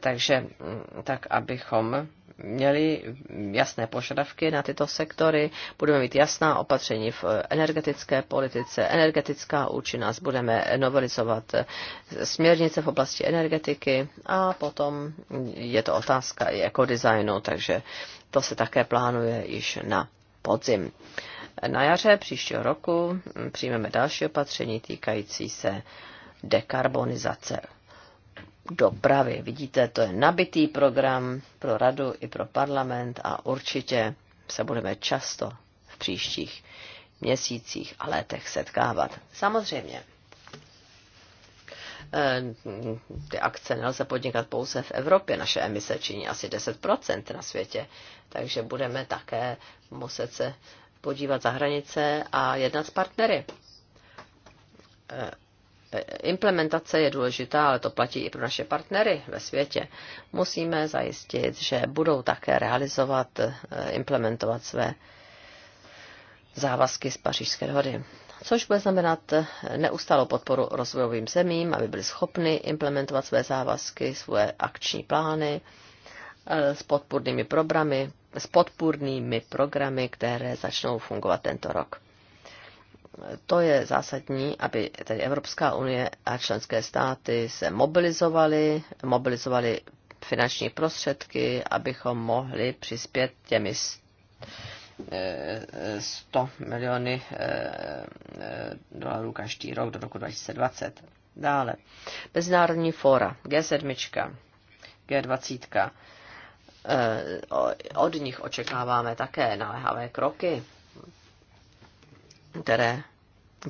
takže mm, tak, abychom měli jasné požadavky na tyto sektory, budeme mít jasná opatření v energetické politice, energetická účinnost, budeme novelizovat směrnice v oblasti energetiky a potom je to otázka i ekodesignu, takže to se také plánuje již na podzim na jaře příštího roku přijmeme další opatření týkající se dekarbonizace dopravy. Vidíte, to je nabitý program pro radu i pro parlament a určitě se budeme často v příštích měsících a letech setkávat. Samozřejmě, eh, ty akce nelze podnikat pouze v Evropě. Naše emise činí asi 10% na světě, takže budeme také muset se podívat za hranice a jednat s partnery. E, e, implementace je důležitá, ale to platí i pro naše partnery ve světě. Musíme zajistit, že budou také realizovat, e, implementovat své závazky z Pařížské dohody, což bude znamenat neustálou podporu rozvojovým zemím, aby byly schopny implementovat své závazky, své akční plány s podpůrnými programy, s podpůrnými programy, které začnou fungovat tento rok. To je zásadní, aby tedy Evropská unie a členské státy se mobilizovaly, mobilizovaly finanční prostředky, abychom mohli přispět těmi 100 eh, miliony eh, eh, dolarů každý rok do roku 2020. Dále. Mezinárodní fóra, G7, G20, Eh, od nich očekáváme také naléhavé kroky, které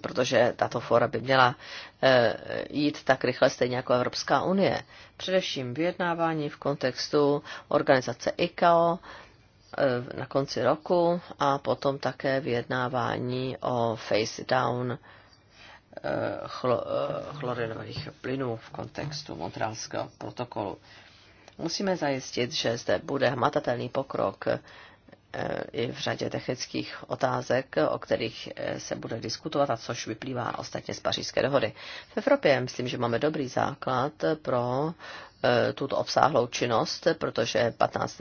protože tato fora by měla eh, jít tak rychle stejně jako Evropská unie. Především vyjednávání v kontextu organizace ICAO eh, na konci roku a potom také vyjednávání o face down chlorinových plynů v kontextu Montrealského protokolu. Musíme zajistit, že zde bude hmatatelný pokrok eh, i v řadě technických otázek, o kterých eh, se bude diskutovat a což vyplývá ostatně z pařížské dohody. V Evropě myslím, že máme dobrý základ pro eh, tuto obsáhlou činnost, protože 15.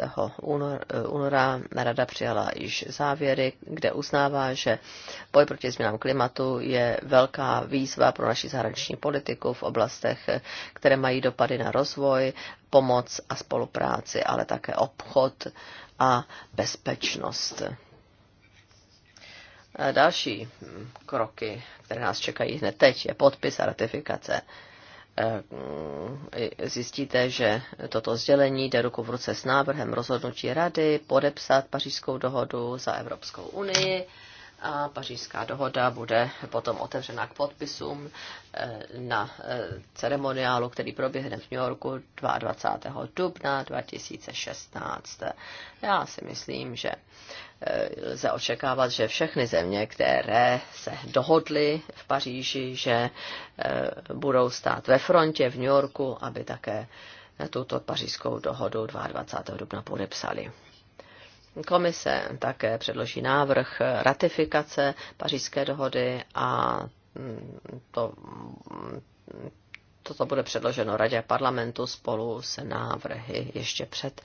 února Rada přijala již závěry, kde uznává, že boj proti změnám klimatu je velká výzva pro naši zahraniční politiku v oblastech, které mají dopady na rozvoj pomoc a spolupráci, ale také obchod a bezpečnost. Další kroky, které nás čekají hned teď, je podpis a ratifikace. E, mm, zjistíte, že toto sdělení jde ruku v ruce s návrhem rozhodnutí Rady podepsat Pařížskou dohodu za Evropskou unii a pařížská dohoda bude potom otevřena k podpisům eh, na eh, ceremoniálu, který proběhne v New Yorku 22. dubna 2016. Já si myslím, že eh, lze očekávat, že všechny země, které se dohodly v Paříži, že budou stát ve frontě v New Yorku, aby také tuto pařížskou dohodu 22. dubna podepsali. Komise také předloží návrh ratifikace pařížské dohody a mm, to, toto bude předloženo Radě parlamentu spolu s návrhy ještě před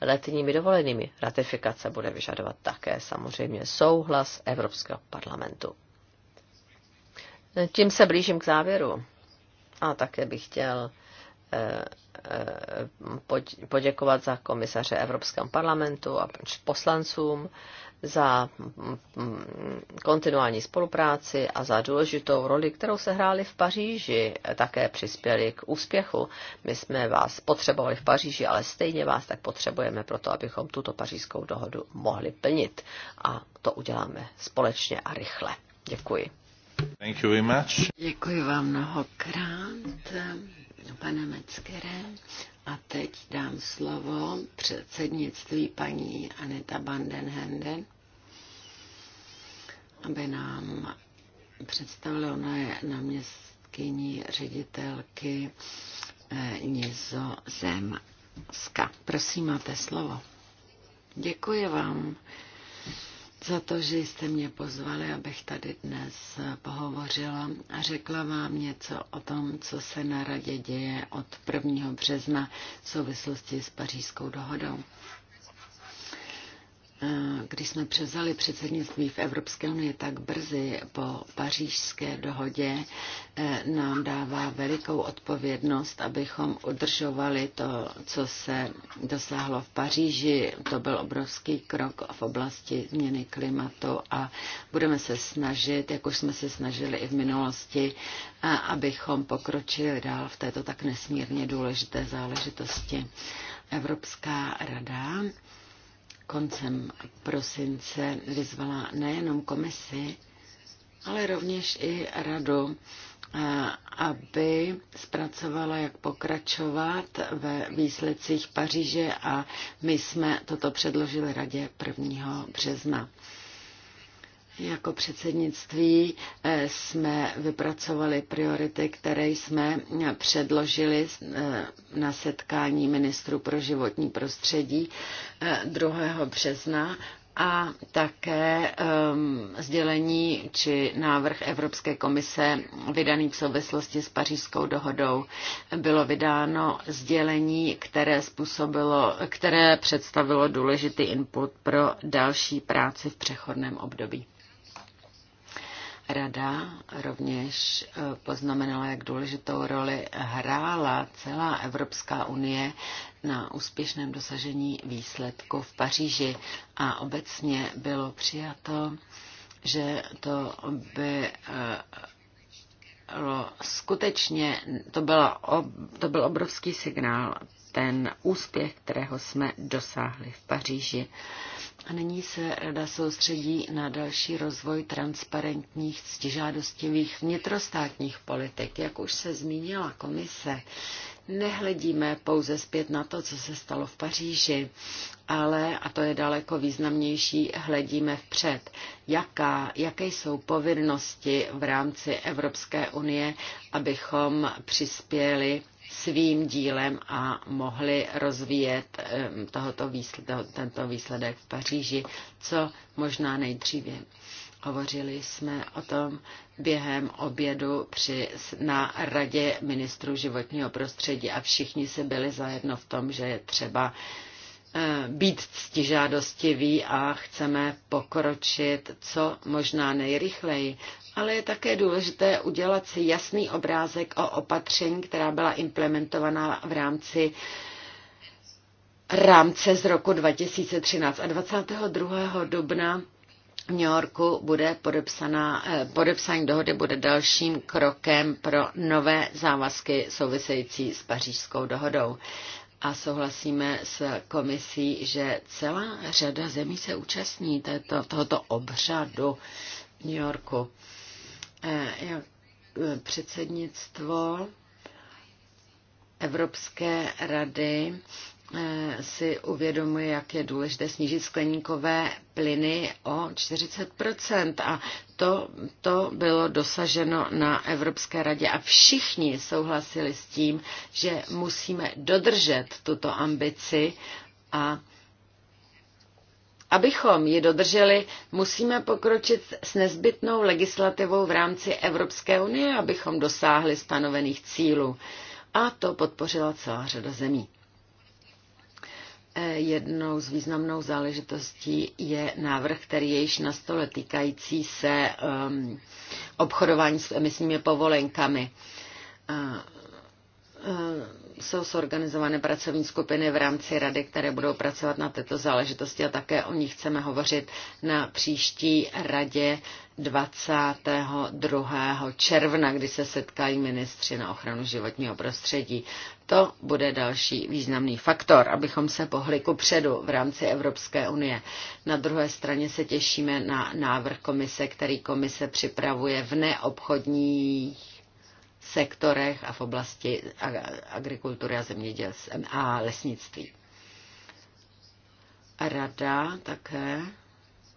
letními dovolenými. Ratifikace bude vyžadovat také samozřejmě souhlas Evropského parlamentu. Tím se blížím k závěru. A také bych chtěl eh, Eh, poděkovat za komisaře Evropském parlamentu a poslancům za mm, mm, kontinuální spolupráci a za důležitou roli, kterou se hráli v Paříži, eh, také přispěli k úspěchu. My jsme vás potřebovali v Paříži, ale stejně vás tak potřebujeme proto, abychom tuto pařížskou dohodu mohli plnit. A to uděláme společně a rychle. Děkuji. Thank you very much. Děkuji vám mnohokrát pana Meckere. A teď dám slovo předsednictví paní Aneta Bandenhenden, aby nám představila, ona je na městkyní ředitelky eh, Nizozemska. Prosím, máte slovo. Děkuji vám za to, že jste mě pozvali, abych tady dnes pohovořila a řekla vám něco o tom, co se na radě děje od 1. března v souvislosti s pařížskou dohodou. Když jsme převzali předsednictví v Evropské unii tak brzy po pařížské dohodě, eh, nám dává velikou odpovědnost, abychom udržovali to, co se dosáhlo v Paříži. To byl obrovský krok v oblasti změny klimatu a budeme se snažit, jak už jsme se snažili i v minulosti, abychom pokročili dál v této tak nesmírně důležité záležitosti. Evropská rada koncem prosince vyzvala nejenom komisi, ale rovněž i radu, aby zpracovala, jak pokračovat ve výsledcích Paříže a my jsme toto předložili radě 1. března. Jako předsednictví eh, jsme vypracovali priority, které jsme předložili eh, na setkání ministru pro životní prostředí 2. Eh, března a také um, sdělení či návrh Evropské komise vydaný v souvislosti s pařížskou dohodou. Bylo vydáno sdělení, které, způsobilo, které představilo důležitý input pro další práci v přechodném období. Rada rovněž eh, poznamenala, jak důležitou roli hrála celá Evropská unie na úspěšném dosažení výsledku v Paříži a obecně bylo přijato, že to by eh, skutečně, to, bylo to byl obrovský signál ten úspěch, kterého jsme dosáhli v Paříži. A nyní se rada soustředí na další rozvoj transparentních, ctižádostivých vnitrostátních politik. Jak už se zmínila komise, nehledíme pouze zpět na to, co se stalo v Paříži, ale, a to je daleko významnější, hledíme vpřed. Jaká, jaké jsou povinnosti v rámci Evropské unie, abychom přispěli svým dílem a mohli rozvíjet tohoto výsledek, tento výsledek v Paříži, co možná nejdříve. Hovořili jsme o tom během obědu při, na Radě ministrů životního prostředí a všichni se byli zajedno v tom, že je třeba eh, být ctižádostivý a chceme pokročit co možná nejrychleji ale je také důležité udělat si jasný obrázek o opatření, která byla implementovaná v rámci rámce z roku 2013 a 22. dubna v New Yorku bude podepsaná, eh, podepsání dohody bude dalším krokem pro nové závazky související s pařížskou dohodou. A souhlasíme s komisí, že celá řada zemí se účastní této, tohoto obřadu v New Yorku. Eh, eh, předsednictvo Evropské rady eh, si uvědomuje, jak je důležité snížit skleníkové plyny o 40 A to, to bylo dosaženo na Evropské radě a všichni souhlasili s tím, že musíme dodržet tuto ambici a Abychom ji dodrželi, musíme pokročit s nezbytnou legislativou v rámci Evropské unie, abychom dosáhli stanovených cílů. A to podpořila celá řada zemí. E, jednou z významnou záležitostí je návrh, který je již na stole týkající se um, obchodování s emisními povolenkami. Uh, uh, jsou zorganizované pracovní skupiny v rámci rady, které budou pracovat na této záležitosti a také o nich chceme hovořit na příští radě 22. června, kdy se setkají ministři na ochranu životního prostředí. To bude další významný faktor, abychom se pohli ku předu v rámci Evropské unie. Na druhé straně se těšíme na návrh komise, který komise připravuje v neobchodních sektorech a v oblasti agrikultury a zemědělství a lesnictví. Rada také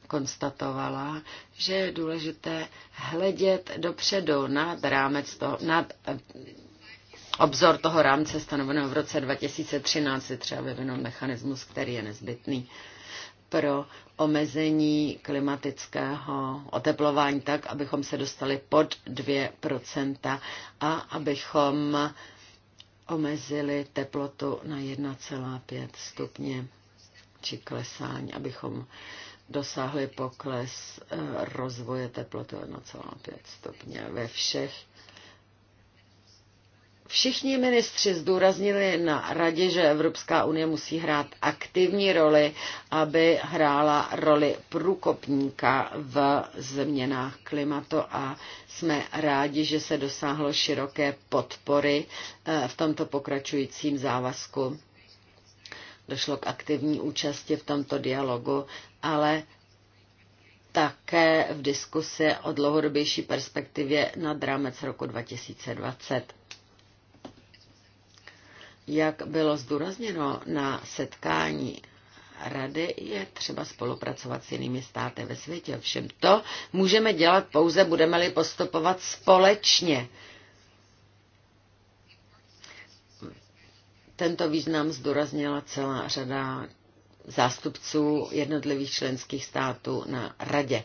konstatovala, že je důležité hledět dopředu nad rámec toho, nad eh, obzor toho rámce stanoveného v roce 2013 třeba vyvinout mechanismus, který je nezbytný pro omezení klimatického oteplování tak, abychom se dostali pod 2% a abychom omezili teplotu na 1,5 stupně či klesání, abychom dosáhli pokles eh, rozvoje teploty 1,5 stupně ve všech Všichni ministři zdůraznili na radě, že Evropská unie musí hrát aktivní roli, aby hrála roli průkopníka v změnách klimatu a jsme rádi, že se dosáhlo široké podpory eh, v tomto pokračujícím závazku. Došlo k aktivní účasti v tomto dialogu, ale také v diskusi o dlouhodobější perspektivě nad rámec roku 2020 jak bylo zdůrazněno na setkání rady, je třeba spolupracovat s jinými státy ve světě. Ovšem to můžeme dělat pouze, budeme-li postupovat společně. Tento význam zdůraznila celá řada zástupců jednotlivých členských států na radě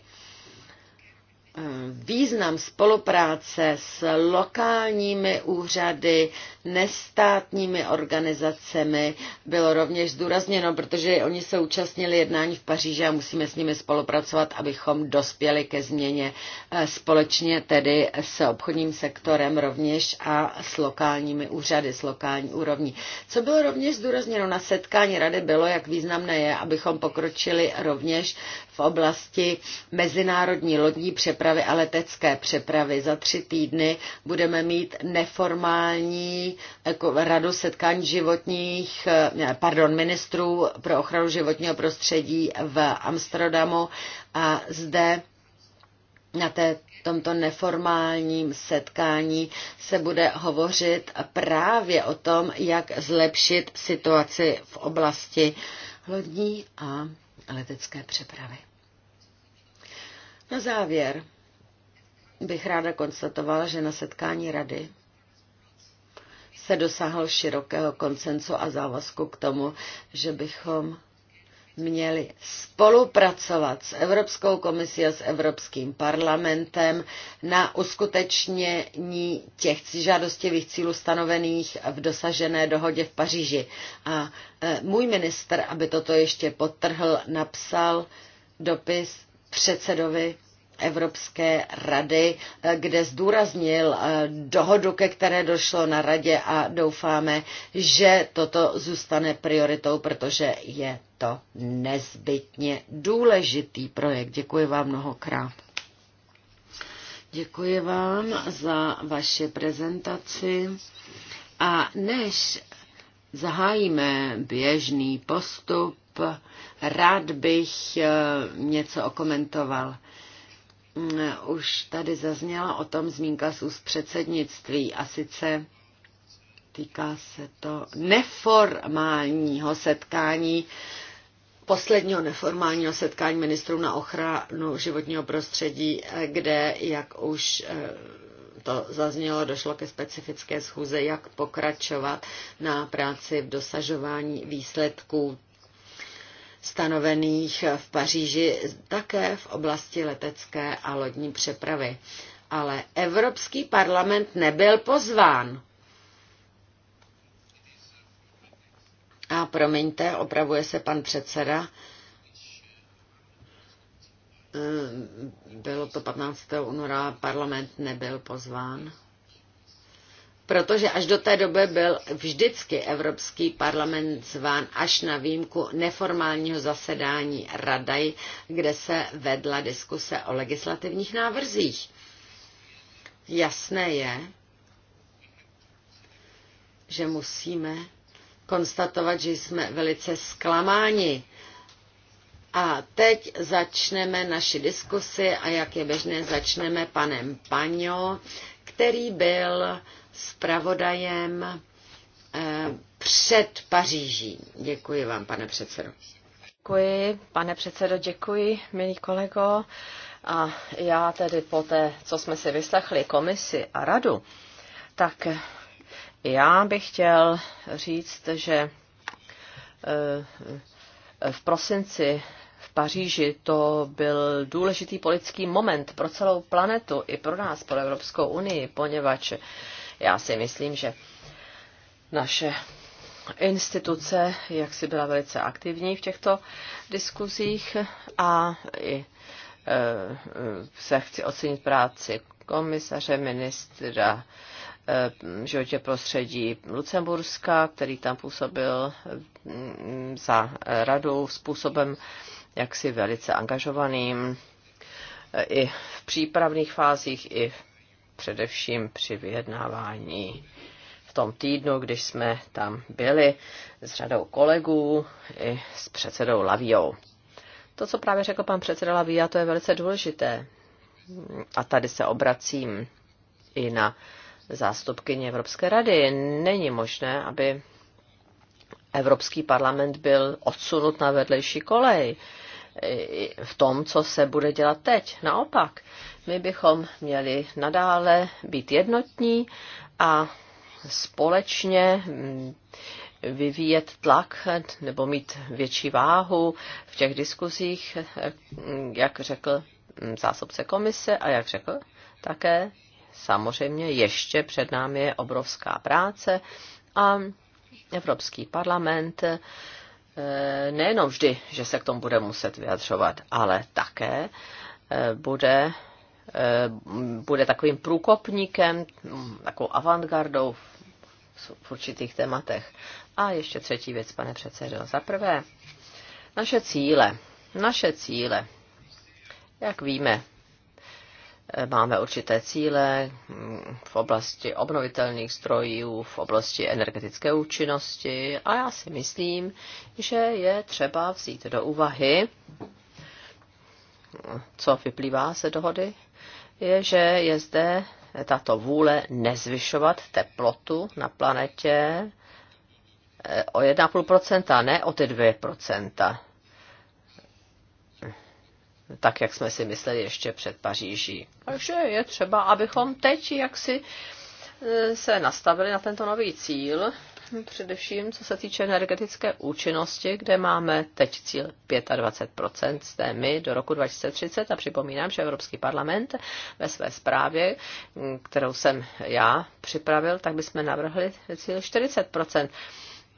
význam spolupráce s lokálními úřady, nestátními organizacemi bylo rovněž zdůrazněno, protože oni se účastnili jednání v Paříži a musíme s nimi spolupracovat, abychom dospěli ke změně eh, společně tedy s obchodním sektorem rovněž a s lokálními úřady, s lokální úrovní. Co bylo rovněž zdůrazněno na setkání rady bylo, jak významné je, abychom pokročili rovněž v oblasti mezinárodní lodní přepravy přepravy a letecké přepravy. Za tři týdny budeme mít neformální jako radu setkání životních, eh, pardon, ministrů pro ochranu životního prostředí v Amsterdamu a zde na té tomto neformálním setkání se bude hovořit právě o tom, jak zlepšit situaci v oblasti lodní a letecké přepravy. Na závěr bych ráda konstatovala, že na setkání rady se dosáhl širokého koncenzu a závazku k tomu, že bychom měli spolupracovat s Evropskou komisí a s Evropským parlamentem na uskutečnění těch žádostivých cílů stanovených v dosažené dohodě v Paříži. A e, můj minister, aby toto ještě potrhl, napsal dopis předsedovi Evropské rady, eh, kde zdůraznil eh, dohodu, ke které došlo na radě a doufáme, že toto zůstane prioritou, protože je to nezbytně důležitý projekt. Děkuji vám mnohokrát. Děkuji vám za vaše prezentaci. A než zahájíme běžný postup, rád bych eh, něco okomentoval už tady zazněla o tom zmínka z úst předsednictví a sice týká se to neformálního setkání, posledního neformálního setkání ministrů na ochranu životního prostředí, kde, jak už eh, to zaznělo, došlo ke specifické schůze, jak pokračovat na práci v dosažování výsledků stanovených v Paříži také v oblasti letecké a lodní přepravy. Ale Evropský parlament nebyl pozván. A promiňte, opravuje se pan předseda. Ehm, bylo to 15. února, parlament nebyl pozván protože až do té doby byl vždycky Evropský parlament zván až na výjimku neformálního zasedání Radaj, kde se vedla diskuse o legislativních návrzích. Jasné je, že musíme konstatovat, že jsme velice zklamáni. A teď začneme naši diskusi a jak je běžné, začneme panem Paňo, který byl zpravodajem eh, před Paříží. Děkuji vám, pane předsedo. Děkuji, pane předsedo, děkuji, milý kolego. A já tedy po té, co jsme si vyslechli komisi a radu, tak já bych chtěl říct, že eh, v prosinci v Paříži to byl důležitý politický moment pro celou planetu i pro nás, pro Evropskou unii, poněvadž já si myslím, že naše instituce, jak si byla velice aktivní v těchto diskuzích a i e, se chci ocenit práci komisaře, ministra e, životě prostředí Lucemburska, který tam působil mm, za radu způsobem jaksi velice angažovaným e, i v přípravných fázích, i především při vyjednávání v tom týdnu, když jsme tam byli s řadou kolegů i s předsedou Laviou. To, co právě řekl pan předseda Lavia, to je velice důležité. A tady se obracím i na zástupkyně Evropské rady. Není možné, aby Evropský parlament byl odsunut na vedlejší kolej v tom, co se bude dělat teď. Naopak, my bychom měli nadále být jednotní a společně mm, vyvíjet tlak nebo mít větší váhu v těch diskuzích, mm, jak řekl mm, zásobce komise a jak řekl také, samozřejmě ještě před námi je obrovská práce a Evropský parlament e, nejenom vždy, že se k tomu bude muset vyjadřovat, ale také e, bude bude takovým průkopníkem, takovou avantgardou v určitých tématech. A ještě třetí věc, pane předsedo. Za prvé, naše cíle. Naše cíle. Jak víme, eh, máme určité cíle hm, v oblasti obnovitelných strojů, v oblasti energetické účinnosti a já si myslím, že je třeba vzít do úvahy co vyplývá se dohody, je, že je zde tato vůle nezvyšovat teplotu na planetě eh, o 1,5%, ne o ty 2%. Tak, jak jsme si mysleli ještě před Paříží. Takže je třeba, abychom teď jaksi eh, se nastavili na tento nový cíl především co se týče energetické účinnosti, kde máme teď cíl 25 té my do roku 2030 a připomínám, že Evropský parlament ve své zprávě, kterou jsem já připravil, tak bychom navrhli cíl 40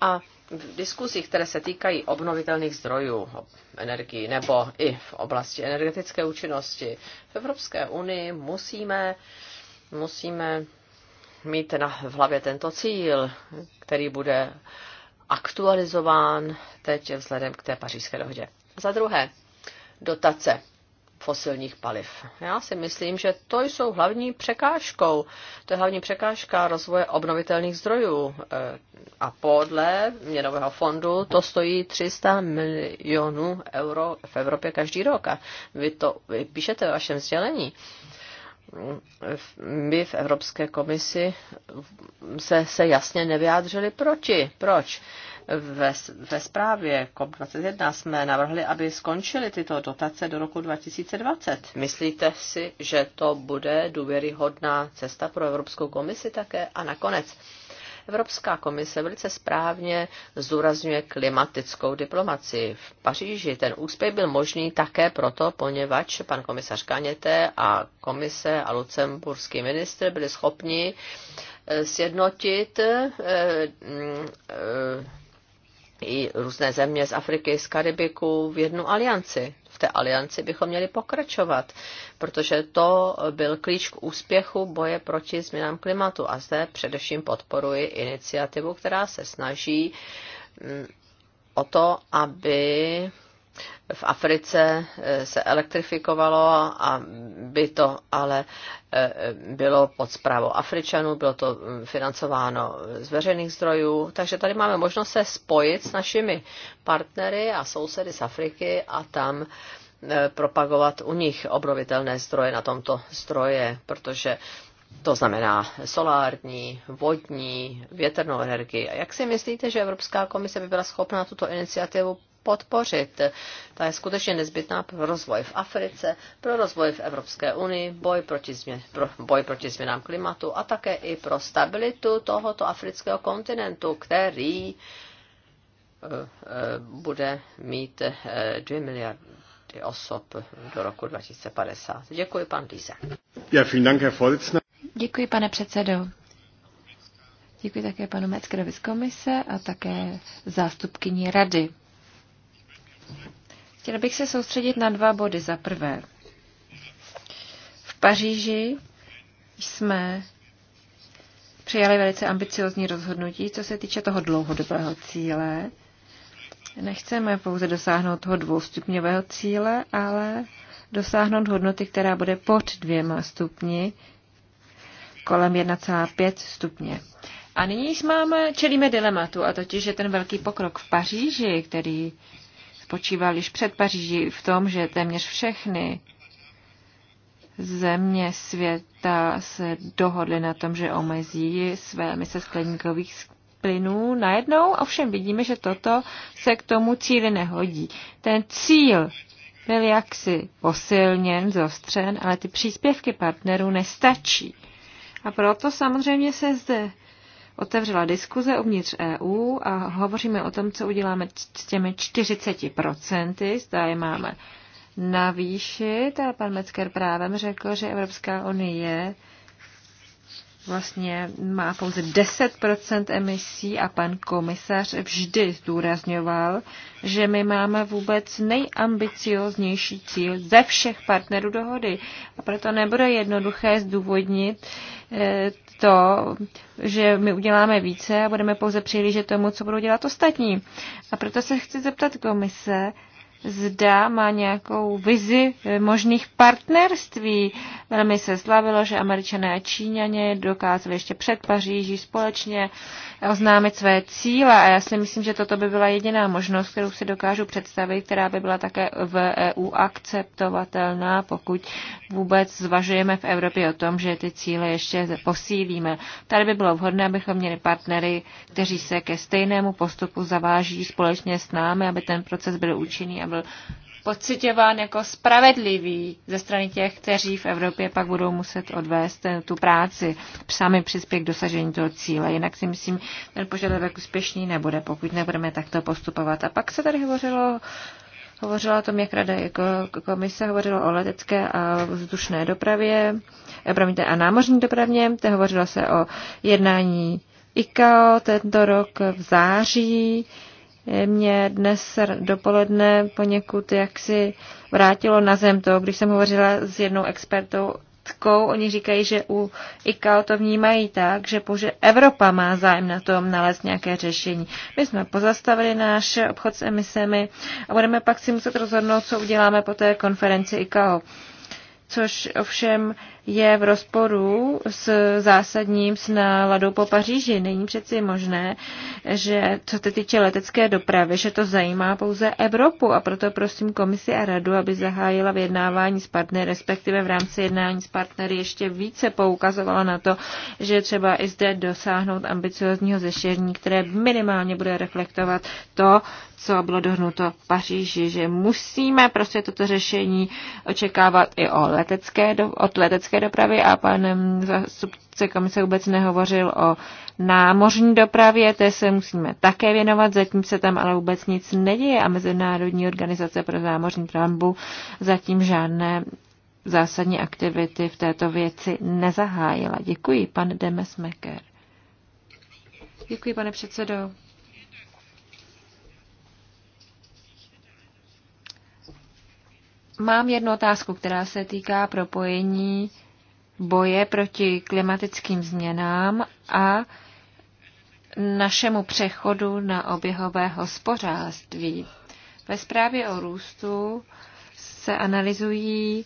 a v diskusích, které se týkají obnovitelných zdrojů energii nebo i v oblasti energetické účinnosti v Evropské unii musíme, musíme mít na, v hlavě tento cíl, který bude aktualizován teď vzhledem k té pařížské dohodě. Za druhé, dotace fosilních paliv. Já si myslím, že to jsou hlavní překážkou. To je hlavní překážka rozvoje obnovitelných zdrojů. E, a podle měnového fondu to stojí 300 milionů euro v Evropě každý rok. A vy to vy píšete ve vašem sdělení my v Evropské komisi se, se jasně nevyjádřili proti. Proč? Ve, ve zprávě COP21 jsme navrhli, aby skončily tyto dotace do roku 2020. Myslíte si, že to bude důvěryhodná cesta pro Evropskou komisi také? A nakonec Evropská komise velice správně zdůrazňuje klimatickou diplomaci. V Paříži ten úspěch byl možný také proto, poněvadž pan komisař Kaněte a komise a lucemburský ministr byli schopni eh, sjednotit eh, mm, eh, i různé země z Afriky, z Karibiku v jednu alianci. V té alianci bychom měli pokračovat, protože to byl klíč k úspěchu boje proti změnám klimatu. A zde především podporuji iniciativu, která se snaží mm, o to, aby v Africe eh, se elektrifikovalo, a by to ale eh, bylo pod zprávou Afričanů, bylo to hm, financováno z veřejných zdrojů, takže tady máme možnost se spojit s našimi partnery a sousedy z Afriky a tam eh, propagovat u nich obnovitelné zdroje na tomto zdroje, protože to znamená solární, vodní, větrnou energii. A jak si myslíte, že Evropská komise by byla schopná tuto iniciativu podpořit. Ta je skutečně nezbytná pro rozvoj v Africe, pro rozvoj v Evropské unii, boj proti, změn, pro, boj proti změnám klimatu a také i pro stabilitu tohoto afrického kontinentu, který eh, eh, bude mít 2 eh, miliardy osob do roku 2050. Děkuji, pan Líze. Ja, vielen Dank, Herr Děkuji, pane předsedo. Děkuji také panu Meckerovi z komise a také zástupkyni rady. Chtěla bych se soustředit na dva body. Za prvé, v Paříži jsme přijali velice ambiciozní rozhodnutí, co se týče toho dlouhodobého cíle. Nechceme pouze dosáhnout toho dvoustupňového cíle, ale dosáhnout hodnoty, která bude pod dvěma stupni, kolem 1,5 stupně. A nyní jsme máme, čelíme dilematu, a totiž je ten velký pokrok v Paříži, který spočíval již před Paříží v tom, že téměř všechny země světa se dohodly na tom, že omezí své emise skleníkových plynů. Najednou ovšem vidíme, že toto se k tomu cíli nehodí. Ten cíl byl jaksi posilněn, zostřen, ale ty příspěvky partnerů nestačí. A proto samozřejmě se zde otevřela diskuze uvnitř EU a hovoříme o tom, co uděláme s těmi 40%, zda je máme navýšit. A pan Metzger právem řekl, že Evropská unie vlastně má pouze 10% emisí a pan komisař vždy zdůrazňoval, že my máme vůbec nejambicioznější cíl ze všech partnerů dohody. A proto nebude jednoduché zdůvodnit eh, to, že my uděláme více a budeme pouze přihlížet tomu, co budou dělat ostatní. A proto se chci zeptat komise, zda má nějakou vizi možných partnerství. Velmi se slavilo, že američané a číňané dokázali ještě před Paříží společně oznámit své cíle a já si myslím, že toto by byla jediná možnost, kterou si dokážu představit, která by byla také v EU akceptovatelná, pokud vůbec zvažujeme v Evropě o tom, že ty cíle ještě posílíme. Tady by bylo vhodné, abychom měli partnery, kteří se ke stejnému postupu zaváží společně s námi, aby ten proces byl účinný a nebyl pocitován jako spravedlivý ze strany těch, kteří v Evropě pak budou muset odvést eh, tu práci, sami přispět k dosažení toho cíle. Jinak si myslím, ten požadavek úspěšný nebude, pokud nebudeme takto postupovat. A pak se tady hovořilo Hovořila o tom, jak rada jako komise hovořila o letecké a vzdušné dopravě, eh, promiňte, a námořní dopravně, to hovořilo se o jednání ICAO tento rok v září, mě dnes dopoledne poněkud jaksi vrátilo na zem to, když jsem hovořila s jednou expertou tkou, oni říkají, že u ICAO to vnímají tak, že pouze Evropa má zájem na tom nalézt nějaké řešení. My jsme pozastavili náš obchod s emisemi a budeme pak si muset rozhodnout, co uděláme po té konferenci ICAO. Což ovšem je v rozporu s zásadním s náladou po Paříži. Není přeci možné, že co se týče letecké dopravy, že to zajímá pouze Evropu a proto prosím komisi a radu, aby zahájila vyjednávání s partnery, respektive v rámci jednání s partnery ještě více poukazovala na to, že třeba i zde dosáhnout ambiciozního zešení, které minimálně bude reflektovat to, co bylo dohnuto v Paříži, že musíme prostě toto řešení očekávat i o letecké, od letecké letecké dopravy a pan zastupce komise vůbec nehovořil o námořní dopravě, té se musíme také věnovat, zatím se tam ale vůbec nic neděje a Mezinárodní organizace pro námořní prambu zatím žádné zásadní aktivity v této věci nezahájila. Děkuji, pan Demesmeker. Děkuji, pane předsedo. Mám jednu otázku, která se týká propojení boje proti klimatickým změnám a našemu přechodu na oběhové hospodářství. Ve zprávě o růstu se analyzují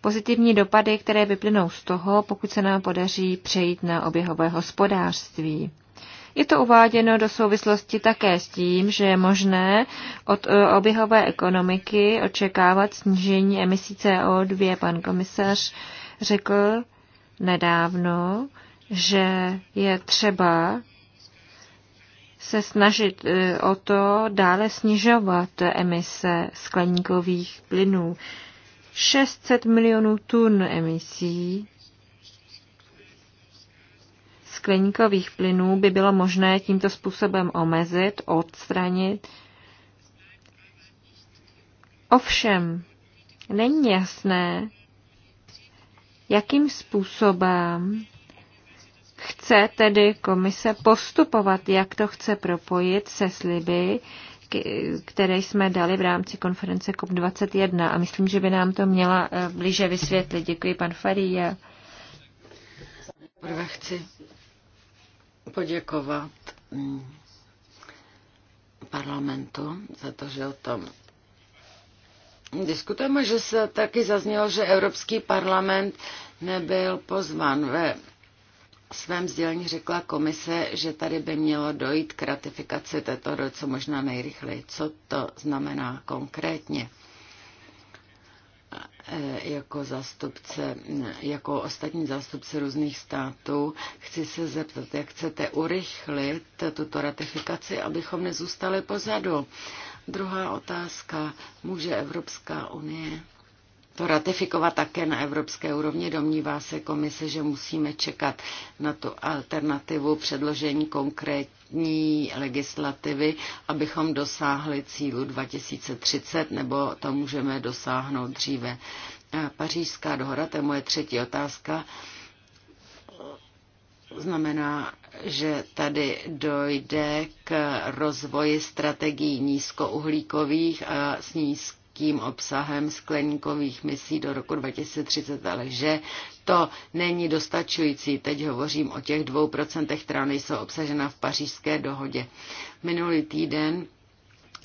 pozitivní dopady, které vyplynou z toho, pokud se nám podaří přejít na oběhové hospodářství. Je to uváděno do souvislosti také s tím, že je možné od e, oběhové ekonomiky očekávat snížení emisí CO2. Pan komisař řekl nedávno, že je třeba se snažit e, o to dále snižovat emise skleníkových plynů. 600 milionů tun emisí skleníkových plynů by bylo možné tímto způsobem omezit, odstranit. Ovšem, není jasné, jakým způsobem chce tedy komise postupovat, jak to chce propojit se sliby, které jsme dali v rámci konference COP21 a myslím, že by nám to měla eh, blíže vysvětlit. Děkuji, pan Faria. Prvé chci poděkovat mm, parlamentu za to, že o tom diskutujeme, že se taky zaznělo, že Evropský parlament nebyl pozván. Ve svém sdělení řekla komise, že tady by mělo dojít k ratifikaci této co možná nejrychleji. Co to znamená konkrétně? E, jako zástupce, jako ostatní zástupce různých států, chci se zeptat, jak chcete urychlit tuto ratifikaci, abychom nezůstali pozadu. Druhá otázka, může Evropská unie to ratifikovat také na evropské úrovni. Domnívá se komise, že musíme čekat na tu alternativu předložení konkrétní legislativy, abychom dosáhli cílu 2030, nebo to můžeme dosáhnout dříve. Pařížská dohoda, to je moje třetí otázka, znamená, že tady dojde k rozvoji strategií nízkouhlíkových a s nízkou tím obsahem skleníkových misí do roku 2030, ale že to není dostačující. Teď hovořím o těch dvou procentech, která nejsou obsažena v pařížské dohodě. Minulý týden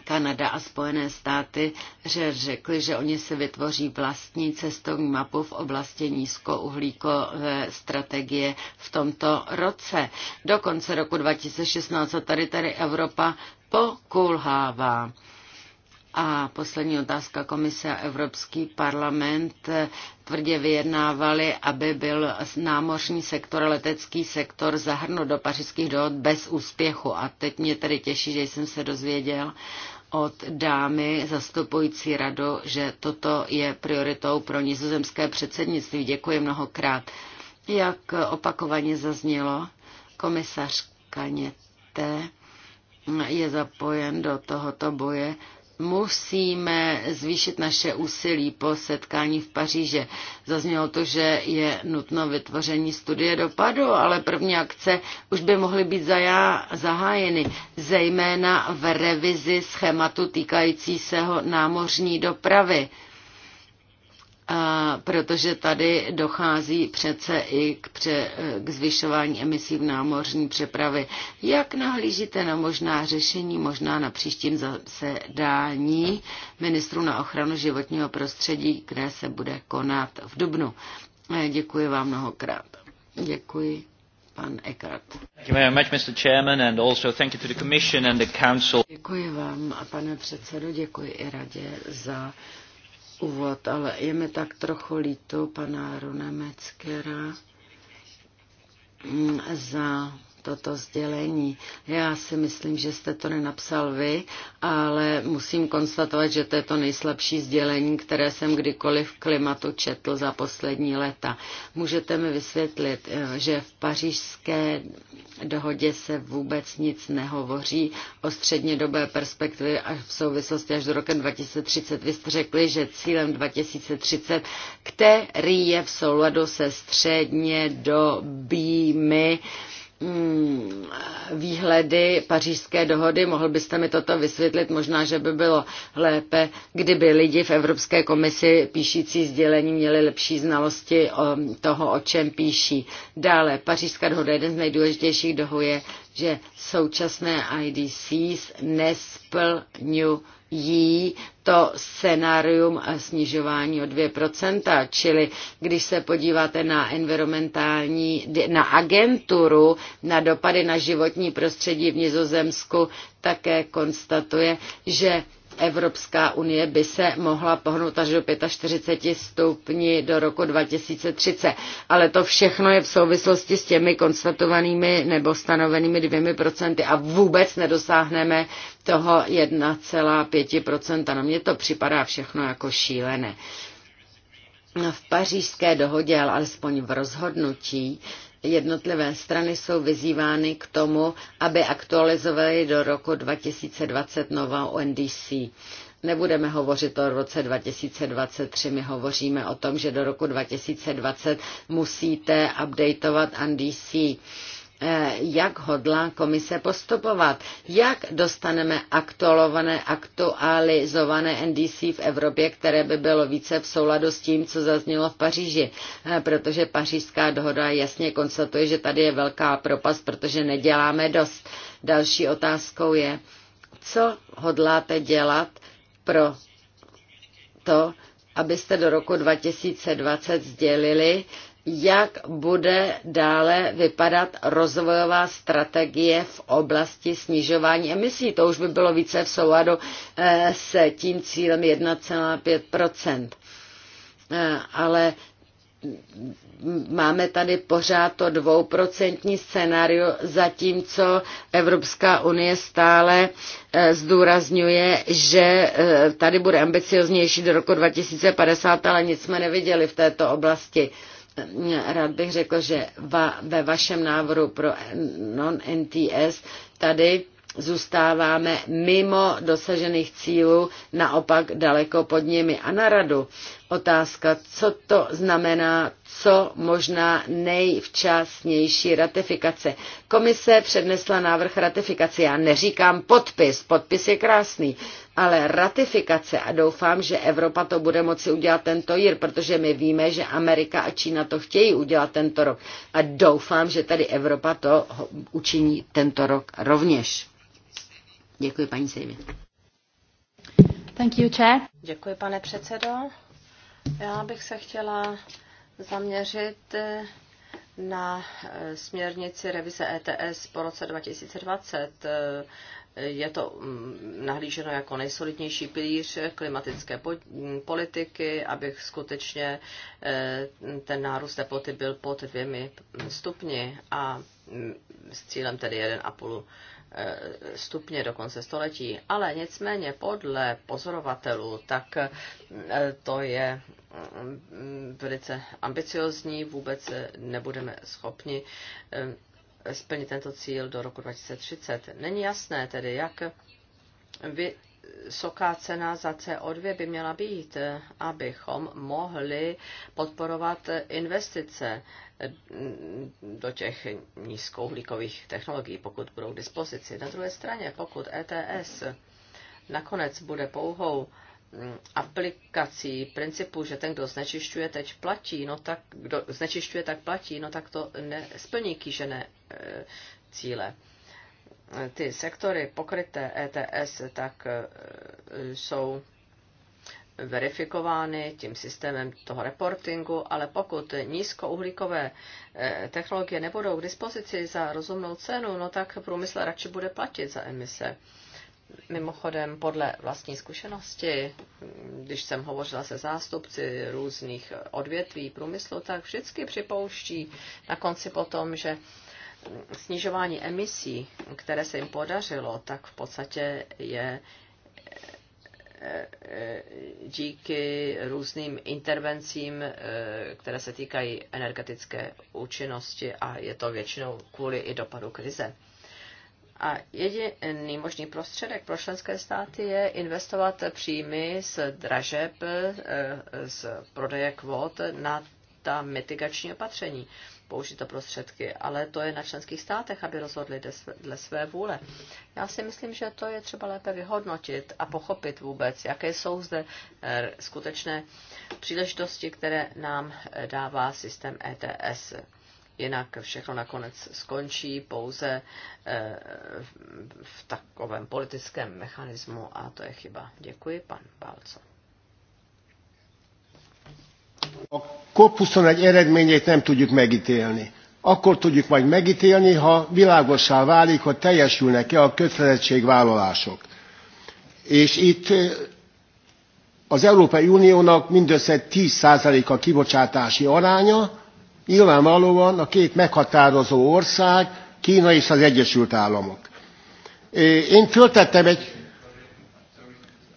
Kanada a Spojené státy že řekly, že oni se vytvoří vlastní cestovní mapu v oblasti nízkouhlíkové strategie v tomto roce. Do konce roku 2016 tady tady Evropa pokulhává. A poslední otázka komise a Evropský parlament tvrdě vyjednávali, aby byl námořní sektor, letecký sektor zahrnut do pařížských dohod bez úspěchu. A teď mě tedy těší, že jsem se dozvěděl od dámy zastupující radu, že toto je prioritou pro nizozemské předsednictví. Děkuji mnohokrát. Jak opakovaně zaznělo, komisař Kaněte je zapojen do tohoto boje musíme zvýšit naše úsilí po setkání v Paříže. Zaznělo to, že je nutno vytvoření studie dopadu, ale první akce už by mohly být zajá, zahájeny, zejména v revizi schématu týkající se námořní dopravy protože tady dochází přece i k, pře, k zvyšování emisí v námořní přepravě. Jak nahlížíte na možná řešení, možná na příštím zasedání ministru na ochranu životního prostředí, které se bude konat v Dubnu? Eh, děkuji vám mnohokrát. Děkuji. the Council. Děkuji vám, pane předsedo, děkuji i radě za úvod, ale je mi tak trochu líto pana Rona Meckera mm, za toto sdělení. Já si myslím, že jste to nenapsal vy, ale musím konstatovat, že to je to nejslabší sdělení, které jsem kdykoliv v klimatu četl za poslední leta. Můžete mi vysvětlit, eh, že v pařížské dohodě se vůbec nic nehovoří o střednědobé perspektivě a v souvislosti až do rokem 2030. Vy jste řekli, že cílem 2030, který je v souladu se střednědobými dobými Mm, výhledy pařížské dohody. Mohl byste mi toto vysvětlit? Možná, že by bylo lépe, kdyby lidi v Evropské komisi píšící sdělení měli lepší znalosti o toho, o čem píší. Dále, pařížská dohoda, jeden z nejdůležitějších dohod je, že současné IDCs nesplňují jí to scenarium snižování o 2%, čili když se podíváte na environmentální, na agenturu, na dopady na životní prostředí v Nizozemsku, také konstatuje, že Evropská unie by se mohla pohnout až do 45 stupni do roku 2030. Ale to všechno je v souvislosti s těmi konstatovanými nebo stanovenými dvěmi procenty a vůbec nedosáhneme toho 1,5%. No mně to připadá všechno jako šílené. V pařížské dohodě, ale alespoň v rozhodnutí, Jednotlivé strany jsou vyzývány k tomu, aby aktualizovaly do roku 2020 nová UNDC. Nebudeme hovořit o roce 2023, my hovoříme o tom, že do roku 2020 musíte updateovat NDC Eh, jak hodlá komise postupovat, jak dostaneme aktualizované, aktualizované NDC v Evropě, které by bylo více v souladu s tím, co zaznělo v Paříži, eh, protože pařížská dohoda jasně konstatuje, že tady je velká propast, protože neděláme dost. Další otázkou je, co hodláte dělat pro to, abyste do roku 2020 sdělili, jak bude dále vypadat rozvojová strategie v oblasti snižování emisí. To už by bylo více v souladu eh, s tím cílem 1,5 eh, Ale máme tady pořád to dvouprocentní scénario, zatímco Evropská unie stále eh, zdůrazňuje, že tady bude ambicioznější do roku 2050, ale nic jsme neviděli v této oblasti rád bych řekl, že va, ve vašem návrhu pro non-NTS tady zůstáváme mimo dosažených cílů, naopak daleko pod nimi. A na radu otázka, co to znamená, co možná nejvčasnější ratifikace. Komise přednesla návrh ratifikace. Já neříkám podpis, podpis je krásný, ale ratifikace a doufám, že Evropa to bude moci udělat tento jír, protože my víme, že Amerika a Čína to chtějí udělat tento rok a doufám, že tady Evropa to učiní tento rok rovněž. Děkuji, paní Sejmě. Thank you, chair. Děkuji, pane předsedo. Já bych se chtěla zaměřit eh, na eh, směrnici revize ETS po roce 2020. Eh, je to mm, nahlíženo jako nejsolidnější pilíř klimatické politiky, abych skutečně ten nárůst teploty byl pod dvěmi stupni a mm, s cílem tedy 1,5 Eh, stupně do konce století. Ale nicméně podle pozorovatelů, tak eh, to je mm, velice ambiciozní, vůbec eh, nebudeme schopni splnit tento cíl do roku 2030. Není jasné tedy, jak vy vysoká cena za CO2 by měla být, abychom mohli podporovat investice do těch nízkouhlíkových technologií, pokud budou k dispozici. Na druhé straně, pokud ETS nakonec bude pouhou mm, aplikací principu, že ten, kdo znečišťuje, teď platí, no tak, kdo znečišťuje, tak platí, no tak to nesplní kýžené e, cíle ty sektory pokryté ETS, tak e, jsou verifikovány tím systémem toho reportingu, ale pokud nízkouhlíkové e, technologie nebudou k dispozici za rozumnou cenu, no tak průmysl radši bude platit za emise. Mimochodem, podle vlastní zkušenosti, když jsem hovořila se zástupci různých odvětví průmyslu, tak vždycky připouští na konci potom, že snižování emisí, které se jim podařilo, tak v podstatě je eh, díky různým intervencím, eh, které se týkají energetické účinnosti a je to většinou kvůli i dopadu krize. A jediný možný prostředek pro členské státy je investovat příjmy z dražeb, eh, z prodeje kvót na ta mitigační opatření použito prostředky, ale to je na členských státech, aby rozhodli dle své vůle. Já si myslím, že to je třeba lépe vyhodnotit a pochopit vůbec, jaké jsou zde eh, skutečné příležitosti, které nám eh, dává systém ETS. Jinak všechno nakonec skončí pouze eh, v takovém politickém mechanismu a to je chyba. Děkuji, pan Balco. A COP21 eredményét nem tudjuk megítélni. Akkor tudjuk majd megítélni, ha világosá válik, hogy teljesülnek-e a kötelezettségvállalások. És itt az Európai Uniónak mindössze 10% a kibocsátási aránya, nyilvánvalóan a két meghatározó ország, Kína és az Egyesült Államok. Én föltettem egy...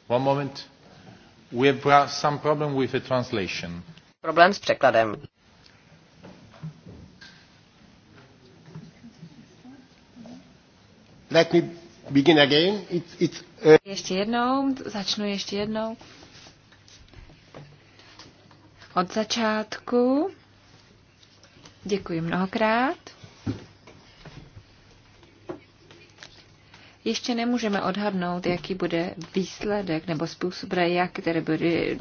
One moment. We have some problem with the translation problém s překladem. Let me begin again. It, it, uh... Ještě jednou, začnu ještě jednou. Od začátku. Děkuji mnohokrát. ještě nemůžeme odhadnout, jaký bude výsledek nebo způsob, jak tedy bude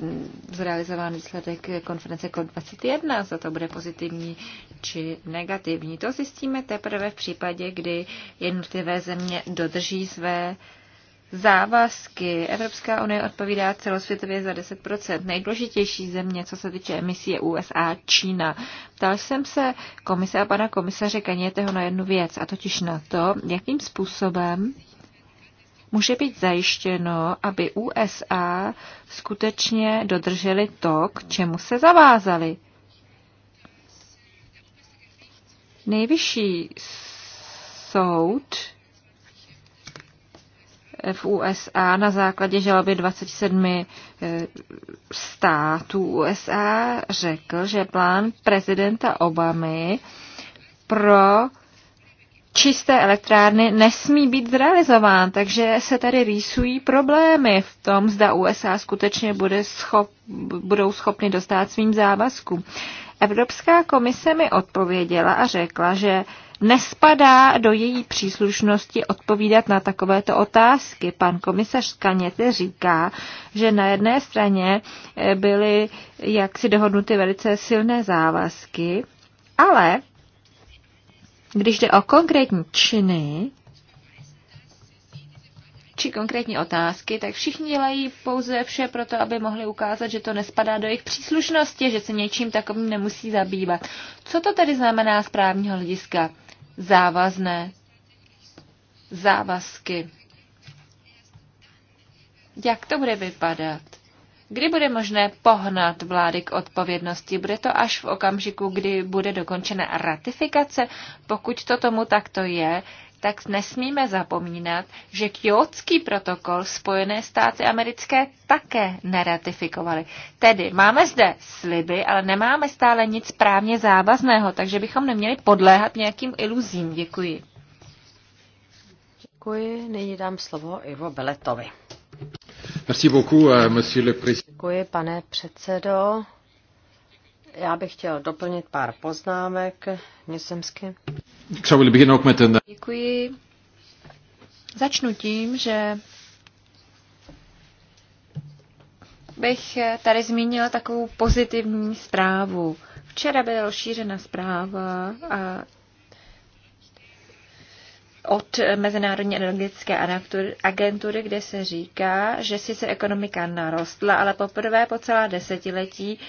zrealizován výsledek konference COP21, za to bude pozitivní či negativní. To zjistíme teprve v případě, kdy jednotlivé země dodrží své závazky. Evropská unie odpovídá celosvětově za 10%. Nejdůležitější země, co se týče emisí, je USA, Čína. Ptal jsem se komise a pana komisaře Kaněteho na jednu věc, a totiž na to, jakým způsobem může být zajištěno, aby USA skutečně dodrželi to, k čemu se zavázali. Nejvyšší soud v USA na základě žaloby 27 eh, států USA řekl, že plán prezidenta Obamy pro čisté elektrárny nesmí být zrealizován, takže se tady rýsují problémy v tom, zda USA skutečně bude schop, budou schopny dostat svým závazkům. Evropská komise mi odpověděla a řekla, že nespadá do její příslušnosti odpovídat na takovéto otázky. Pan komisař Kaněte říká, že na jedné straně eh, byly jaksi dohodnuty velice silné závazky, ale když jde o konkrétní činy či konkrétní otázky, tak všichni dělají pouze vše pro to, aby mohli ukázat, že to nespadá do jejich příslušnosti, že se něčím takovým nemusí zabývat. Co to tedy znamená z právního hlediska? Závazné závazky. Jak to bude vypadat? Kdy bude možné pohnat vlády k odpovědnosti? Bude to až v okamžiku, kdy bude dokončena ratifikace? Pokud to tomu takto je, tak nesmíme zapomínat, že kjótský protokol Spojené státy americké také neratifikovaly. Tedy máme zde sliby, ale nemáme stále nic právně závazného, takže bychom neměli podléhat nějakým iluzím. Děkuji. Děkuji. Nyní dám slovo Ivo Beletovi. Euh, Děkuji, pane předsedo. Já bych chtěl doplnit pár poznámek nizozemsky. Děkuji. Začnu tím, že bych tady zmínila takovou pozitivní zprávu. Včera byla rozšířena zpráva a od Mezinárodní energetické agentury, kde se říká, že sice ekonomika narostla, ale poprvé po celá desetiletí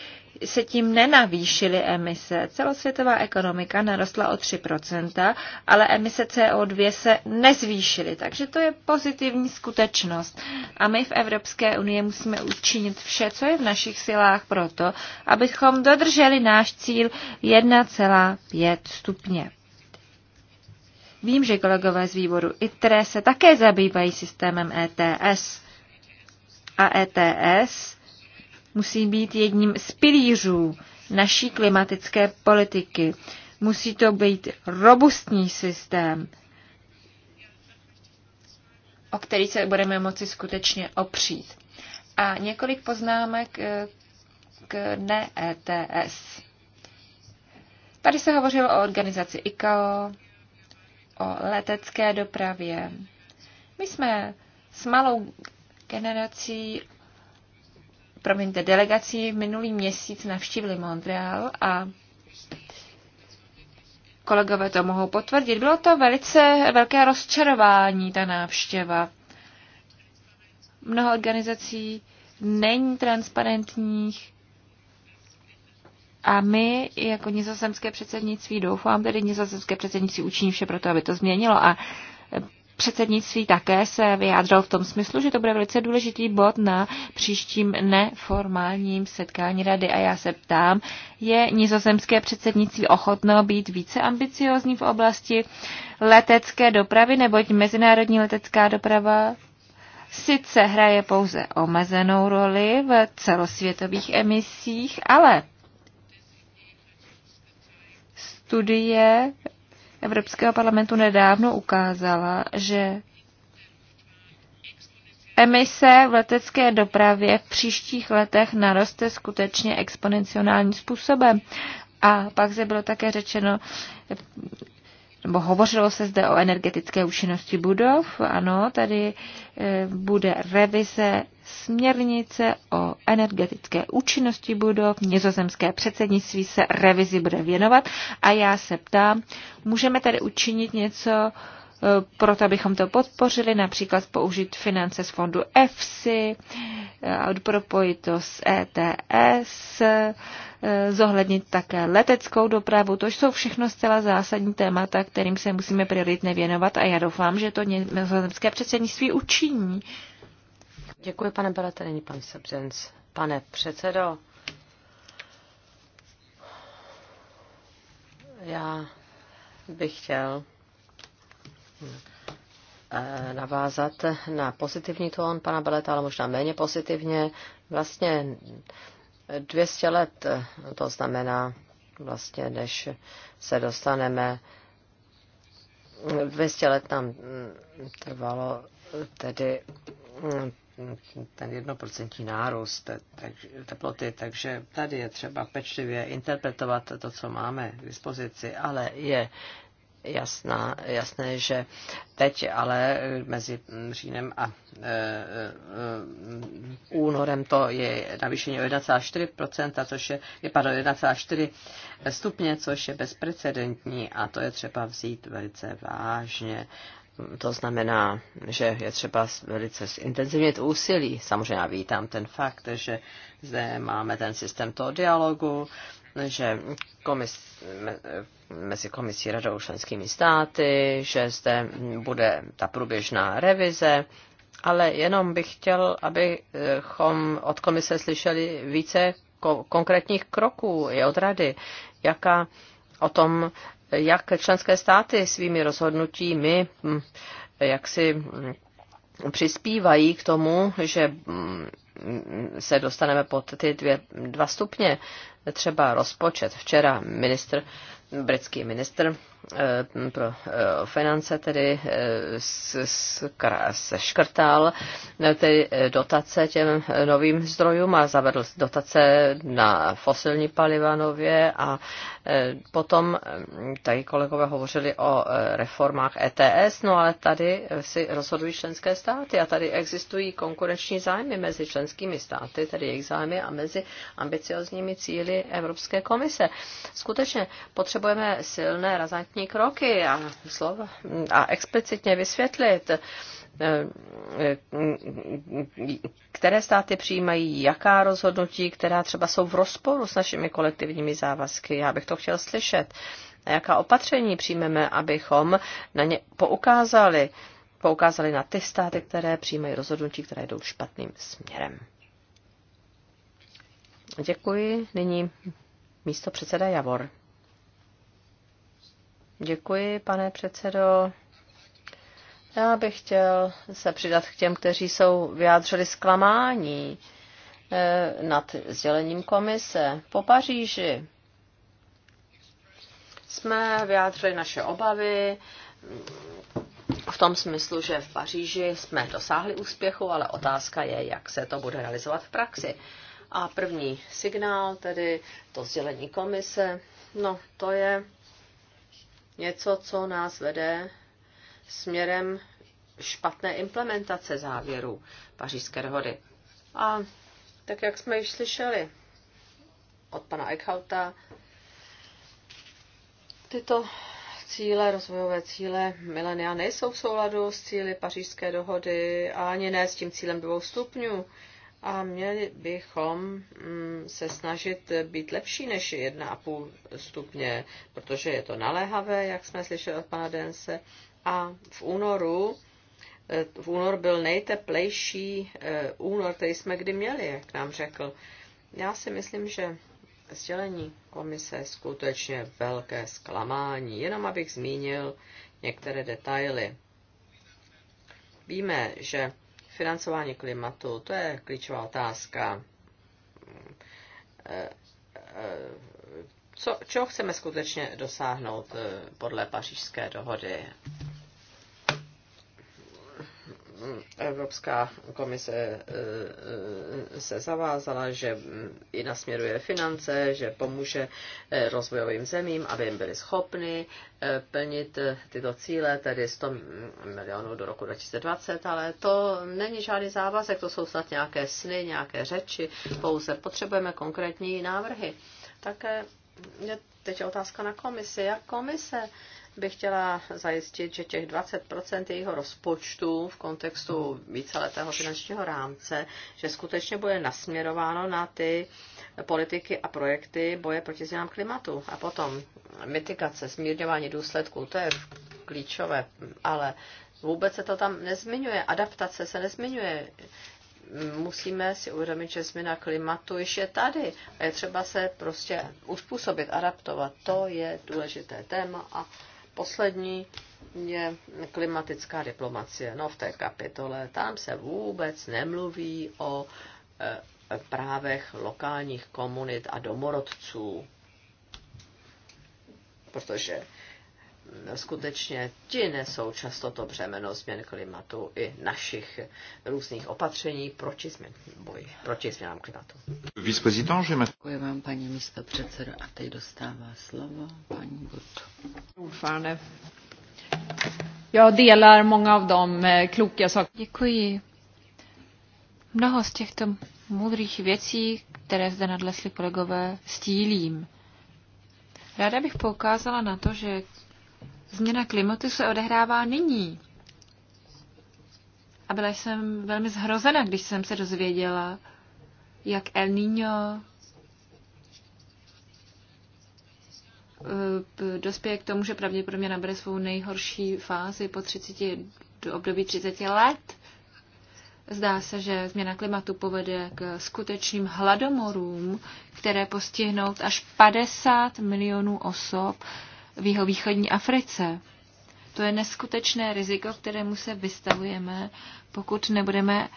se tím nenavýšily emise. Celosvětová ekonomika narostla o 3%, ale emise CO2 se nezvýšily, takže to je pozitivní skutečnost. A my v Evropské unii musíme učinit vše, co je v našich silách proto, abychom dodrželi náš cíl 1,5 stupně. Vím, že kolegové z výboru ITRE se také zabývají systémem ETS. A ETS musí být jedním z pilířů naší klimatické politiky. Musí to být robustní systém, o který se budeme moci skutečně opřít. A několik poznámek eh, k ne-ETS. Tady se hovořilo o organizaci ICAO, o letecké dopravě. My jsme s malou generací, promiňte, delegací minulý měsíc navštívili Montreal a kolegové to mohou potvrdit. Bylo to velice velké rozčarování, ta návštěva. Mnoho organizací není transparentních, a my jako nizozemské předsednictví doufám, tedy nizozemské předsednictví učiní vše pro to, aby to změnilo. A předsednictví také se vyjádřilo v tom smyslu, že to bude velice důležitý bod na příštím neformálním setkání rady. A já se ptám, je nizozemské předsednictví ochotno být více ambiciozní v oblasti letecké dopravy, neboť mezinárodní letecká doprava sice hraje pouze omezenou roli v celosvětových emisích, ale studie Evropského parlamentu nedávno ukázala, že emise v letecké dopravě v příštích letech naroste skutečně exponenciálním způsobem. A pak se bylo také řečeno, nebo hovořilo se zde o energetické účinnosti budov. Ano, tady eh, bude revize směrnice o energetické účinnosti budov. Nizozemské předsednictví se revizi bude věnovat. A já se ptám, můžeme tady učinit něco proto abychom to podpořili, například použít finance z fondu EFSI, odpropojit eh, to s ETS, eh, zohlednit také leteckou dopravu. To jsou všechno zcela zásadní témata, kterým se musíme prioritně věnovat a já doufám, že to nizozemské předsednictví učiní. Děkuji, pane Belete, není pan Sebřenc. Pane předsedo, já bych chtěl navázat na pozitivní tón pana Beleta, ale možná méně pozitivně. Vlastně 200 let, to znamená vlastně, než se dostaneme, 200 let nám trvalo tedy ten jednoprocentní nárůst takže, teploty, takže tady je třeba pečlivě interpretovat to, co máme k dispozici, ale je jasná, jasné, že teď ale mezi říjnem a e, e, e únorem to je navýšení o 1,4%, což je, je pardon, 1,4 stupně, což je bezprecedentní a to je třeba vzít velice vážně. To znamená, že je třeba velice zintenzivnit úsilí. Samozřejmě já vítám ten fakt, že zde máme ten systém toho dialogu, že komis, me, mezi komisí radou členskými státy, že zde bude ta průběžná revize, ale jenom bych chtěl, abychom od komise slyšeli více ko- konkrétních kroků i od rady, jaká o tom, jak členské státy svými rozhodnutími hm, jak si přispívají k tomu, že hm, se dostaneme pod ty dvě, dva stupně. Třeba rozpočet. Včera ministr, britský ministr Eh, pro eh, finance tedy eh, seškrtal ty dotace těm novým zdrojům a zavedl dotace na fosilní paliva nově a potom tady kolegové hovořili o reformách ETS, no ale tady si rozhodují členské státy a tady existují konkurenční zájmy mezi členskými státy, tedy jejich zájmy a mezi ambiciozními cíly Evropské komise. Skutečně potřebujeme silné razantní konkrétní kroky a, slova, a explicitně vysvětlit, eh, které státy přijímají jaká rozhodnutí, která třeba jsou v rozporu s našimi kolektivními závazky. Já bych to chtěl slyšet. A jaká opatření přijmeme, abychom na ně poukázali, poukázali na ty státy, které přijímají rozhodnutí, které jdou špatným směrem. Děkuji. Nyní místo předseda Javor. Děkuji, pane předsedo. Já bych chtěl se přidat k těm, kteří jsou vyjádřili zklamání eh, nad sdělením komise po Paříži. Jsme vyjádřili naše obavy v tom smyslu, že v Paříži jsme dosáhli úspěchu, ale otázka je, jak se to bude realizovat v praxi. A první signál, tedy to sdělení komise, no to je něco, co nás vede směrem špatné implementace závěrů pařížské dohody. A tak, jak jsme již slyšeli od pana Eichhauta, tyto cíle, rozvojové cíle milenia nejsou v souladu s cíly pařížské dohody a ani ne s tím cílem dvou stupňů a měli bychom mm, se snažit být lepší než 1,5 stupně, protože je to naléhavé, jak jsme slyšeli od pana Dense. A v únoru eh, v únor byl nejteplejší eh, únor, který jsme kdy měli, jak nám řekl. Já si myslím, že sdělení komise je skutečně velké zklamání, jenom abych zmínil některé detaily. Víme, že Financování klimatu, to je klíčová otázka. Eh, eh, co, čeho chceme skutečně dosáhnout eh, podle pařížské dohody? Evropská komise eh, eh, se zavázala, že i nasměruje finance, že pomůže eh, rozvojovým zemím, aby jim byly schopny plnit tyto cíle, tedy 100 milionů do roku 2020, ale to není žádný závazek, to jsou snad nějaké sny, nějaké řeči, pouze potřebujeme konkrétní návrhy. Také je teď otázka na komisi. Jak komise bych chtěla zajistit, že těch 20% jejího rozpočtu v kontextu víceletého finančního rámce, že skutečně bude nasměrováno na ty politiky a projekty boje proti změnám klimatu. A potom mitigace, smírňování důsledků, to je klíčové, ale vůbec se to tam nezmiňuje, adaptace se nezmiňuje musíme si uvědomit, že změna klimatu již je tady a je třeba se prostě uspůsobit, adaptovat. To je důležité téma a Poslední je klimatická diplomacie. No v té kapitole tam se vůbec nemluví o e, právech lokálních komunit a domorodců. Protože skutečně ti nesou často to břemeno změn klimatu i našich různých opatření proti, změn, boji, proti změnám klimatu. Děkuji vám, paní místo předsedo, a teď dostává slovo paní Gut. Jag delar många av de eh, kloka Děkuji. Mnoho z těchto moudrých věcí, které zde nadlesli kolegové, stílím. Ráda bych poukázala na to, že Změna klimatu se odehrává nyní. A byla jsem velmi zhrozena, když jsem se dozvěděla, jak El Niño eh, dospěje k tomu, že pravděpodobně nabere svou nejhorší fázi po 30, do období 30 let. Zdá se, že změna klimatu povede k skutečným hladomorům, které postihnou až 50 milionů osob v jeho východní Africe. To je neskutečné riziko, kterému se vystavujeme, pokud nebudeme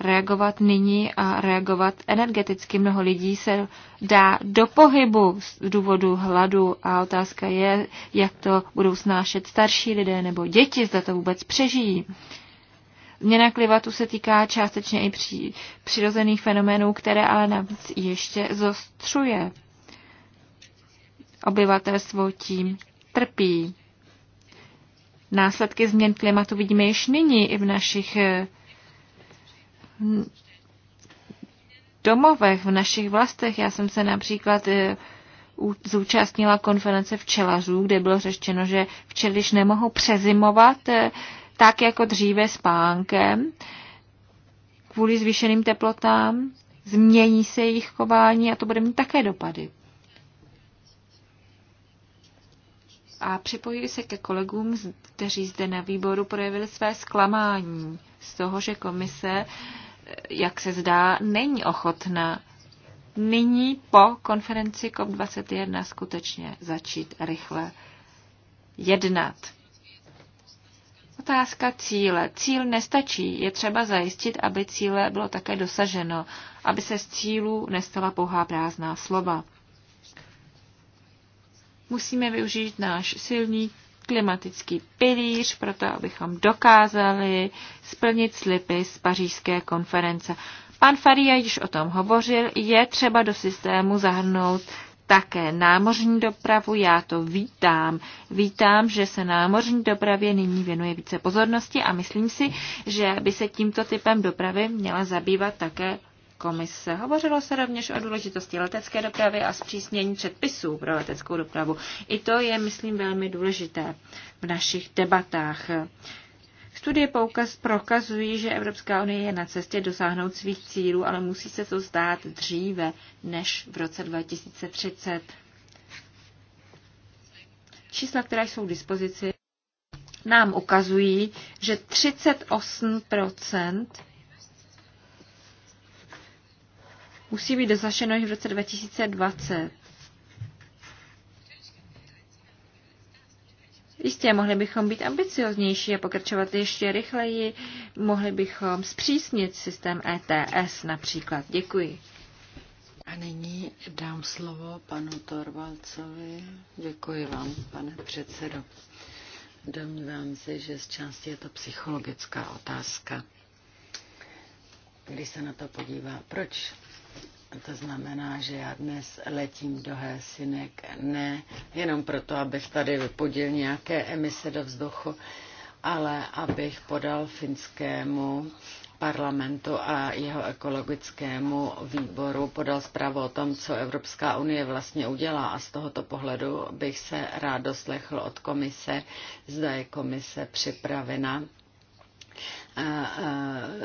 reagovat nyní a reagovat energeticky. Mnoho lidí se dá do pohybu z důvodu hladu a otázka je, jak to budou snášet starší lidé nebo děti, zda to vůbec přežijí. Změna klimatu se týká částečně i při, přirozených fenoménů, které ale navíc ještě zostřuje obyvatelstvo tím trpí. Následky změn klimatu vidíme již nyní i v našich eh, domovech, v našich vlastech. Já jsem se například eh, zúčastnila konference včelařů, kde bylo řečeno, že včeliš nemohou přezimovat eh, tak jako dříve spánkem kvůli zvýšeným teplotám. Změní se jejich chování a to bude mít také dopady. a připojili se ke kolegům, kteří zde na výboru projevili své zklamání z toho, že komise, eh, jak se zdá, není ochotna, nyní po konferenci COP21 skutečně začít rychle jednat. Otázka cíle. Cíl nestačí. Je třeba zajistit, aby cíle bylo také dosaženo, aby se z cílů nestala pouhá prázdná slova musíme využít náš silný klimatický pilíř, proto abychom dokázali splnit slipy z pařížské konference. Pan Faria již o tom hovořil, je třeba do systému zahrnout také námořní dopravu, já to vítám. Vítám, že se námořní dopravě nyní věnuje více pozornosti a myslím si, že by se tímto typem dopravy měla zabývat také komise. Hovořilo se rovněž o důležitosti letecké dopravy a zpřísnění předpisů pro leteckou dopravu. I to je, myslím, velmi důležité v našich debatách. Studie poukaz prokazují, že Evropská unie je na cestě dosáhnout svých cílů, ale musí se to zdát dříve než v roce 2030. Čísla, která jsou k dispozici, nám ukazují, že 38 musí být dosaženo již v roce 2020. Jistě, mohli bychom být ambicioznější a pokračovat ještě rychleji, mohli bychom zpřísnit systém ETS například. Děkuji. A nyní dám slovo panu Torvalcovi. Děkuji vám, pane předsedo. Domnívám se, že z části je to psychologická otázka. Když se na to podívá, proč to znamená, že já dnes letím do Helsinek ne jenom proto, abych tady vypodil nějaké emise do vzduchu, ale abych podal finskému parlamentu a jeho ekologickému výboru podal zprávu o tom, co Evropská unie vlastně udělá a z tohoto pohledu bych se rád doslechl od komise, zda je komise připravena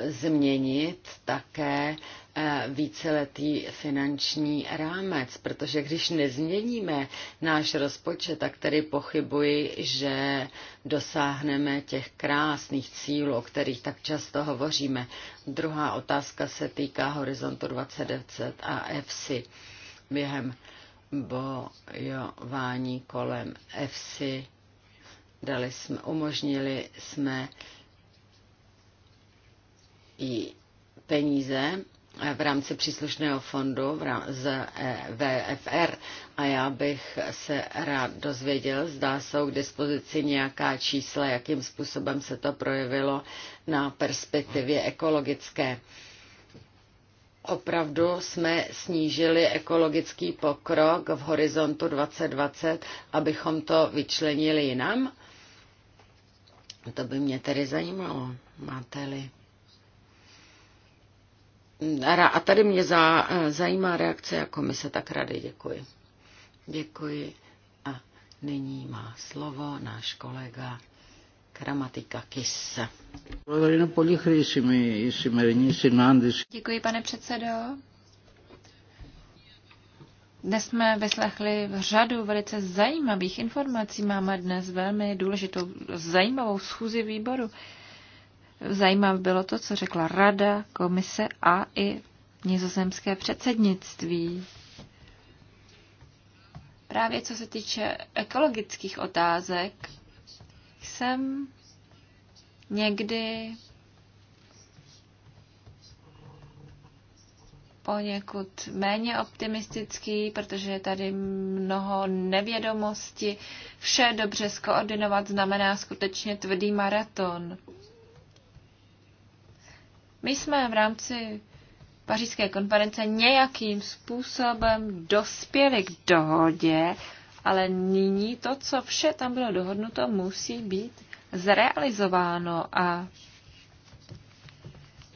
změnit také Eh, víceletý finanční rámec, protože když nezměníme náš rozpočet, tak tedy pochybuji, že dosáhneme těch krásných cílů, o kterých tak často hovoříme. Druhá otázka se týká Horizontu 2020 a EFSI. Během bojování kolem EFSI dali jsme, umožnili jsme i peníze v rámci příslušného fondu z eh, VFR a já bych se rád dozvěděl, zda jsou k dispozici nějaká čísla, jakým způsobem se to projevilo na perspektivě ekologické. Opravdu jsme snížili ekologický pokrok v horizontu 2020, abychom to vyčlenili jinam? To by mě tedy zajímalo, máte-li a tady mě za, eh, zajímá reakce jako se tak rady děkuji. Děkuji. A nyní má slovo náš kolega kramatika Kis. Děkuji, pane předsedo. Dnes jsme vyslechli řadu velice zajímavých informací. Máme dnes velmi důležitou, zajímavou schůzi výboru. Zajímavé bylo to, co řekla Rada, Komise a i nizozemské předsednictví. Právě co se týče ekologických otázek, jsem někdy poněkud méně optimistický, protože je tady mnoho nevědomosti. Vše dobře skoordinovat znamená skutečně tvrdý maraton. My jsme v rámci pařížské konference nějakým způsobem dospěli k dohodě, ale nyní to, co vše tam bylo dohodnuto, musí být zrealizováno a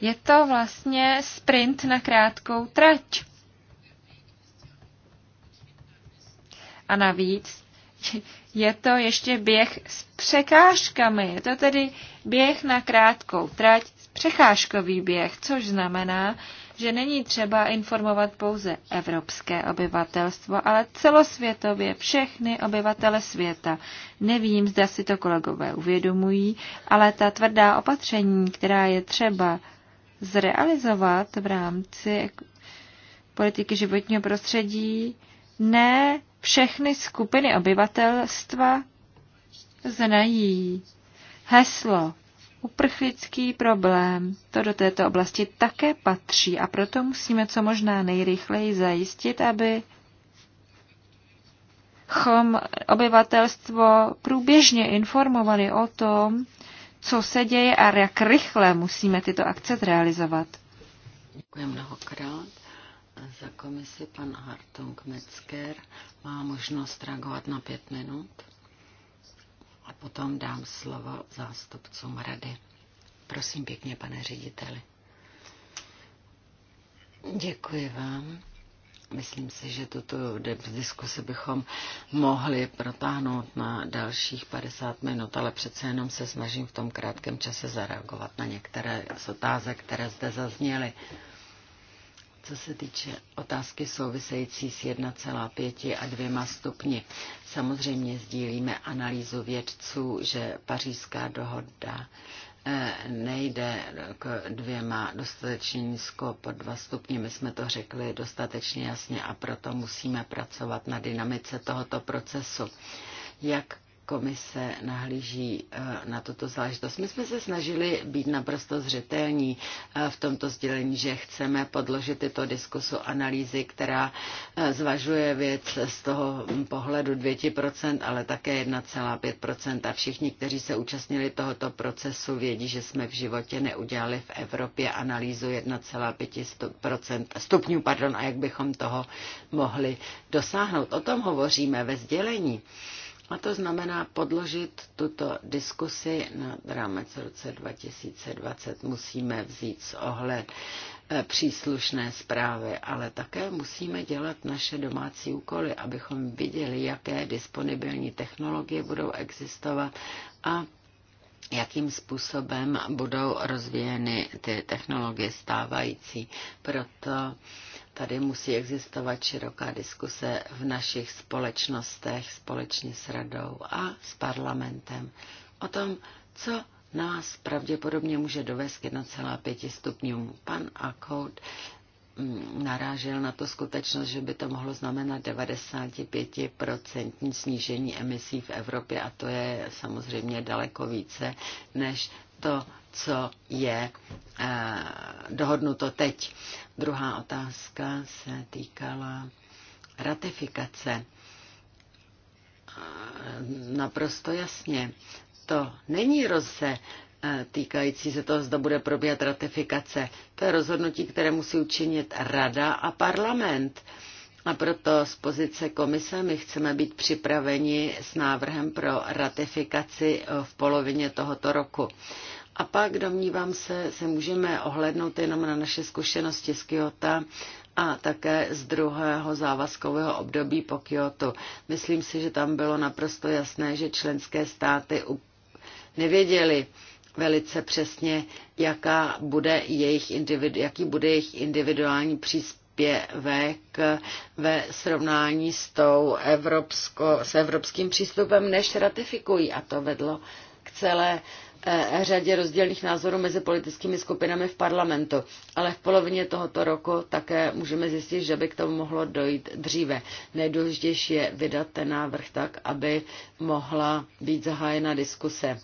je to vlastně sprint na krátkou trať. A navíc je to ještě běh s překážkami. Je to tedy běh na krátkou trať přecházkový běh, což znamená, že není třeba informovat pouze evropské obyvatelstvo, ale celosvětově všechny obyvatele světa. Nevím, zda si to kolegové uvědomují, ale ta tvrdá opatření, která je třeba zrealizovat v rámci politiky životního prostředí, ne všechny skupiny obyvatelstva znají. Heslo Uprchlický problém, to do této oblasti také patří a proto musíme co možná nejrychleji zajistit, aby chom obyvatelstvo průběžně informovali o tom, co se děje a jak rychle musíme tyto akce zrealizovat. Děkuji mnohokrát. Za komisi pan Hartung Metzger má možnost reagovat na pět minut a potom dám slovo zástupcům rady. Prosím pěkně, pane řediteli. Děkuji vám. Myslím si, že tuto diskusi bychom mohli protáhnout na dalších 50 minut, ale přece jenom se snažím v tom krátkém čase zareagovat na některé z otázek, které zde zazněly co se týče otázky související s 1,5 a 2 stupni. Samozřejmě sdílíme analýzu vědců, že pařížská dohoda eh, nejde k dvěma dostatečně nízko pod dva stupně. My jsme to řekli dostatečně jasně a proto musíme pracovat na dynamice tohoto procesu. Jak komise nahlíží eh, na toto záležitost. My jsme se snažili být naprosto zřetelní eh, v tomto sdělení, že chceme podložit tyto diskusu analýzy, která eh, zvažuje věc z toho pohledu 2%, ale také 1,5%. A všichni, kteří se účastnili tohoto procesu, vědí, že jsme v životě neudělali v Evropě analýzu 1,5% stupňů pardon, a jak bychom toho mohli dosáhnout. O tom hovoříme ve sdělení. A to znamená podložit tuto diskusi na rámec roce 2020. Musíme vzít z ohled eh, příslušné zprávy, ale také musíme dělat naše domácí úkoly, abychom viděli, jaké disponibilní technologie budou existovat a jakým způsobem budou rozvíjeny ty technologie stávající. Proto Tady musí existovat široká diskuse v našich společnostech společně s radou a s parlamentem o tom, co nás pravděpodobně může dovést k 1,5 stupňům. Pan Akout mm, narážel na to skutečnost, že by to mohlo znamenat 95% snížení emisí v Evropě a to je samozřejmě daleko více než to co je eh, dohodnuto teď. Druhá otázka se týkala ratifikace. Eh, naprosto jasně. To není rozse eh, týkající se toho, zda bude probíhat ratifikace. To je rozhodnutí, které musí učinit Rada a parlament. A proto z pozice komise my chceme být připraveni s návrhem pro ratifikaci v polovině tohoto roku. A pak, domnívám se, se můžeme ohlednout jenom na naše zkušenosti z Kyoto a také z druhého závazkového období po Kyoto. Myslím si, že tam bylo naprosto jasné, že členské státy nevěděly velice přesně, jaká bude jejich individu, jaký bude jejich individuální příspěvek ve srovnání s, tou evropsko, s evropským přístupem, než ratifikují. A to vedlo k celé Eh, řadě rozdílných názorů mezi politickými skupinami v parlamentu, ale v polovině tohoto roku také můžeme zjistit, že by k tomu mohlo dojít dříve. Nejdůležitější je vydat ten návrh tak, aby mohla být zahájena diskuse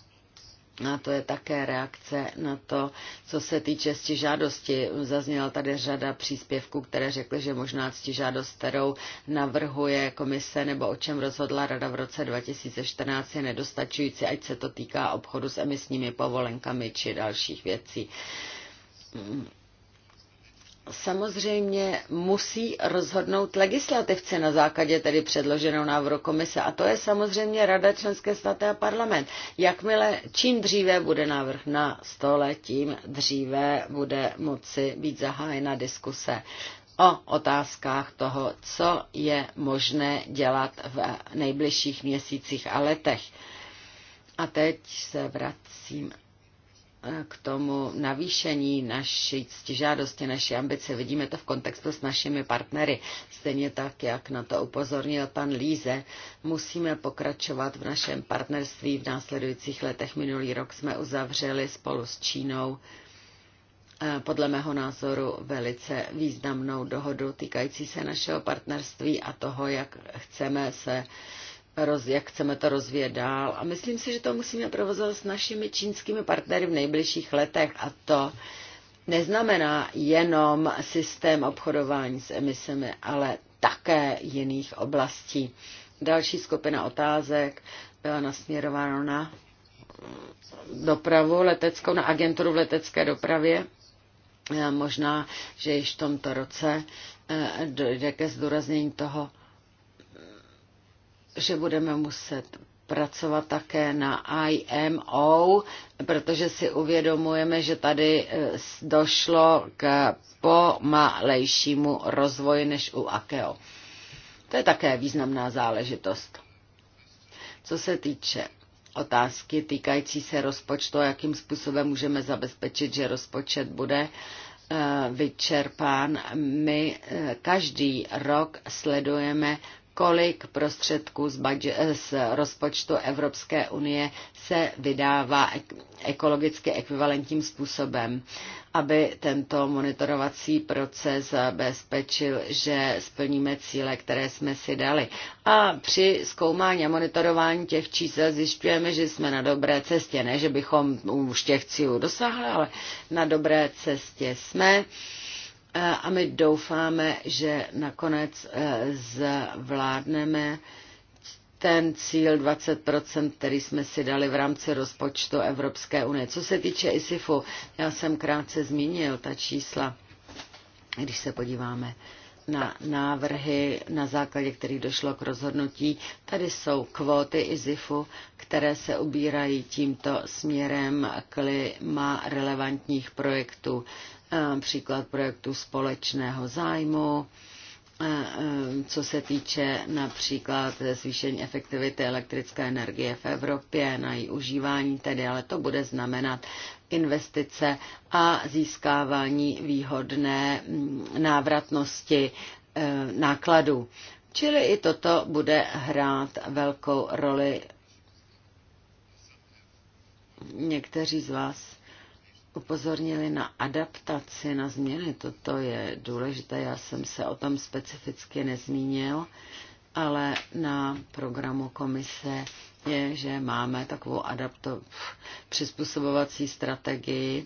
a to je také reakce na to, co se týče stižádosti. Zazněla tady řada příspěvků, které řekly, že možná stižádost, kterou navrhuje komise nebo o čem rozhodla Rada v roce 2014, je nedostačující, ať se to týká obchodu s emisními povolenkami či dalších věcí samozřejmě musí rozhodnout legislativci na základě tedy předloženou návrhu komise. A to je samozřejmě Rada členské státy a parlament. Jakmile čím dříve bude návrh na stole, tím dříve bude moci být zahájena diskuse o otázkách toho, co je možné dělat v nejbližších měsících a letech. A teď se vracím k tomu navýšení naší žádosti, naší ambice. Vidíme to v kontextu s našimi partnery. Stejně tak, jak na to upozornil pan Líze, musíme pokračovat v našem partnerství v následujících letech. Minulý rok jsme uzavřeli spolu s Čínou eh, podle mého názoru velice významnou dohodu týkající se našeho partnerství a toho, jak chceme se roz, jak chceme to rozvíjet dál. A myslím si, že to musíme provozovat s našimi čínskými partnery v nejbližších letech. A to neznamená jenom systém obchodování s emisemi, ale také jiných oblastí. Další skupina otázek byla nasměrována na dopravu leteckou, na agenturu v letecké dopravě. Eh, možná, že již v tomto roce eh, dojde ke zdůraznění toho, že budeme muset pracovat také na IMO, protože si uvědomujeme, že tady eh, došlo k pomalejšímu rozvoji než u AKEO. To je také významná záležitost. Co se týče otázky týkající se rozpočtu a jakým způsobem můžeme zabezpečit, že rozpočet bude eh, vyčerpán, my eh, každý rok sledujeme kolik prostředků z, budge- eh, z rozpočtu Evropské unie se vydává ekologicky ekvivalentním způsobem, aby tento monitorovací proces zabezpečil, že splníme cíle, které jsme si dali. A při zkoumání a monitorování těch čísel zjišťujeme, že jsme na dobré cestě. Ne, že bychom už těch cílů dosáhli, ale na dobré cestě jsme. Eh, a my doufáme, že nakonec eh, zvládneme ten cíl 20%, který jsme si dali v rámci rozpočtu Evropské unie. Co se týče ISIFu, já jsem krátce zmínil ta čísla, když se podíváme na návrhy, na základě kterých došlo k rozhodnutí. Tady jsou kvóty IZIFu, které se ubírají tímto směrem klima relevantních projektů. Eh, příklad projektu společného zájmu, eh, eh, co se týče například zvýšení efektivity elektrické energie v Evropě, na její užívání tedy, ale to bude znamenat investice a získávání výhodné mm, návratnosti nákladů. Čili i toto bude hrát velkou roli. Někteří z vás upozornili na adaptaci, na změny. Toto je důležité. Já jsem se o tom specificky nezmínil, ale na programu komise je, že máme takovou adapto- přizpůsobovací strategii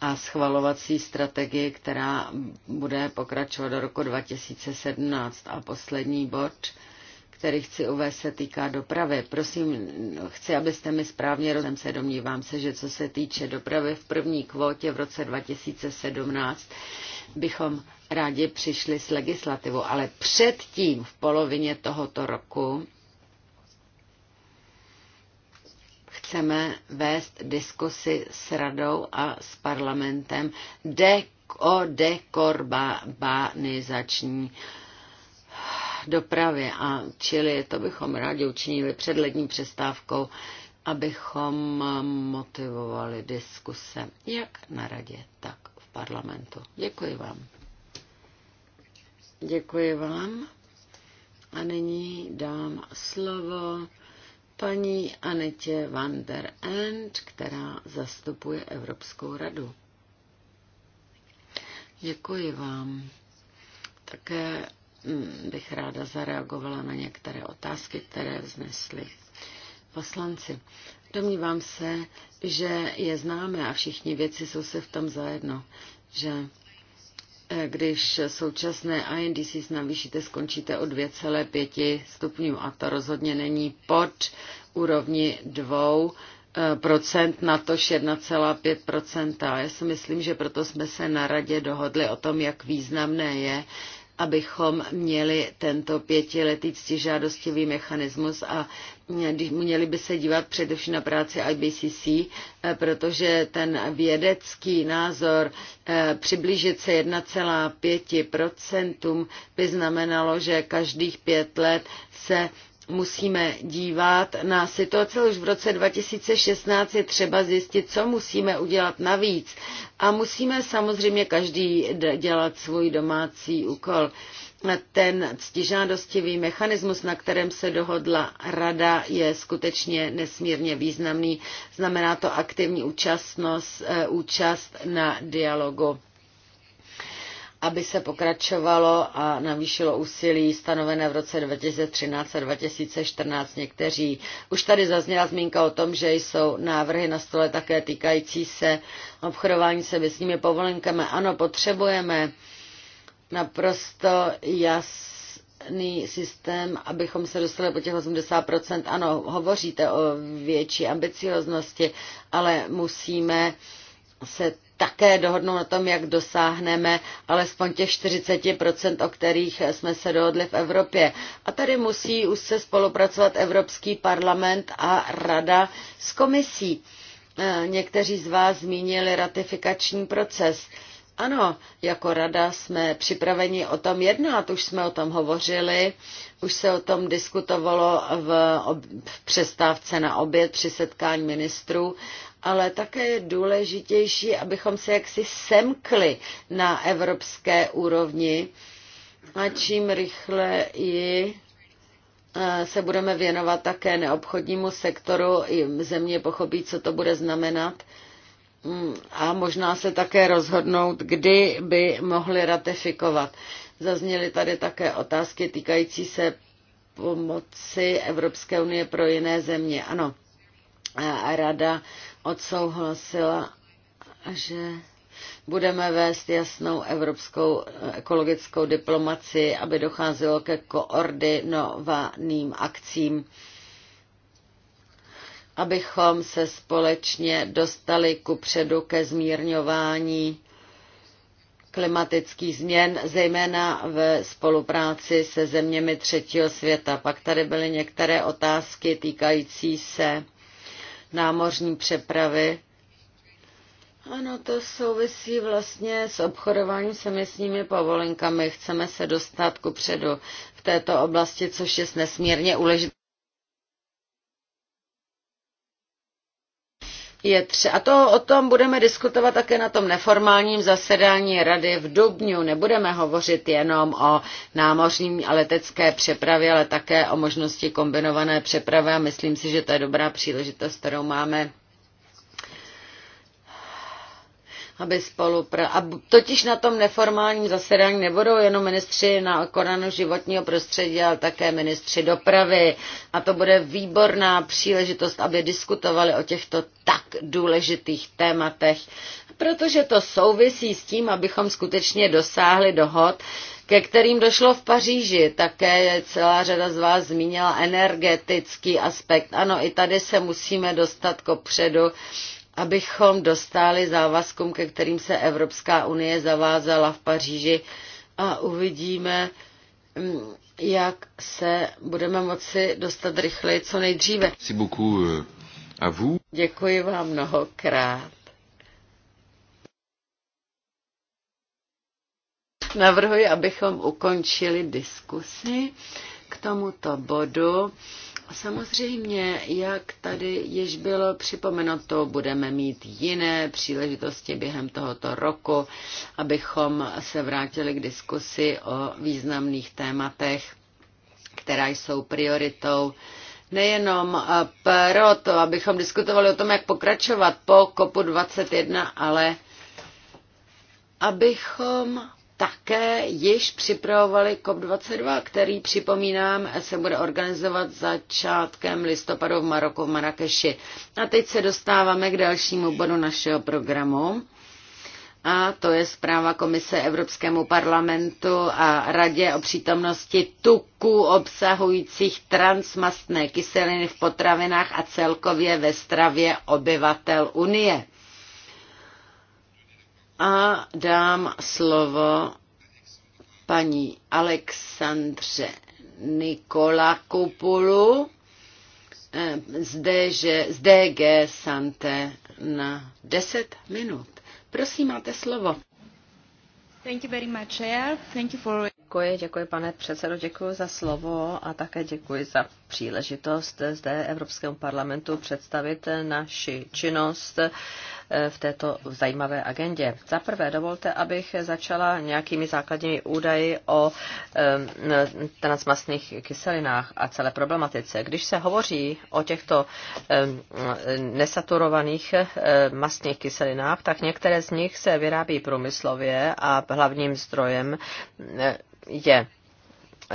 a schvalovací strategii, která bude pokračovat do roku 2017. A poslední bod který chci uvést, se týká dopravy. Prosím, chci, abyste mi správně rozem se domnívám se, že co se týče dopravy v první kvótě v roce 2017, bychom rádi přišli s legislativou, ale předtím v polovině tohoto roku chceme vést diskusy s radou a s parlamentem de o dekorbanizační uh, dopravě. A čili to bychom rádi učinili před lední přestávkou, abychom motivovali diskuse jak na radě, tak v parlamentu. Děkuji vám. Děkuji vám. A nyní dám slovo paní Anetě van der End, která zastupuje Evropskou radu. Děkuji vám. Také Mm, bych ráda zareagovala na některé otázky, které vznesly poslanci. Domnívám se, že je známe a všichni věci jsou se v tom zajedno, že eh, když současné INDC navýšíte, skončíte o 2,5 stupňů a to rozhodně není pod úrovni 2 eh, procent, na tož 1,5 Já si myslím, že proto jsme se na radě dohodli o tom, jak významné je, abychom měli tento pětiletý ctižádostivý mechanismus a měli by se dívat především na práci IBCC, eh, protože ten vědecký názor eh, přiblížit se 1,5% by znamenalo, že každých pět let se musíme dívat na situaci už v roce 2016, je třeba zjistit, co musíme udělat navíc. A musíme samozřejmě každý dělat svůj domácí úkol. Ten ctižádostivý mechanismus, na kterém se dohodla rada, je skutečně nesmírně významný. Znamená to aktivní účastnost, eh, účast na dialogu aby se pokračovalo a navýšilo úsilí stanovené v roce 2013 a 2014 někteří. Už tady zazněla zmínka o tom, že jsou návrhy na stole také týkající se obchodování se věcnými povolenkami. Ano, potřebujeme naprosto jasný systém, abychom se dostali po těch 80%. Ano, hovoříte o větší ambicioznosti, ale musíme se také dohodnou na tom, jak dosáhneme alespoň těch 40%, o kterých jsme se dohodli v Evropě. A tady musí už se spolupracovat Evropský parlament a Rada s komisí. E, někteří z vás zmínili ratifikační proces. Ano, jako rada jsme připraveni o tom jednat, už jsme o tom hovořili, už se o tom diskutovalo v, ob, v přestávce na oběd při setkání ministrů ale také je důležitější, abychom se jaksi semkli na evropské úrovni a čím rychleji eh, se budeme věnovat také neobchodnímu sektoru, i země pochopí, co to bude znamenat mm, a možná se také rozhodnout, kdy by mohli ratifikovat. Zazněly tady také otázky týkající se pomoci Evropské unie pro jiné země. Ano, a eh, Rada odsouhlasila, že budeme vést jasnou evropskou ekologickou diplomaci, aby docházelo ke koordinovaným akcím, abychom se společně dostali ku předu ke zmírňování klimatických změn, zejména ve spolupráci se zeměmi třetího světa. Pak tady byly některé otázky týkající se námořní přepravy. Ano, to souvisí vlastně s obchodováním s emisními povolenkami. Chceme se dostat ku předu v této oblasti, což je nesmírně uležité. je tře- a to o tom budeme diskutovat také na tom neformálním zasedání rady v Dubnu. Nebudeme hovořit jenom o námořní a letecké přepravě, ale také o možnosti kombinované přepravy a myslím si, že to je dobrá příležitost, kterou máme aby spolupra... A totiž na tom neformálním zasedání nebudou jenom ministři na koranu životního prostředí, ale také ministři dopravy. A to bude výborná příležitost, aby diskutovali o těchto tak důležitých tématech, protože to souvisí s tím, abychom skutečně dosáhli dohod, ke kterým došlo v Paříži. Také celá řada z vás zmínila energetický aspekt. Ano, i tady se musíme dostat kopředu abychom dostali závazkům, ke kterým se Evropská unie zavázala v Paříži a uvidíme, mm, jak se budeme moci dostat rychleji co nejdříve. Euh, Děkuji vám mnohokrát. Navrhuji, abychom ukončili diskusi k tomuto bodu. Samozřejmě, jak tady již bylo připomenuto, budeme mít jiné příležitosti během tohoto roku, abychom se vrátili k diskusi o významných tématech, která jsou prioritou nejenom to, abychom diskutovali o tom, jak pokračovat po COPu 21, ale abychom také již připravovali COP22, který, připomínám, se bude organizovat začátkem listopadu v Maroku v Marrakeši. A teď se dostáváme k dalšímu bodu našeho programu. A to je zpráva Komise Evropskému parlamentu a Radě o přítomnosti tuků obsahujících transmastné kyseliny v potravinách a celkově ve stravě obyvatel Unie a dám slovo paní Alexandře Nikola Kupulu eh, z DG Sante na 10 minut. Prosím, máte slovo. Thank you very much, Thank you for... Děkuji, děkuji, pane předsedo, děkuji za slovo a také děkuji za příležitost zde Evropskému parlamentu představit naši činnost eh, v této zajímavé agendě. Za prvé dovolte, abych začala nějakými základními údaji o eh, transmastných kyselinách a celé problematice. Když se hovoří o těchto eh, nesaturovaných mastných kyselinách, tak některé z nich se vyrábí průmyslově a hlavním zdrojem je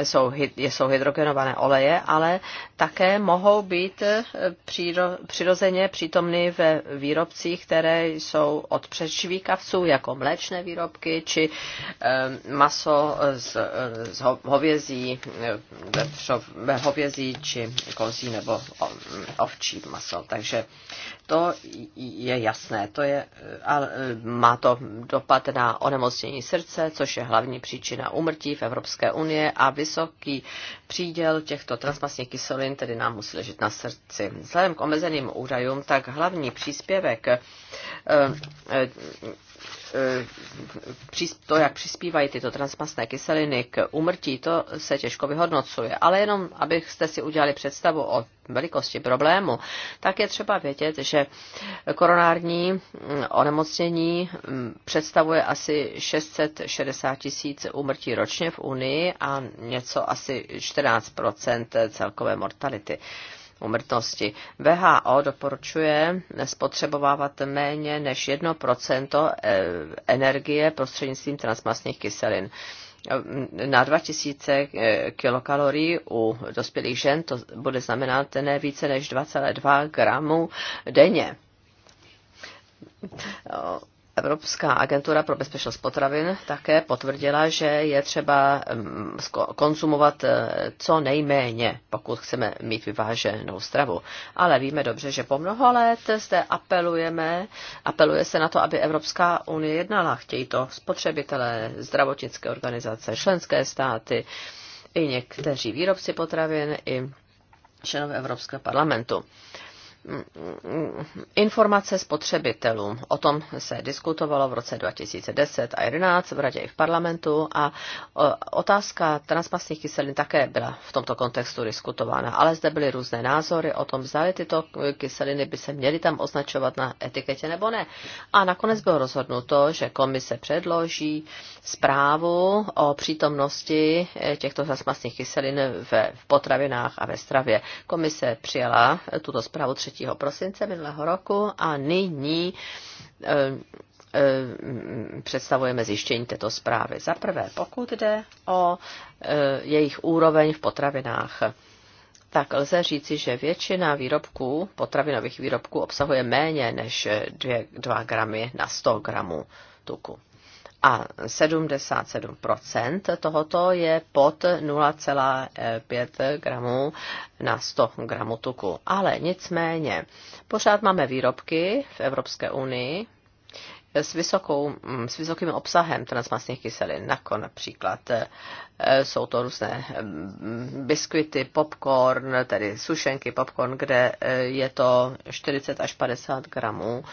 jsou, jsou hydrogenované oleje, ale také mohou být eh, příro, přirozeně přítomny ve výrobcích, které jsou od předšvíkavců, jako mléčné výrobky či eh, maso z, eh, z hovězí, ve hovězí či kozí nebo ovčí maso. Takže to je jasné, to je, ale má to dopad na onemocnění srdce, což je hlavní příčina úmrtí v Evropské unie a vy vysoký příděl těchto transmasních kyselin, tedy nám musí ležet na srdci. Vzhledem k omezeným údajům, tak hlavní příspěvek eh, eh, Eh, to, jak přispívají tyto transmastné kyseliny k umrtí, to se těžko vyhodnocuje. Ale jenom, abyste si udělali představu o velikosti problému, tak je třeba vědět, že koronární mm, onemocnění mm, představuje asi 660 tisíc umrtí ročně v Unii a něco asi 14 celkové mortality umrtnosti. VHO doporučuje spotřebovávat méně než 1% eh, energie prostřednictvím transmasných kyselin na 2000 eh, kilokalorií u dospělých žen to bude znamenat ne více než 2,2 gramů denně. Evropská agentura pro bezpečnost potravin také potvrdila, že je třeba mm, konzumovat eh, co nejméně, pokud chceme mít vyváženou stravu. Ale víme dobře, že po mnoho let zde apelujeme, apeluje se na to, aby Evropská unie jednala. Chtějí to spotřebitelé, zdravotnické organizace, členské státy, i někteří výrobci potravin, i členové Evropského parlamentu informace spotřebitelům. O tom se diskutovalo v roce 2010 a 2011 v Radě i v parlamentu a otázka transmastných kyselin také byla v tomto kontextu diskutována, ale zde byly různé názory o tom, zda tyto kyseliny by se měly tam označovat na etiketě nebo ne. A nakonec bylo rozhodnuto, že komise předloží zprávu o přítomnosti eh, těchto transmastných kyselin v potravinách a ve stravě. Komise přijala eh, tuto zprávu 3 prosince minulého roku a nyní eh, eh, představujeme zjištění této zprávy. Za prvé, pokud jde o eh, jejich úroveň v potravinách, tak lze říci, že většina výrobků, potravinových výrobků, obsahuje méně než 2, 2 gramy na 100 gramů tuku a 77% tohoto je pod 0,5 gramů na 100 gramů tuku. Ale nicméně, pořád máme výrobky v Evropské unii s, vysokou, mm, s vysokým obsahem transmastných kyselin, jako například eh, jsou to různé mm, biskvity, popcorn, tedy sušenky popcorn, kde eh, je to 40 až 50 gramů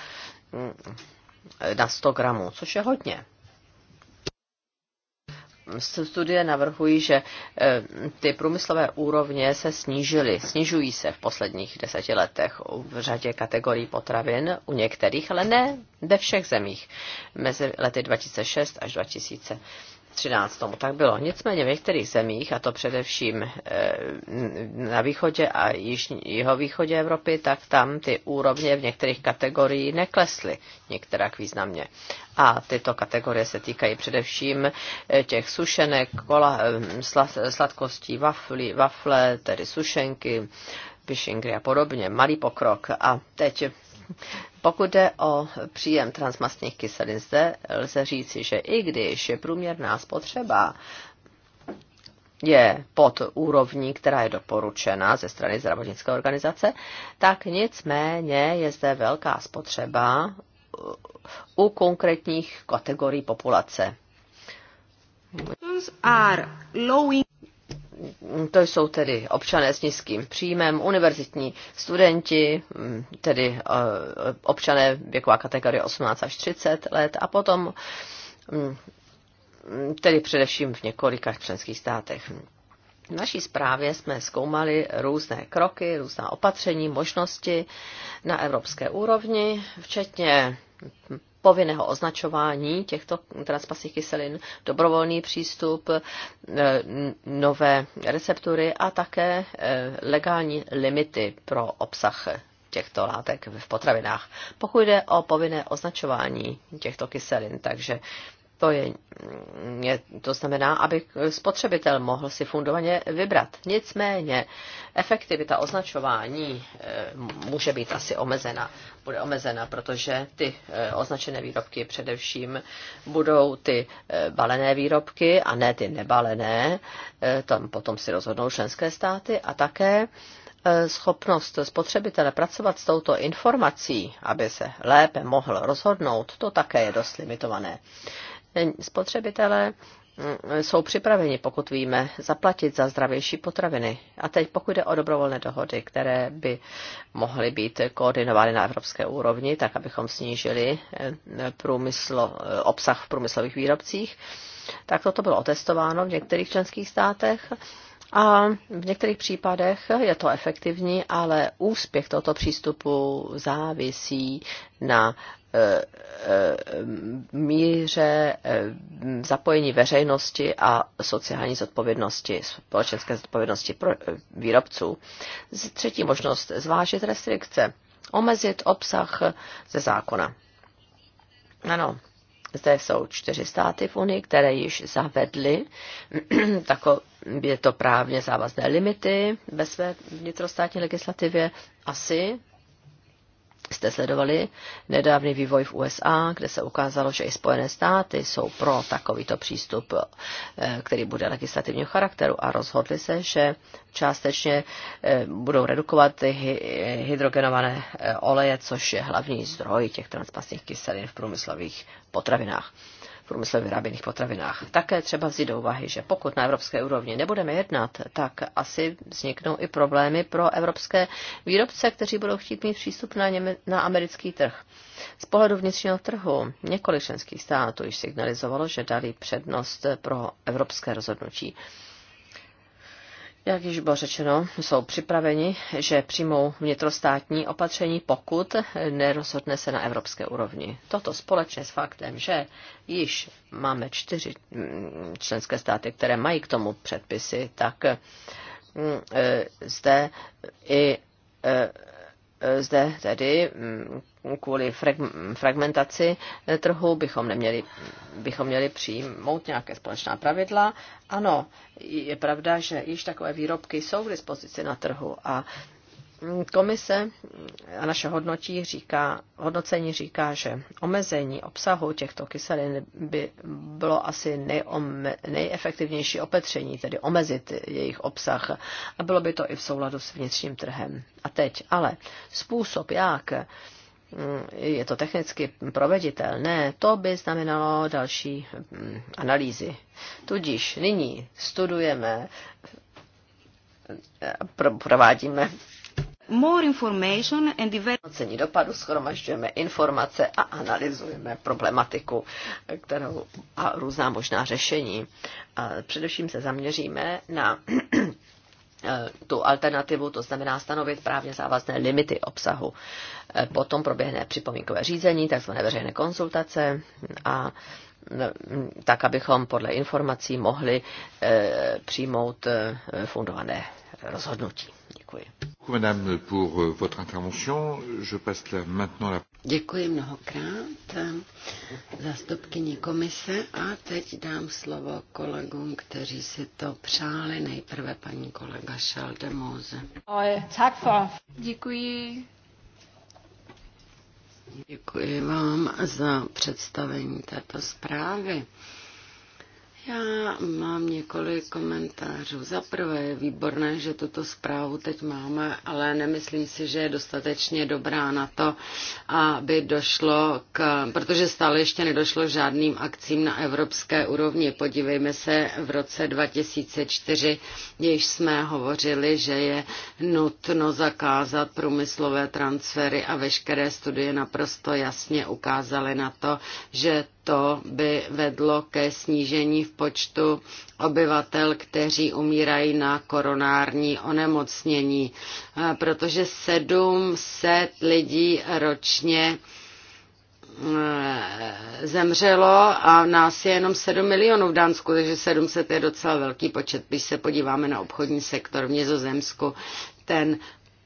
mm, na 100 gramů, což je hodně studie navrhují, že eh, ty průmyslové úrovně se snížily, snižují se v posledních deseti letech v řadě kategorií potravin, u některých, ale ne ve všech zemích, mezi lety 2006 až 2000. 2013 tomu tak bylo. Nicméně v některých zemích, a to především eh, na východě a jeho východě Evropy, tak tam ty úrovně v některých kategorií neklesly některak významně. A tyto kategorie se týkají především eh, těch sušenek, kola, eh, sladkostí, wafly, wafle, tedy sušenky, pišingry a podobně. Malý pokrok. A teď pokud jde o příjem transmastných kyselin, zde lze říci, že i když je průměrná spotřeba je pod úrovní, která je doporučena ze strany zdravotnické organizace, tak nicméně je zde velká spotřeba u konkrétních kategorií populace. Are low to jsou tedy občané s nízkým příjmem, univerzitní studenti, mm, tedy eh, občané věková kategorie 18 až 30 let a potom mm, tedy především v několika členských státech. V naší zprávě jsme zkoumali různé kroky, různá opatření, možnosti na evropské úrovni, včetně povinného označování těchto transpasných kyselin, dobrovolný přístup, e, nové receptury a také e, legální limity pro obsah těchto látek v potravinách. Pokud jde o povinné označování těchto kyselin, takže to, je, je, to znamená, aby spotřebitel mohl si fundovaně vybrat. Nicméně efektivita označování eh, může být asi omezena. Bude omezena, protože ty eh, označené výrobky především budou ty eh, balené výrobky a ne ty nebalené. Tam potom si rozhodnou členské státy a také schopnost spotřebitele pracovat s touto informací, aby se lépe mohl rozhodnout, to také je dost limitované spotřebitelé mm, jsou připraveni, pokud víme, zaplatit za zdravější potraviny. A teď pokud jde o dobrovolné dohody, které by mohly být koordinovány na evropské úrovni, tak abychom snížili eh, průmysl, eh, obsah v průmyslových výrobcích, tak toto bylo otestováno v některých členských státech a v některých případech je to efektivní, ale úspěch tohoto přístupu závisí na e, e, míře e, zapojení veřejnosti a sociální zodpovědnosti, společenské zodpovědnosti pro výrobců. Třetí možnost, zvážit restrikce, omezit obsah ze zákona. Ano, zde jsou čtyři státy v Unii, které již zavedly takové je to právně závazné limity ve své vnitrostátní legislativě. Asi jste sledovali nedávný vývoj v USA, kde se ukázalo, že i Spojené státy jsou pro takovýto přístup, eh, který bude legislativního charakteru a rozhodli se, že částečně eh, budou redukovat hydrogenované eh, oleje, což je hlavní zdroj těch transmastných kyselin v průmyslových potravinách průmysle vyráběných potravinách. Také třeba vzít do úvahy, že pokud na evropské úrovni nebudeme jednat, tak asi vzniknou i problémy pro evropské výrobce, kteří budou chtít mít přístup na, něme, na americký trh. Z pohledu vnitřního trhu několik členských států již signalizovalo, že dali přednost pro evropské rozhodnutí jak již bylo řečeno, jsou připraveni, že přijmou vnitrostátní opatření, pokud nerozhodne se na evropské úrovni. Toto společně s faktem, že již máme čtyři mm, členské státy, které mají k tomu předpisy, tak mm, e, zde i e, zde tedy mm, kvůli fragmentaci eh, trhu bychom, neměli, bychom měli přijmout nějaké společná pravidla. Ano, je pravda, že již takové výrobky jsou k dispozici na trhu a komise a naše hodnotí říká, hodnocení říká, že omezení obsahu těchto kyselin by bylo asi nejome, nejefektivnější opatření, tedy omezit jejich obsah a bylo by to i v souladu s vnitřním trhem. A teď ale způsob, jak mm, je to technicky proveditelné, to by znamenalo další mm, analýzy. Tudíž nyní studujeme eh, provádíme More information and dopadu schromažďujeme informace a analyzujeme problematiku kterou, a různá možná řešení. A především se zaměříme na tu alternativu, to znamená stanovit právně závazné limity obsahu. Potom proběhne připomínkové řízení, takzvané veřejné konsultace a mm, tak, abychom podle informací mohli eh, přijmout eh, fundované rozhodnutí. Děkuji. Děkuji euh, mnohokrát eh, zástupkyni komise a teď dám slovo kolegům, kteří si to přáli. Nejprve paní kolega Šaldemose. Eh, Děkuji. Děkuji vám za představení této zprávy. Já mám několik komentářů. Za prvé je výborné, že tuto zprávu teď máme, ale nemyslím si, že je dostatečně dobrá na to, aby došlo k, protože stále ještě nedošlo žádným akcím na evropské úrovni. Podívejme se v roce 2004, když jsme hovořili, že je nutno zakázat průmyslové transfery a veškeré studie naprosto jasně ukázaly na to, že to by vedlo ke snížení v počtu obyvatel, kteří umírají na koronární onemocnění, eh, protože 700 lidí ročně eh, zemřelo a nás je jenom 7 milionů v Dánsku, takže 700 je docela velký počet. Když se podíváme na obchodní sektor v Nizozemsku, ten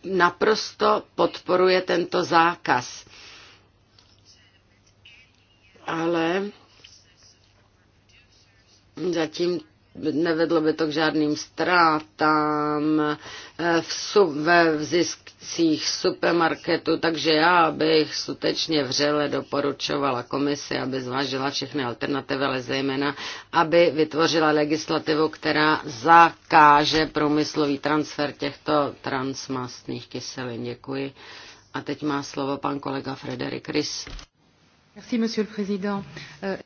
naprosto podporuje tento zákaz ale zatím nevedlo by to k žádným ztrátám eh, v, sub, ve ziscích supermarketu, takže já bych skutečně vřele doporučovala komisi, aby zvážila všechny alternativy, ale zejména, aby vytvořila legislativu, která zakáže průmyslový transfer těchto transmastných kyselin. Děkuji. A teď má slovo pan kolega Frederik Rys. Euh,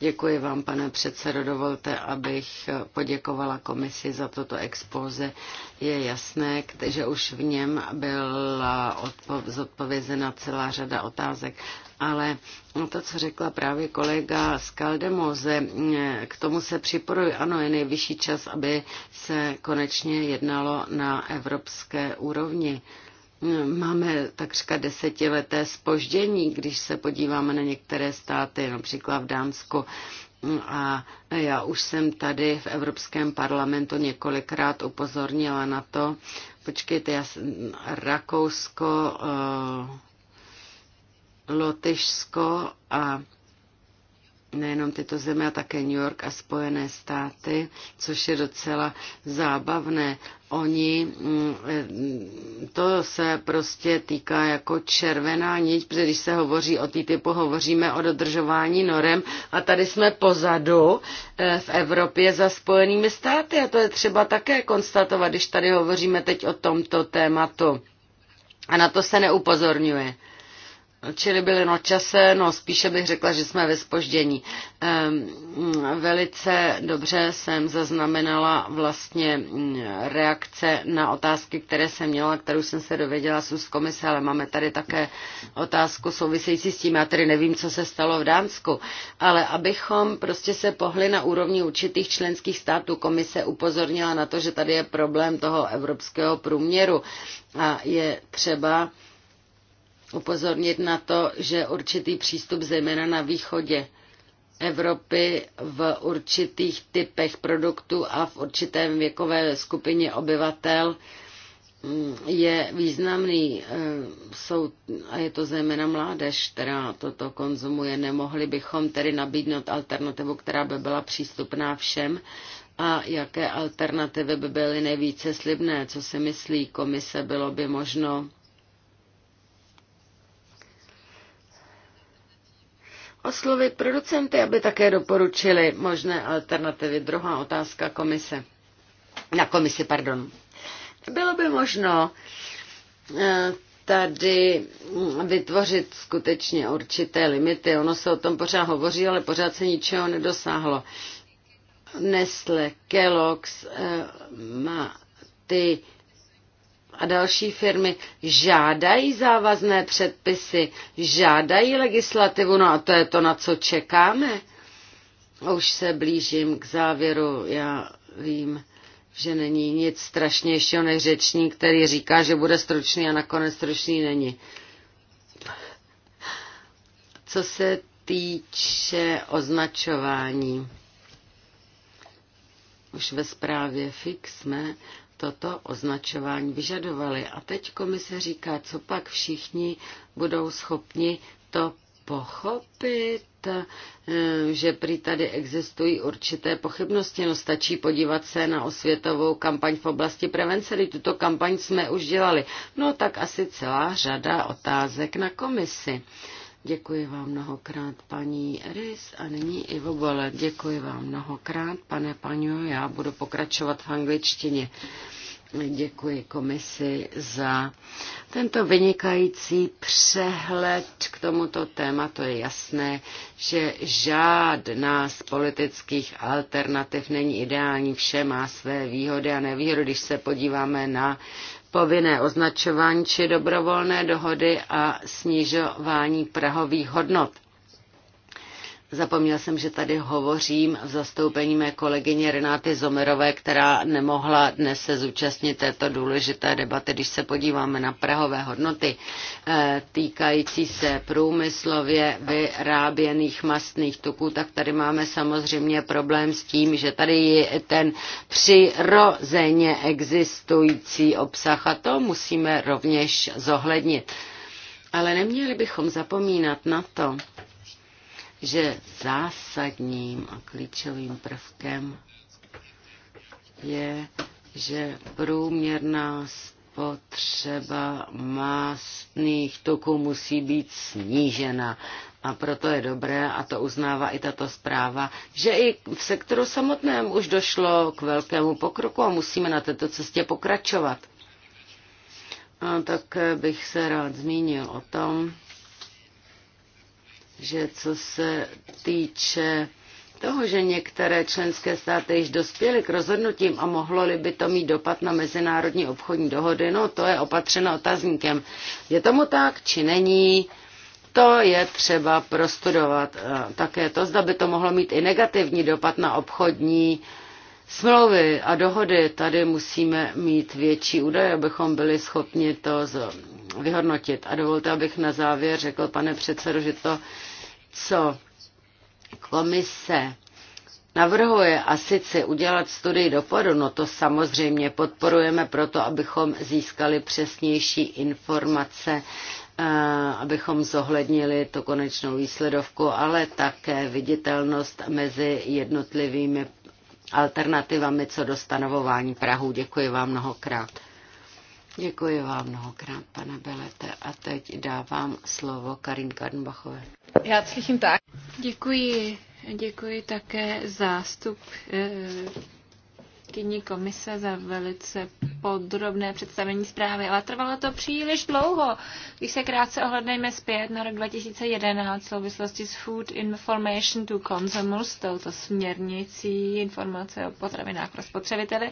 děkuji vám, pane předsedo. Dovolte, abych poděkovala komisi za toto expoze. Je jasné, že už v něm byla zodpovězena celá řada otázek, ale no, to, co řekla právě kolega Skaldemoze, mm, k tomu se připojuji. Ano, je nejvyšší čas, aby se konečně jednalo na evropské úrovni. Máme takřka desetileté spoždění, když se podíváme na některé státy, například v Dánsku. A já už jsem tady v Evropském parlamentu několikrát upozornila na to, počkejte, já jsem, Rakousko, eh, Lotyšsko a nejenom tyto země, a také New York a Spojené státy, což je docela zábavné. Oni, mm, to se prostě týká jako červená niť, protože když se hovoří o TTIPu, hovoříme o dodržování norem a tady jsme pozadu eh, v Evropě za Spojenými státy a to je třeba také konstatovat, když tady hovoříme teď o tomto tématu. A na to se neupozorňuje čili byli na čase, no spíše bych řekla, že jsme ve spoždění. Ehm, mm, velice dobře jsem zaznamenala vlastně mm, reakce na otázky, které jsem měla, kterou jsem se dověděla z úst komise, ale máme tady také otázku související s tím, já tedy nevím, co se stalo v Dánsku, ale abychom prostě se pohli na úrovni určitých členských států, komise upozornila na to, že tady je problém toho evropského průměru a je třeba upozornit na to, že určitý přístup zejména na východě Evropy v určitých typech produktů a v určitém věkové skupině obyvatel mm, je významný. E, jsou, a je to zejména mládež, která toto konzumuje. Nemohli bychom tedy nabídnout alternativu, která by byla přístupná všem. A jaké alternativy by byly nejvíce slibné? Co si myslí komise? Bylo by možno oslovit producenty, aby také doporučili možné alternativy. Druhá otázka komise. Na komisi, pardon. Bylo by možno eh, tady vytvořit skutečně určité limity. Ono se o tom pořád hovoří, ale pořád se ničeho nedosáhlo. Nestle, Kellogg's eh, má ty a další firmy žádají závazné předpisy, žádají legislativu, no a to je to, na co čekáme. Už se blížím k závěru, já vím, že není nic strašnějšího než řečník, který říká, že bude stručný a nakonec stručný není. Co se týče označování, už ve zprávě fix jsme toto označování vyžadovali. A teď komise říká, co pak všichni budou schopni to pochopit, že prý tady existují určité pochybnosti. No stačí podívat se na osvětovou kampaň v oblasti prevence, kdy tuto kampaň jsme už dělali. No tak asi celá řada otázek na komisi. Děkuji vám mnohokrát, paní Rys, a nyní Ivo Bole. Děkuji vám mnohokrát, pane paňu, já budu pokračovat v angličtině. Děkuji komisi za tento vynikající přehled k tomuto tématu. Je jasné, že žádná z politických alternativ není ideální. Vše má své výhody a nevýhody. Když se podíváme na povinné označování či dobrovolné dohody a snižování prahových hodnot. Zapomněl jsem, že tady hovořím v zastoupení mé kolegyně Renáty Zomerové, která nemohla dnes se zúčastnit této důležité debaty. Když se podíváme na prahové hodnoty eh, týkající se průmyslově vyráběných mastných tuků, tak tady máme samozřejmě problém s tím, že tady je ten přirozeně existující obsah a to musíme rovněž zohlednit. Ale neměli bychom zapomínat na to, že zásadním a klíčovým prvkem je, že průměrná spotřeba mástných tuků musí být snížena. A proto je dobré, a to uznává i tato zpráva, že i v sektoru samotném už došlo k velkému pokroku a musíme na této cestě pokračovat. A tak bych se rád zmínil o tom, že co se týče toho, že některé členské státy již dospěly k rozhodnutím a mohlo-li by to mít dopad na mezinárodní obchodní dohody, no to je opatřeno otazníkem. Je tomu tak, či není? To je třeba prostudovat. E, také to, zda by to mohlo mít i negativní dopad na obchodní uh, smlouvy a dohody, tady musíme mít větší údaje, abychom byli schopni to vyhodnotit. A dovolte, abych na závěr řekl, pane předsedo, že to, co komise navrhuje a sice udělat studii dopadu, no to samozřejmě podporujeme proto, abychom získali přesnější informace, eh, abychom zohlednili tu konečnou výsledovku, ale také viditelnost mezi jednotlivými alternativami co do stanovování Prahu. Děkuji vám mnohokrát. Děkuji vám mnohokrát, pane Belete. A teď dávám slovo Karin Karnbachové. slyším tak. Děkuji. Děkuji také zástup eh, kyní komise za velice podrobné představení zprávy, ale trvalo to příliš dlouho. Když se krátce ohledneme zpět na rok 2011 v souvislosti s Food Information to Consumers, touto směrnicí informace o potravinách pro spotřebitele,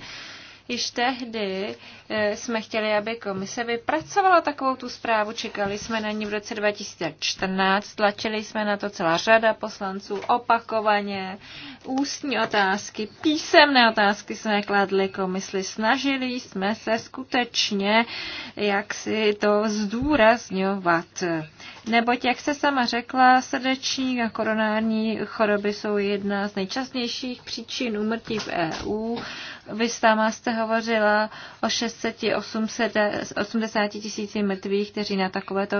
Již tehdy eh, jsme chtěli, aby komise vypracovala takovou tu zprávu, čekali jsme na ní v roce 2014, tlačili jsme na to celá řada poslanců opakovaně, ústní otázky, písemné otázky jsme kladli komisli snažili jsme se skutečně jak si to zdůrazňovat. Neboť, jak se sama řekla, srdeční a koronární choroby jsou jedna z nejčastnějších příčin úmrtí v EU vy sama jste hovořila o 680 tisíci mrtvých, kteří na takovéto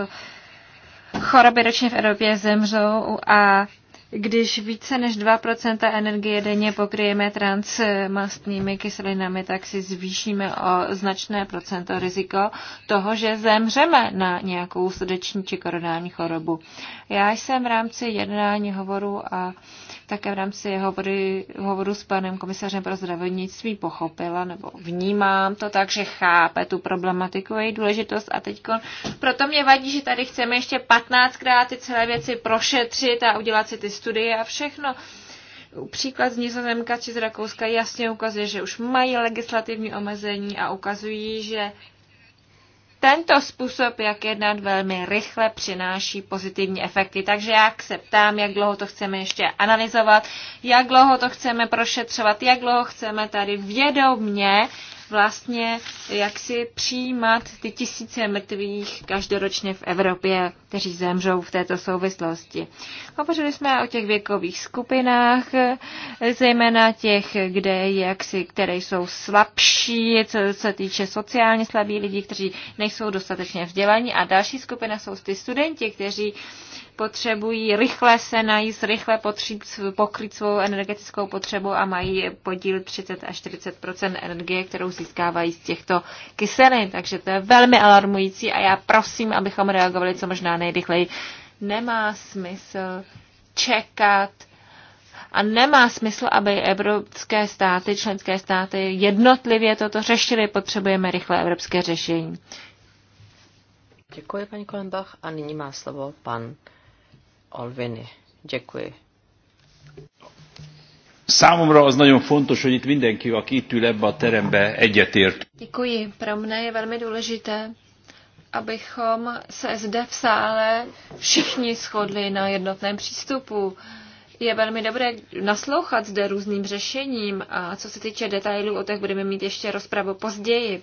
choroby ročně v Evropě zemřou a když více než 2% energie denně pokryjeme transmastnými kyselinami, tak si zvýšíme o značné procento riziko toho, že zemřeme na nějakou srdeční či koronární chorobu. Já jsem v rámci jednání hovoru a také v rámci hovory, hovoru s panem komisařem pro zdravotnictví pochopila, nebo vnímám to tak, že chápe tu problematiku její důležitost a teď proto mě vadí, že tady chceme ještě 15krát ty celé věci prošetřit a udělat si ty studie a všechno. Příklad z Nizozemka či z Rakouska jasně ukazuje, že už mají legislativní omezení a ukazují, že tento způsob, jak jednat velmi rychle, přináší pozitivní efekty. Takže já se ptám, jak dlouho to chceme ještě analyzovat, jak dlouho to chceme prošetřovat, jak dlouho chceme tady vědomně vlastně jaksi přijímat ty tisíce mrtvých každoročně v Evropě, kteří zemřou v této souvislosti. Hovořili jsme o těch věkových skupinách, zejména těch, kde jaksi, které jsou slabší, co se týče sociálně slabí lidí, kteří nejsou dostatečně vzdělaní a další skupina jsou ty studenti, kteří potřebují rychle se najíst, rychle potřít, pokryt svou energetickou potřebu a mají podíl 30 až 40 energie, kterou získávají z těchto kyselin. Takže to je velmi alarmující a já prosím, abychom reagovali co možná nejrychleji. Nemá smysl čekat a nemá smysl, aby evropské státy, členské státy jednotlivě toto řešily. Potřebujeme rychle evropské řešení. Děkuji, paní Kolenbach. A nyní má slovo pan Olviny. Děkuji. Számomra az nagyon fontos, hogy itt mindenki, aki itt ül ebbe a terembe, egyetért. Děkuji. Pro mne je velmi důležité, abychom se zde v sále všichni shodli na jednotném přístupu. Je velmi dobré naslouchat zde různým řešením a co se týče detailů, o těch budeme mít ještě rozpravu později.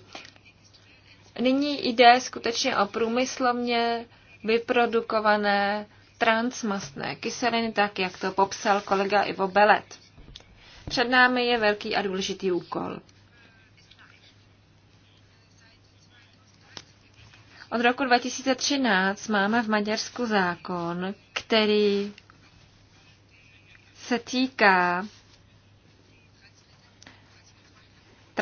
Nyní jde skutečně o průmyslovně vyprodukované transmastné kyseliny, tak jak to popsal kolega Ivo Belet. Před námi je velký a důležitý úkol. Od roku 2013 máme v Maďarsku zákon, který se týká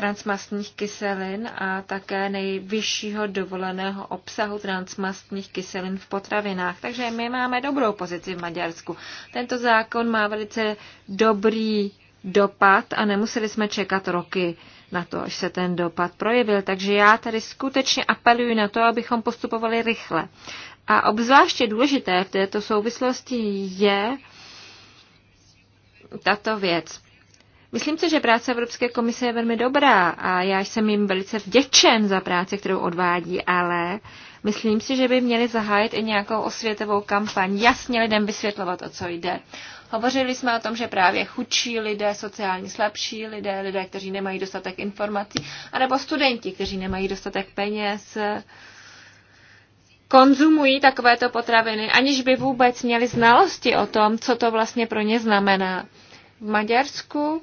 transmastních kyselin a také nejvyššího dovoleného obsahu transmastních kyselin v potravinách. Takže my máme dobrou pozici v Maďarsku. Tento zákon má velice dobrý dopad a nemuseli jsme čekat roky na to, až se ten dopad projevil. Takže já tady skutečně apeluji na to, abychom postupovali rychle. A obzvláště důležité v této souvislosti je tato věc. Myslím si, že práce Evropské komise je velmi dobrá a já jsem jim velice vděčen za práci, kterou odvádí, ale myslím si, že by měli zahájit i nějakou osvětovou kampaň, jasně lidem vysvětlovat, o co jde. Hovořili jsme o tom, že právě chudší lidé, sociálně slabší lidé, lidé, kteří nemají dostatek informací, anebo studenti, kteří nemají dostatek peněz, konzumují takovéto potraviny, aniž by vůbec měli znalosti o tom, co to vlastně pro ně znamená. V Maďarsku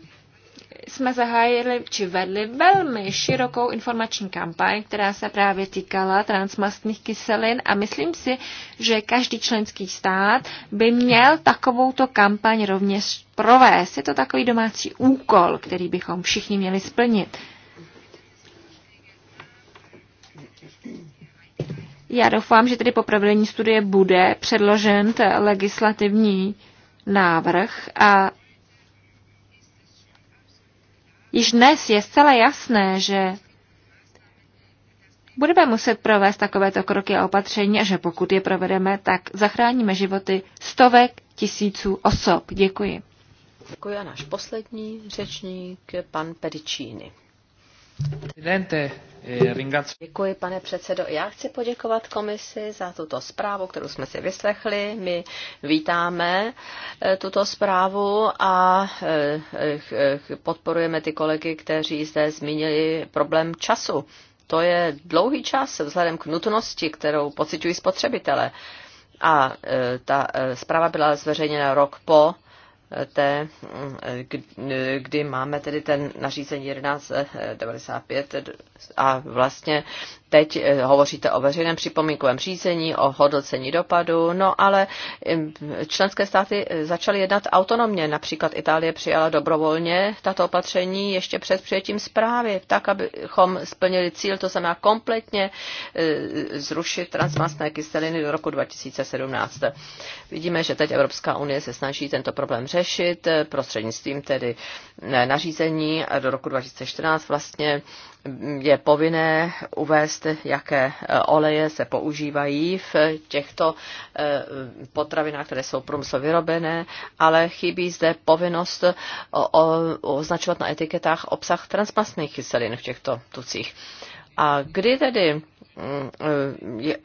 jsme zahájili či vedli velmi širokou informační kampaň, která se právě týkala transmastných kyselin a myslím si, že každý členský stát by měl takovouto kampaň rovněž provést. Je to takový domácí úkol, který bychom všichni měli splnit. Já doufám, že tedy po provedení studie bude předložen legislativní návrh a Již dnes je zcela jasné, že budeme muset provést takovéto kroky a opatření a že pokud je provedeme, tak zachráníme životy stovek tisíců osob. Děkuji. Děkuji a náš poslední řečník, pan Pedicini. Eh, Děkuji, pane předsedo. Já chci poděkovat komisi za tuto zprávu, kterou jsme si vyslechli. My vítáme eh, tuto zprávu a eh, podporujeme ty kolegy, kteří zde zmínili problém času. To je dlouhý čas vzhledem k nutnosti, kterou pociťují spotřebitele. A ta zpráva byla zveřejněna rok po té, kdy máme tedy ten nařízení 1195 a vlastně Teď eh, hovoříte o veřejném připomínkovém řízení, o hodnocení dopadu, no ale členské státy eh, začaly jednat autonomně. Například Itálie přijala dobrovolně tato opatření ještě před přijetím zprávy, tak, abychom splnili cíl, to znamená kompletně eh, zrušit transmastné kyseliny do roku 2017. Vidíme, že teď Evropská unie se snaží tento problém řešit prostřednictvím tedy nařízení do roku 2014 vlastně je povinné uvést, jaké e, oleje se používají v těchto e, potravinách, které jsou průmyslově vyrobené, ale chybí zde povinnost označovat na etiketách obsah transmastných kyselin v těchto tucích. A kdy tedy Mm, eh,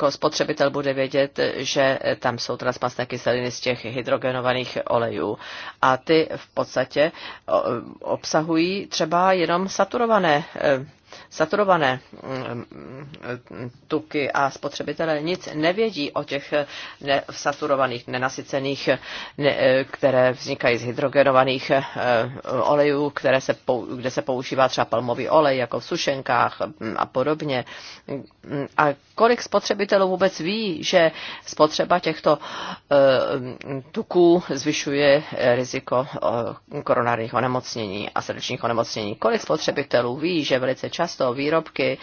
eh, spotřebitel bude vědět, že tam jsou transmastné kyseliny z těch hydrogenovaných olejů. A ty v podstatě eh, obsahují třeba jenom saturované saturované mm, mm, tuky a spotřebitelé nic nevědí o těch saturovaných, nenasycených, eh, které vznikají z hydrogenovaných eh, olejů, které se, kde se používá třeba palmový olej, jako v sušenkách mm, a podobně. A kolik spotřebitelů vůbec ví, že spotřeba těchto eh, tuků zvyšuje eh, riziko eh, koronárních onemocnění a srdečních onemocnění. Kolik spotřebitelů ví, že velice často výrobky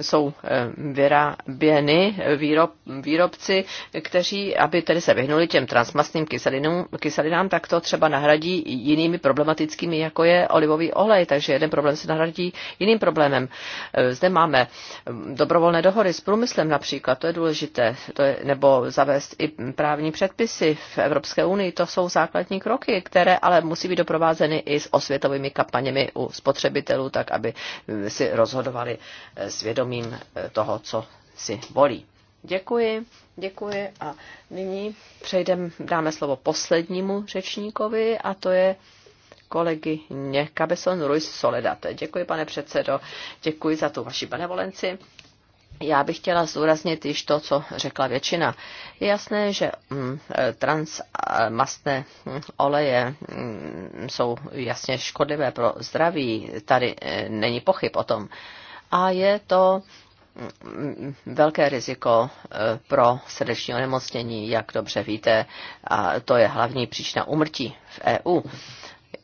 jsou eh, vyráběny výrob, výrobci, kteří, aby tedy se vyhnuli těm transmastným kyselinům, kyselinám, tak to třeba nahradí jinými problematickými, jako je olivový olej, takže jeden problém se nahradí jiným problémem. Eh, zde máme hm, dobrovolné dohody s průmyslem například, to je důležité, to je, nebo zavést i právní předpisy v Evropské unii, to jsou základní kroky, které ale musí být doprovázeny i s osvětovými kampaněmi u spotřeby spotřebitelů, tak aby si rozhodovali eh, svědomím eh, toho, co si volí. Děkuji, děkuji a nyní přejdeme, dáme slovo poslednímu řečníkovi a to je kolegyně Cabezon Ruiz Soledate. Děkuji, pane předsedo, děkuji za tu vaši benevolenci. Já bych chtěla zdůraznit již to, co řekla většina. Je jasné, že mm, e, transmastné mm, oleje mm, jsou jasně škodlivé pro zdraví, tady e, není pochyb o tom. A je to velké riziko e, pro srdeční onemocnění, jak dobře víte, a to je hlavní příčina umrtí v EU.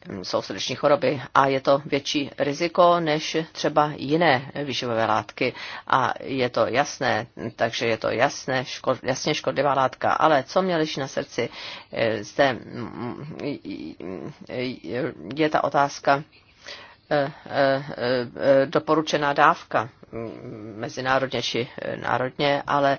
Mm, jsou srdeční choroby a je to větší riziko než třeba jiné výživové látky a je to jasné, takže je to jasné, ško, jasně škodlivá látka, ale co mě leží na srdci, eh, zde mm, mm, je ta otázka, Eh, eh, eh, doporučená dávka mm, mezinárodně či národně, ale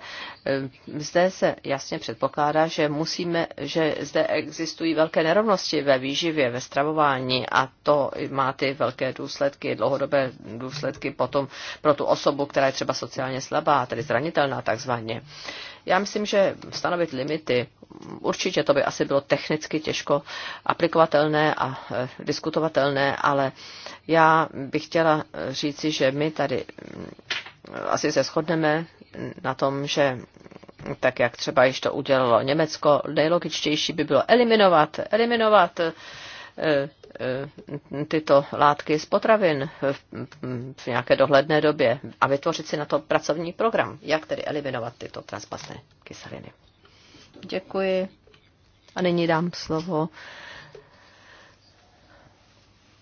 zde se jasně předpokládá, že musíme, že zde existují velké nerovnosti ve výživě, ve stravování a to má ty velké důsledky, dlouhodobé důsledky potom pro tu osobu, která je třeba sociálně slabá, tedy zranitelná takzvaně. Já myslím, že stanovit limity, určitě to by asi bylo technicky těžko aplikovatelné a e, diskutovatelné, ale já bych chtěla říci, že my tady mm, asi se shodneme na tom, že tak jak třeba již to udělalo Německo, nejlogičtější by bylo eliminovat, eliminovat e, Eh, tyto látky z potravin v nějaké dohledné době a vytvořit si na to pracovní program, jak tedy eliminovat tyto transmastné kyseliny. Děkuji. A nyní dám slovo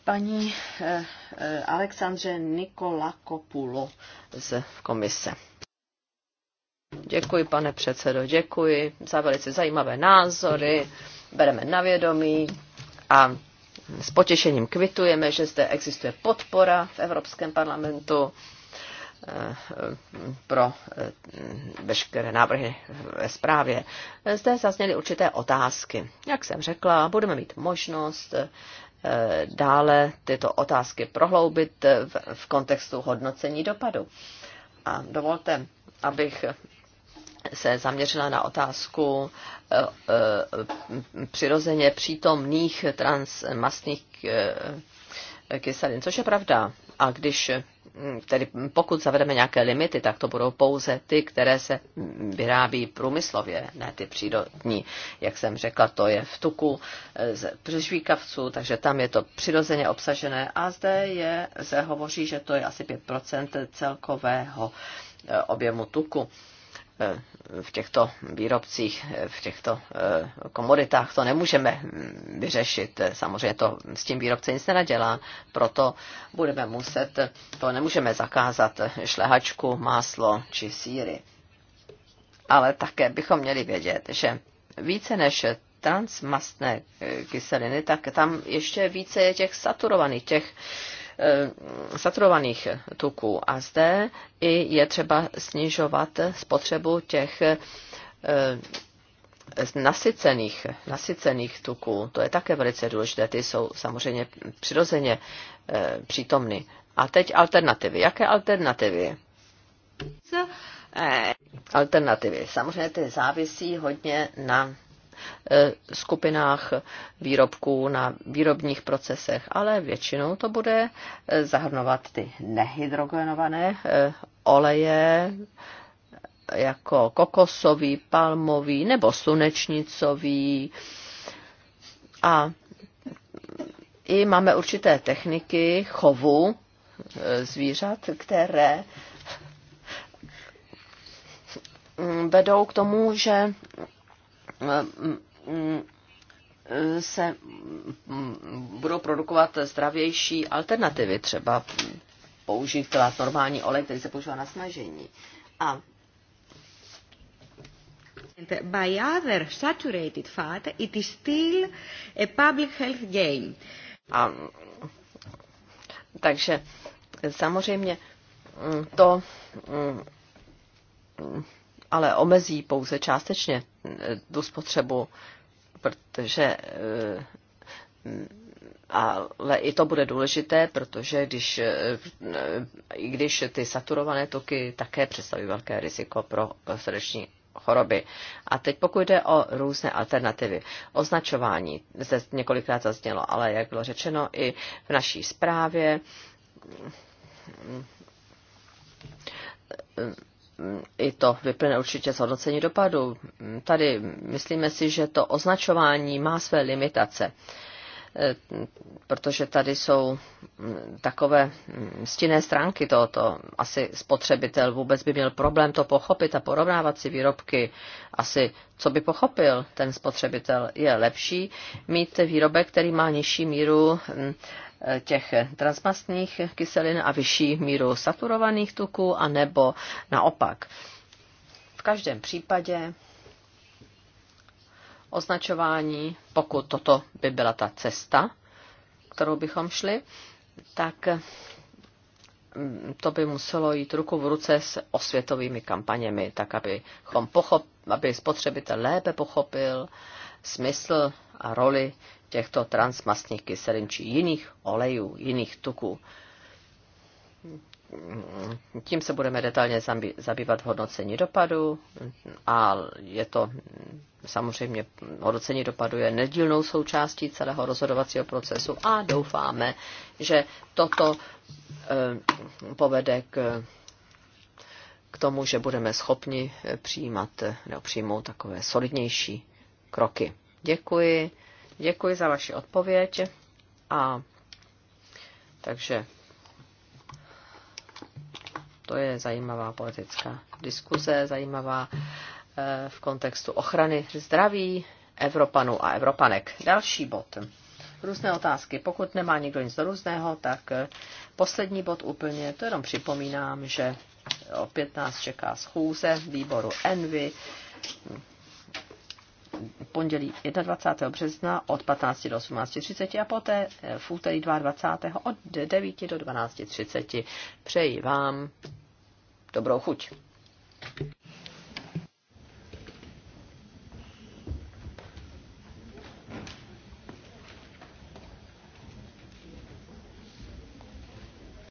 paní eh, eh, Alexandře Nikolakopulo z komise. Děkuji, pane předsedo, děkuji za velice zajímavé názory, bereme na vědomí a s potěšením kvitujeme, že zde existuje podpora v Evropském parlamentu eh, pro eh, veškeré návrhy ve zprávě. Zde zazněly určité otázky. Jak jsem řekla, budeme mít možnost eh, dále tyto otázky prohloubit v kontextu hodnocení dopadu. A dovolte, abych se zaměřila na otázku eh, eh, přirozeně přítomných transmastných eh, kyselin, což je pravda. A když hm, tedy pokud zavedeme nějaké limity, tak to budou pouze ty, které se vyrábí průmyslově, ne ty přírodní. Jak jsem řekla, to je v tuku z přežvíkavců, takže tam je to přirozeně obsažené a zde je, se hovoří, že to je asi 5% celkového objemu tuku. Eh, v těchto výrobcích, eh, v těchto eh, komoditách to nemůžeme hm, vyřešit. Samozřejmě to s tím výrobce nic nenadělá, proto budeme muset, to nemůžeme zakázat šlehačku, máslo či síry. Ale také bychom měli vědět, že více než transmastné kyseliny, tak tam ještě více je těch saturovaných, těch Eh, saturovaných tuků. A zde i je třeba snižovat spotřebu těch z eh, nasycených, nasycených tuků, to je také velice důležité, ty jsou samozřejmě přirozeně e, přítomny. A teď alternativy. Jaké alternativy? Alternativy. Samozřejmě ty závisí hodně na Eh, skupinách výrobků, na výrobních procesech, ale většinou to bude eh, zahrnovat ty nehydrogenované eh, oleje, jako kokosový, palmový nebo slunečnicový. A i máme určité techniky chovu zvířat, které vedou k tomu, že se budou produkovat zdravější alternativy, třeba použít normální olej, který se používá na smažení. A by other saturated fat, it is still a public health gain. A, takže samozřejmě to ale omezí pouze částečně eh, tu spotřebu, protože eh, ale i to bude důležité, protože když, eh, i když ty saturované tuky také představují velké riziko pro srdeční choroby. A teď pokud jde o různé alternativy, označování, se několikrát zaznělo, ale jak bylo řečeno i v naší zprávě, i to vyplyne určitě z hodnocení dopadu. Tady myslíme si, že to označování má své limitace, eh, protože tady jsou mm, takové mm, stinné stránky tohoto. Asi spotřebitel vůbec by měl problém to pochopit a porovnávat si výrobky. Asi co by pochopil ten spotřebitel, je lepší mít výrobek, který má nižší míru mm, těch transmastných kyselin a vyšší míru saturovaných tuků, anebo naopak. V každém případě označování, pokud toto by byla ta cesta, kterou bychom šli, tak mm, to by muselo jít ruku v ruce s osvětovými kampaněmi, tak abychom pochop, aby spotřebitel lépe pochopil smysl a roli těchto transmastných kyselin či jiných olejů, jiných tuků. Tím se budeme detailně zabývat v hodnocení dopadu a je to samozřejmě hodnocení dopadu je nedílnou součástí celého rozhodovacího procesu a doufáme, že toto eh, povede k, k tomu, že budeme schopni přijímat nebo přijmout takové solidnější kroky. Děkuji. Děkuji za vaši odpověď. A takže to je zajímavá politická diskuze, zajímavá eh, v kontextu ochrany zdraví Evropanů a Evropanek. Další bod. Různé otázky. Pokud nemá nikdo nic do různého, tak eh, poslední bod úplně, to jenom připomínám, že opět nás čeká schůze výboru Envy pondělí 21. března od 15 do 18.30 a poté eh, v úterý 22. od 9 do 12.30. Přeji vám dobrou chuť.